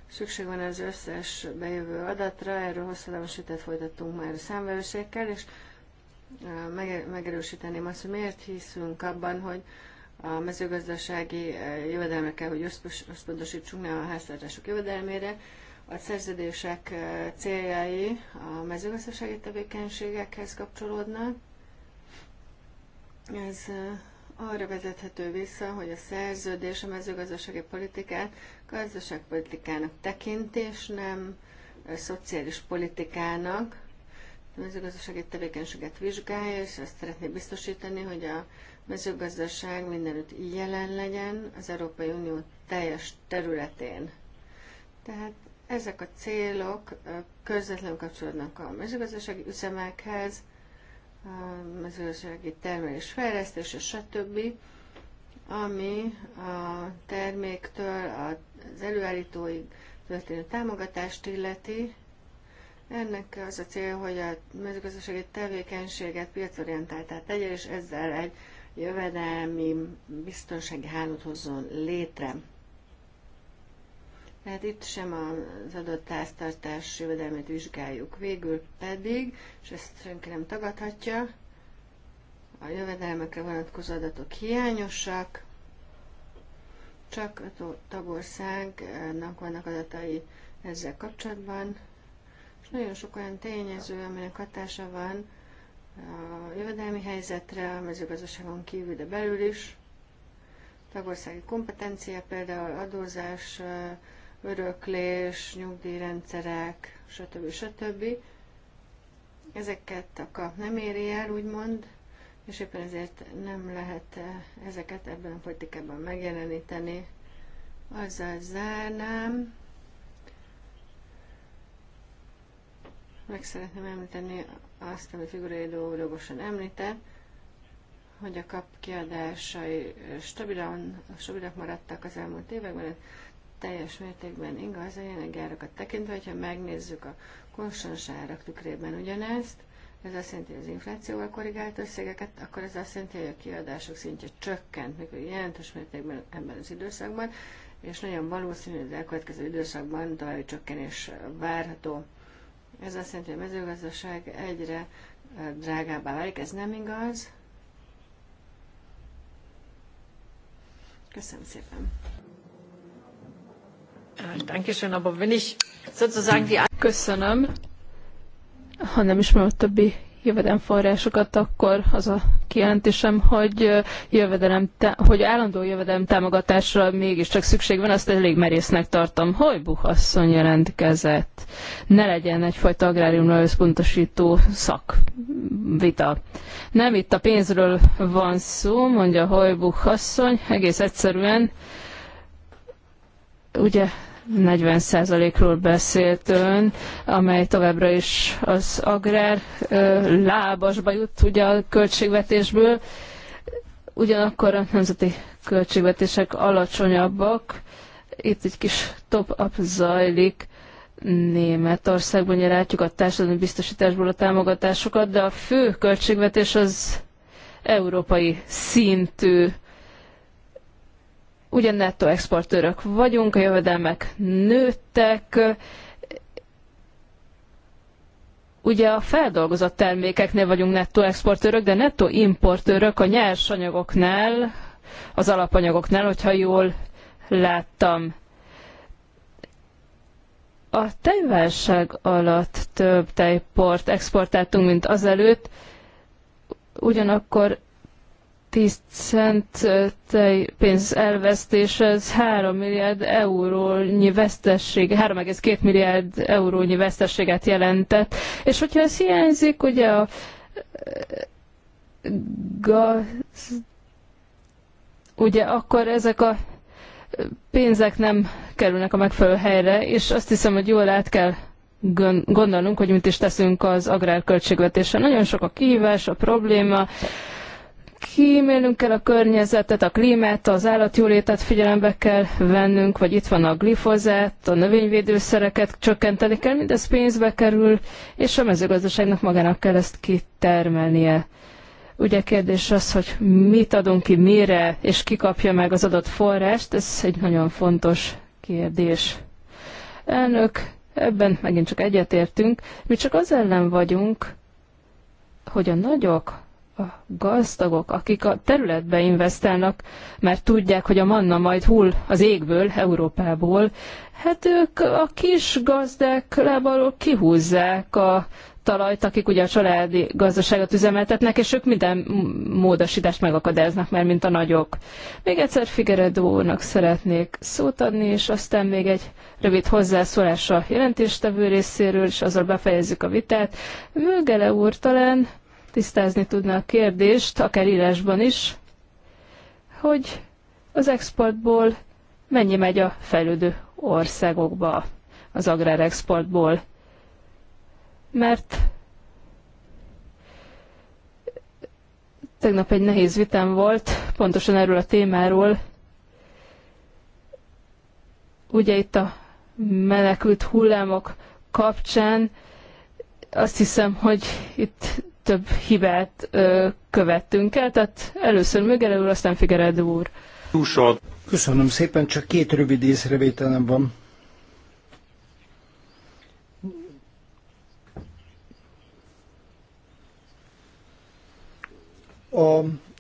szükség van az összes bejövő adatra, erről hosszadalmas vitát folytattunk már a számvevőségkel, és megerősíteném azt, hogy miért hiszünk abban, hogy a mezőgazdasági jövedelmekkel, hogy összpontosítsunk ne a háztartások jövedelmére, a szerződések céljai a mezőgazdasági tevékenységekhez kapcsolódnak. Ez arra vezethető vissza, hogy a szerződés a mezőgazdasági politikát gazdaságpolitikának tekintés, nem szociális politikának. A mezőgazdasági tevékenységet vizsgálja, és azt szeretné biztosítani, hogy a mezőgazdaság mindenütt jelen legyen az Európai Unió teljes területén. Tehát ezek a célok közvetlenül kapcsolódnak a mezőgazdasági üzemekhez, a mezőgazdasági termelés fejlesztése, stb., ami a terméktől az előállítóig történő támogatást illeti. Ennek az a cél, hogy a mezőgazdasági tevékenységet piacorientáltá tegye, és ezzel egy jövedelmi biztonsági hálót hozzon létre. Tehát itt sem az adott háztartás jövedelmét vizsgáljuk. Végül pedig, és ezt senki nem tagadhatja, a jövedelmekre vonatkozó adatok hiányosak, csak a tagországnak vannak adatai ezzel kapcsolatban, és nagyon sok olyan tényező, aminek hatása van a jövedelmi helyzetre, a mezőgazdaságon kívül, de belül is, tagországi kompetencia, például adózás, öröklés, nyugdíjrendszerek, stb. stb. Ezeket a kap nem éri el, úgymond, és éppen ezért nem lehet -e ezeket ebben a politikában megjeleníteni. Azzal zárnám. Meg szeretném említeni azt, amit Figurédó dolgosan említett, hogy a kap kiadásai stabilan, stabilak maradtak az elmúlt években, teljes mértékben igaz a jelenlegi árakat tekintve, hogyha megnézzük a konstans árak tükrében ugyanezt, ez azt jelenti, hogy az inflációval korrigált összegeket, akkor ez azt jelenti, hogy a kiadások szintje csökkent, mikor jelentős mértékben ebben az időszakban, és nagyon valószínű, hogy az elkövetkező időszakban további csökkenés várható. Ez azt jelenti, hogy a mezőgazdaság egyre drágábbá válik, ez nem igaz. Köszönöm szépen! Köszönöm. Ha nem ismerem a többi jövedelemforrásokat, akkor az a kijelentésem, hogy, jövedelem, hogy állandó jövedelem támogatásra mégiscsak szükség van, azt elég merésznek tartom. Hojbuh asszony jelentkezett. Ne legyen egyfajta agráriumra összpontosító szakvita. Nem itt a pénzről van szó, mondja Hojbuk asszony, egész egyszerűen ugye 40%-ról beszélt ön, amely továbbra is az agrár lábasba jut ugye a költségvetésből. Ugyanakkor a nemzeti költségvetések alacsonyabbak. Itt egy kis top-up zajlik. Németországban ugye látjuk a társadalmi biztosításból a támogatásokat, de a fő költségvetés az európai szintű Ugye nettó exportőrök vagyunk, a jövedelmek nőttek, ugye a feldolgozott termékeknél vagyunk nettó exportőrök, de nettó importőrök a nyersanyagoknál, az alapanyagoknál, hogyha jól láttam. A tejválság alatt több tejport exportáltunk, mint azelőtt, ugyanakkor 10 cent pénz elvesztés, ez 3 milliárd eurónyi vesztesség, 3,2 milliárd eurónyi vesztességet jelentett. És hogyha ez hiányzik, ugye a gaz, ugye akkor ezek a pénzek nem kerülnek a megfelelő helyre, és azt hiszem, hogy jól át kell gondolnunk, hogy mit is teszünk az agrárköltségvetésre. Nagyon sok a kihívás, a probléma, kímélnünk kell a környezetet, a klímát, az állatjólétet figyelembe kell vennünk, vagy itt van a glifozát, a növényvédőszereket csökkenteni kell, mindez pénzbe kerül, és a mezőgazdaságnak magának kell ezt kitermelnie. Ugye kérdés az, hogy mit adunk ki, mire, és ki kapja meg az adott forrást, ez egy nagyon fontos kérdés. Elnök, ebben megint csak egyetértünk, mi csak az ellen vagyunk, hogy a nagyok, a gazdagok, akik a területbe investálnak, mert tudják, hogy a manna majd hull az égből, Európából, hát ők a kis gazdák lábalról kihúzzák a talajt, akik ugye a családi gazdaságot üzemeltetnek, és ők minden módosítást megakadáznak, mert mint a nagyok. Még egyszer Figeredónak szeretnék szót adni, és aztán még egy rövid hozzászólás a jelentéstevő részéről, és azzal befejezzük a vitát. Mögele úr talán tisztázni tudna a kérdést, akár írásban is, hogy az exportból mennyi megy a fejlődő országokba az agrárexportból. Mert tegnap egy nehéz vitám volt, pontosan erről a témáról. Ugye itt a menekült hullámok kapcsán azt hiszem, hogy itt több hibát ö, követtünk el, tehát először Mögere úr, aztán Figered úr. Köszönöm szépen, csak két rövid észrevételem van.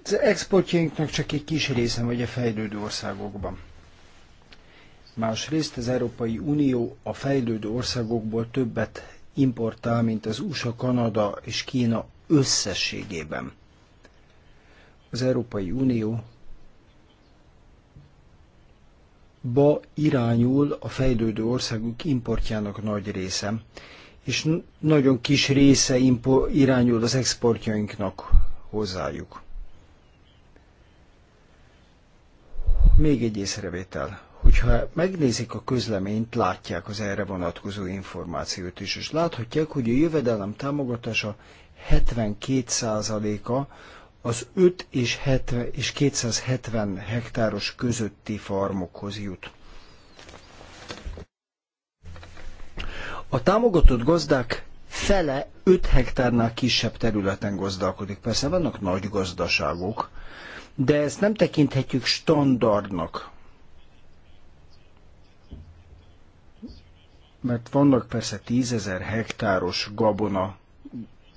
Az exportjainknak csak egy kis része vagy a fejlődő országokban. Másrészt az Európai Unió a fejlődő országokból többet importál, mint az USA, Kanada és Kína összességében. Az Európai Unió ba irányul a fejlődő országok importjának nagy része, és nagyon kis része irányul az exportjainknak hozzájuk. Még egy észrevétel. Hogyha megnézik a közleményt, látják az erre vonatkozó információt is, és láthatják, hogy a jövedelem támogatása 72%-a az 5 és, 70 és 270 hektáros közötti farmokhoz jut. A támogatott gazdák fele 5 hektárnál kisebb területen gazdálkodik. Persze vannak nagy gazdaságok, de ezt nem tekinthetjük standardnak. Mert vannak persze tízezer hektáros gabona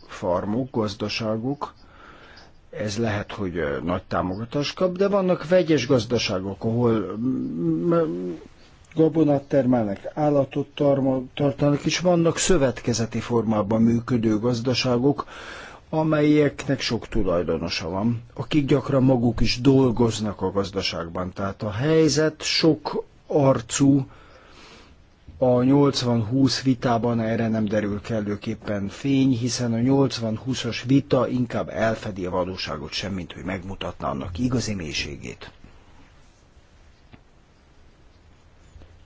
farmuk, gazdaságuk, ez lehet, hogy nagy támogatást kap, de vannak vegyes gazdaságok, ahol gabonát termelnek, állatot tartanak, és vannak szövetkezeti formában működő gazdaságok, amelyeknek sok tulajdonosa van, akik gyakran maguk is dolgoznak a gazdaságban. Tehát a helyzet sok arcú, a 80-20 vitában erre nem derül kellőképpen fény, hiszen a 80-20-as vita inkább elfedi a valóságot semmint, hogy megmutatna annak igazi mélységét.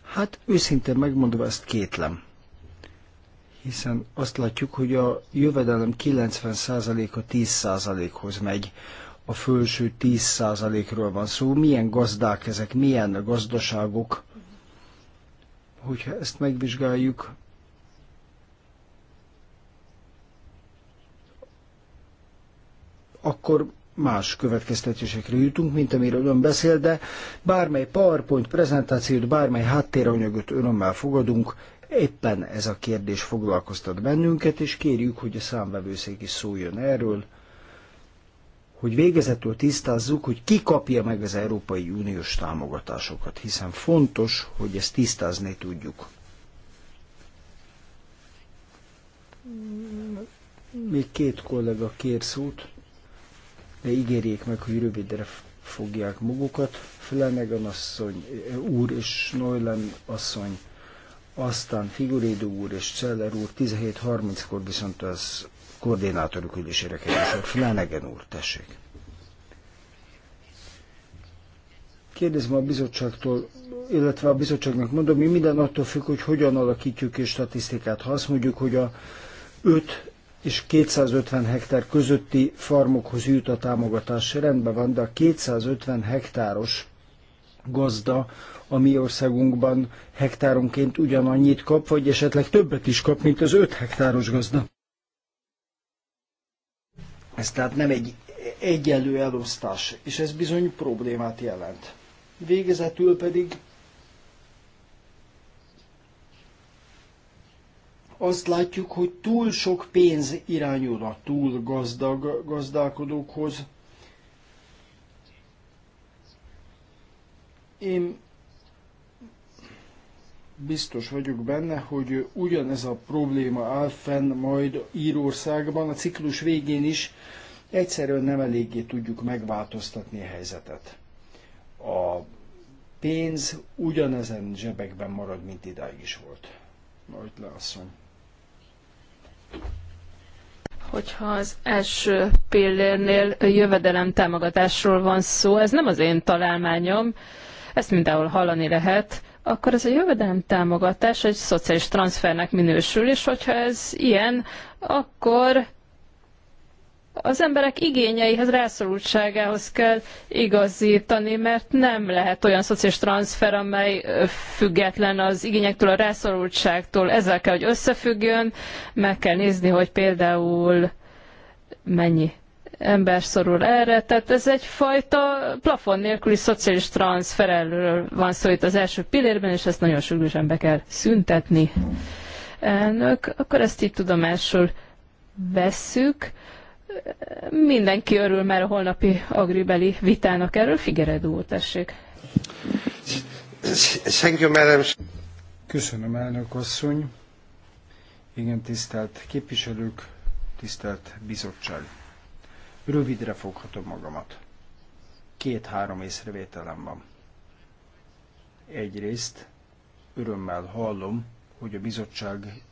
Hát őszintén megmondva ezt kétlem. Hiszen azt látjuk, hogy a jövedelem 90%-a 10%-hoz megy. A felső 10%-ról van szó. Milyen gazdák ezek, milyen gazdaságok, hogyha ezt megvizsgáljuk, akkor más következtetésekre jutunk, mint amiről ön beszél, de bármely PowerPoint prezentációt, bármely háttéranyagot önömmel fogadunk, éppen ez a kérdés foglalkoztat bennünket, és kérjük, hogy a számvevőszék is szóljon erről, hogy végezetül tisztázzuk, hogy ki kapja meg az Európai Uniós támogatásokat, hiszen fontos, hogy ezt tisztázni tudjuk. Még két kollega kér szót, de ígérjék meg, hogy rövidre fogják magukat. Flanagan asszony, eh, úr és Neulen asszony, aztán Figurédó úr és Celler úr 17.30-kor viszont az koordinátoruk ülésére kerül sor. Flanagan úr, tessék. Kérdezem a bizottságtól, illetve a bizottságnak mondom, mi minden attól függ, hogy hogyan alakítjuk és statisztikát. Ha azt mondjuk, hogy a 5 és 250 hektár közötti farmokhoz jut a támogatás, rendben van, de a 250 hektáros gazda a mi országunkban hektáronként ugyanannyit kap, vagy esetleg többet is kap, mint az 5 hektáros gazda. Ez tehát nem egy egyenlő elosztás, és ez bizony problémát jelent. Végezetül pedig azt látjuk, hogy túl sok pénz irányul a túl gazdag gazdálkodókhoz. Én biztos vagyok benne, hogy ugyanez a probléma áll fenn majd Írországban a ciklus végén is, egyszerűen nem eléggé tudjuk megváltoztatni a helyzetet. A pénz ugyanezen zsebekben marad, mint idáig is volt. Majd leasszony. Hogyha az első pillérnél jövedelem támogatásról van szó, ez nem az én találmányom, ezt mindenhol hallani lehet, akkor ez a jövedelem támogatás egy szociális transfernek minősül, és hogyha ez ilyen, akkor az emberek igényeihez, rászorultságához kell igazítani, mert nem lehet olyan szociális transfer, amely független az igényektől, a rászorultságtól. Ezzel kell, hogy összefüggjön, meg kell nézni, hogy például mennyi ember szorul erre, tehát ez egyfajta plafon nélküli szociális transferelről van szó itt az első pillérben, és ezt nagyon sürgősen be kell szüntetni. Elnök, akkor ezt így tudomásul vesszük. Mindenki örül már a holnapi agribeli vitának erről. Figyeled úr, tessék. Köszönöm, elnök asszony. Igen, tisztelt képviselők, tisztelt bizottság Rövidre foghatom magamat. Két-három észrevételem van. Egyrészt örömmel hallom, hogy a bizottság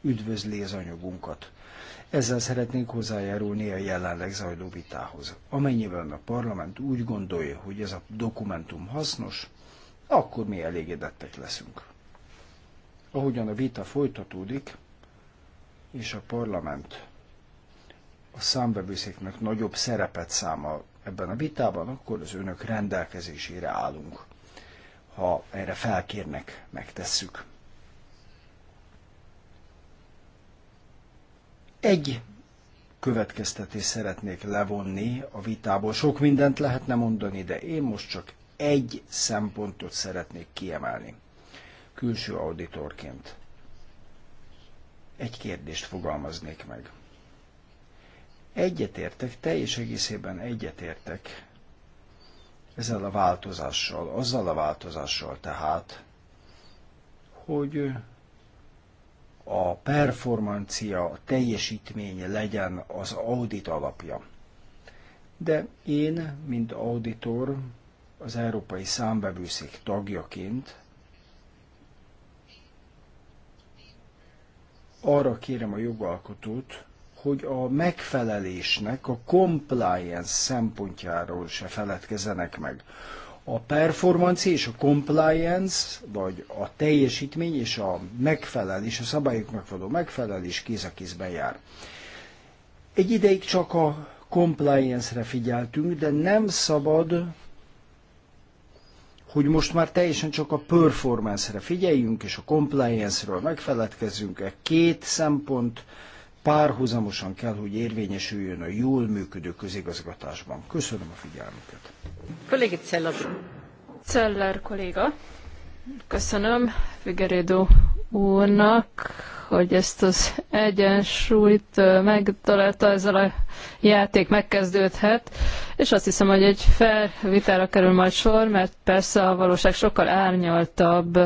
üdvözli az anyagunkat. Ezzel szeretnénk hozzájárulni a jelenleg zajló vitához. Amennyiben a parlament úgy gondolja, hogy ez a dokumentum hasznos, akkor mi elégedettek leszünk. Ahogyan a vita folytatódik, és a parlament a számbevőszéknek nagyobb szerepet száma ebben a vitában, akkor az önök rendelkezésére állunk. Ha erre felkérnek, megtesszük. Egy következtetést szeretnék levonni a vitából. Sok mindent lehetne mondani, de én most csak egy szempontot szeretnék kiemelni. Külső auditorként egy kérdést fogalmaznék meg. Egyetértek, teljes egészében egyetértek ezzel a változással, azzal a változással tehát, hogy a performancia, a teljesítmény legyen az audit alapja. De én, mint auditor, az Európai Számbevőszék tagjaként arra kérem a jogalkotót, hogy a megfelelésnek a compliance szempontjáról se feledkezenek meg. A performance és a compliance, vagy a teljesítmény és a megfelelés, a szabályoknak való megfelelés kéz a kézben jár. Egy ideig csak a compliance-re figyeltünk, de nem szabad, hogy most már teljesen csak a performance-re figyeljünk, és a compliance-ről megfeledkezzünk. E két szempont párhuzamosan kell, hogy érvényesüljön a jól működő közigazgatásban. Köszönöm a figyelmüket. Kollégi Celler. Celler kolléga. Köszönöm Figerédó úrnak, hogy ezt az egyensúlyt megtalálta, ezzel a játék megkezdődhet, és azt hiszem, hogy egy fair vitára kerül majd sor, mert persze a valóság sokkal árnyaltabb,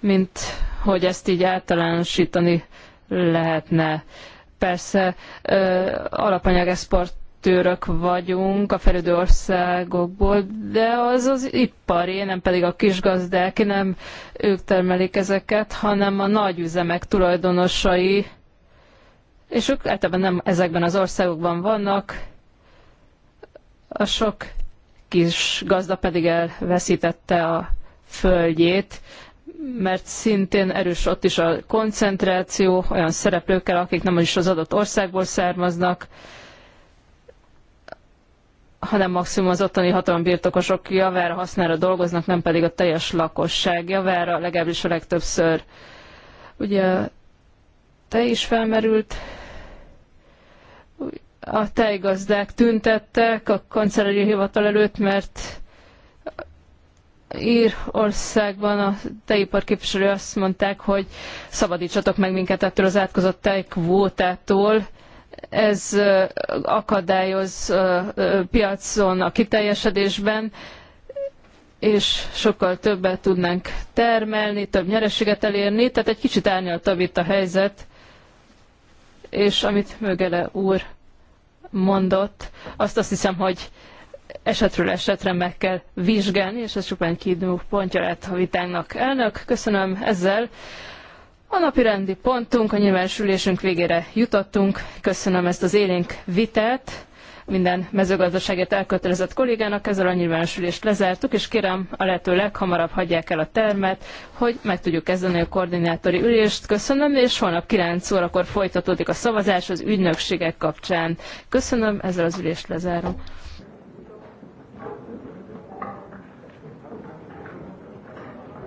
mint hogy ezt így általánosítani lehetne. Persze alapanyagexportőrök vagyunk a fejlődő országokból, de az az ipari, nem pedig a kisgazdák, nem ők termelik ezeket, hanem a nagyüzemek tulajdonosai, és ők általában nem ezekben az országokban vannak, a sok kis gazda pedig elveszítette a földjét, mert szintén erős ott is a koncentráció olyan szereplőkkel, akik nem is az adott országból származnak, hanem maximum az ottani hatalombirtokosok javára hasznára dolgoznak, nem pedig a teljes lakosság javára, legalábbis a legtöbbször. Ugye te is felmerült, a tejgazdák tüntettek a kancellári hivatal előtt, mert országban a tejipar képviselő azt mondták, hogy szabadítsatok meg minket ettől az átkozott tejkvótától. Ez akadályoz piacon a kiteljesedésben, és sokkal többet tudnánk termelni, több nyereséget elérni, tehát egy kicsit árnyaltabb itt a helyzet, és amit Mögele úr mondott, azt azt hiszem, hogy esetről esetre meg kell vizsgálni, és ez csupán kiinduló pontja lett a vitának. Elnök, köszönöm ezzel. A napi rendi pontunk, a nyilvános ülésünk végére jutottunk. Köszönöm ezt az élénk vitát minden mezőgazdaságért elkötelezett kollégának. Ezzel a nyilvános ülést lezártuk, és kérem a lehető leghamarabb hagyják el a termet, hogy meg tudjuk kezdeni a koordinátori ülést. Köszönöm, és holnap 9 órakor folytatódik a szavazás az ügynökségek kapcsán. Köszönöm, ezzel az ülést lezárom.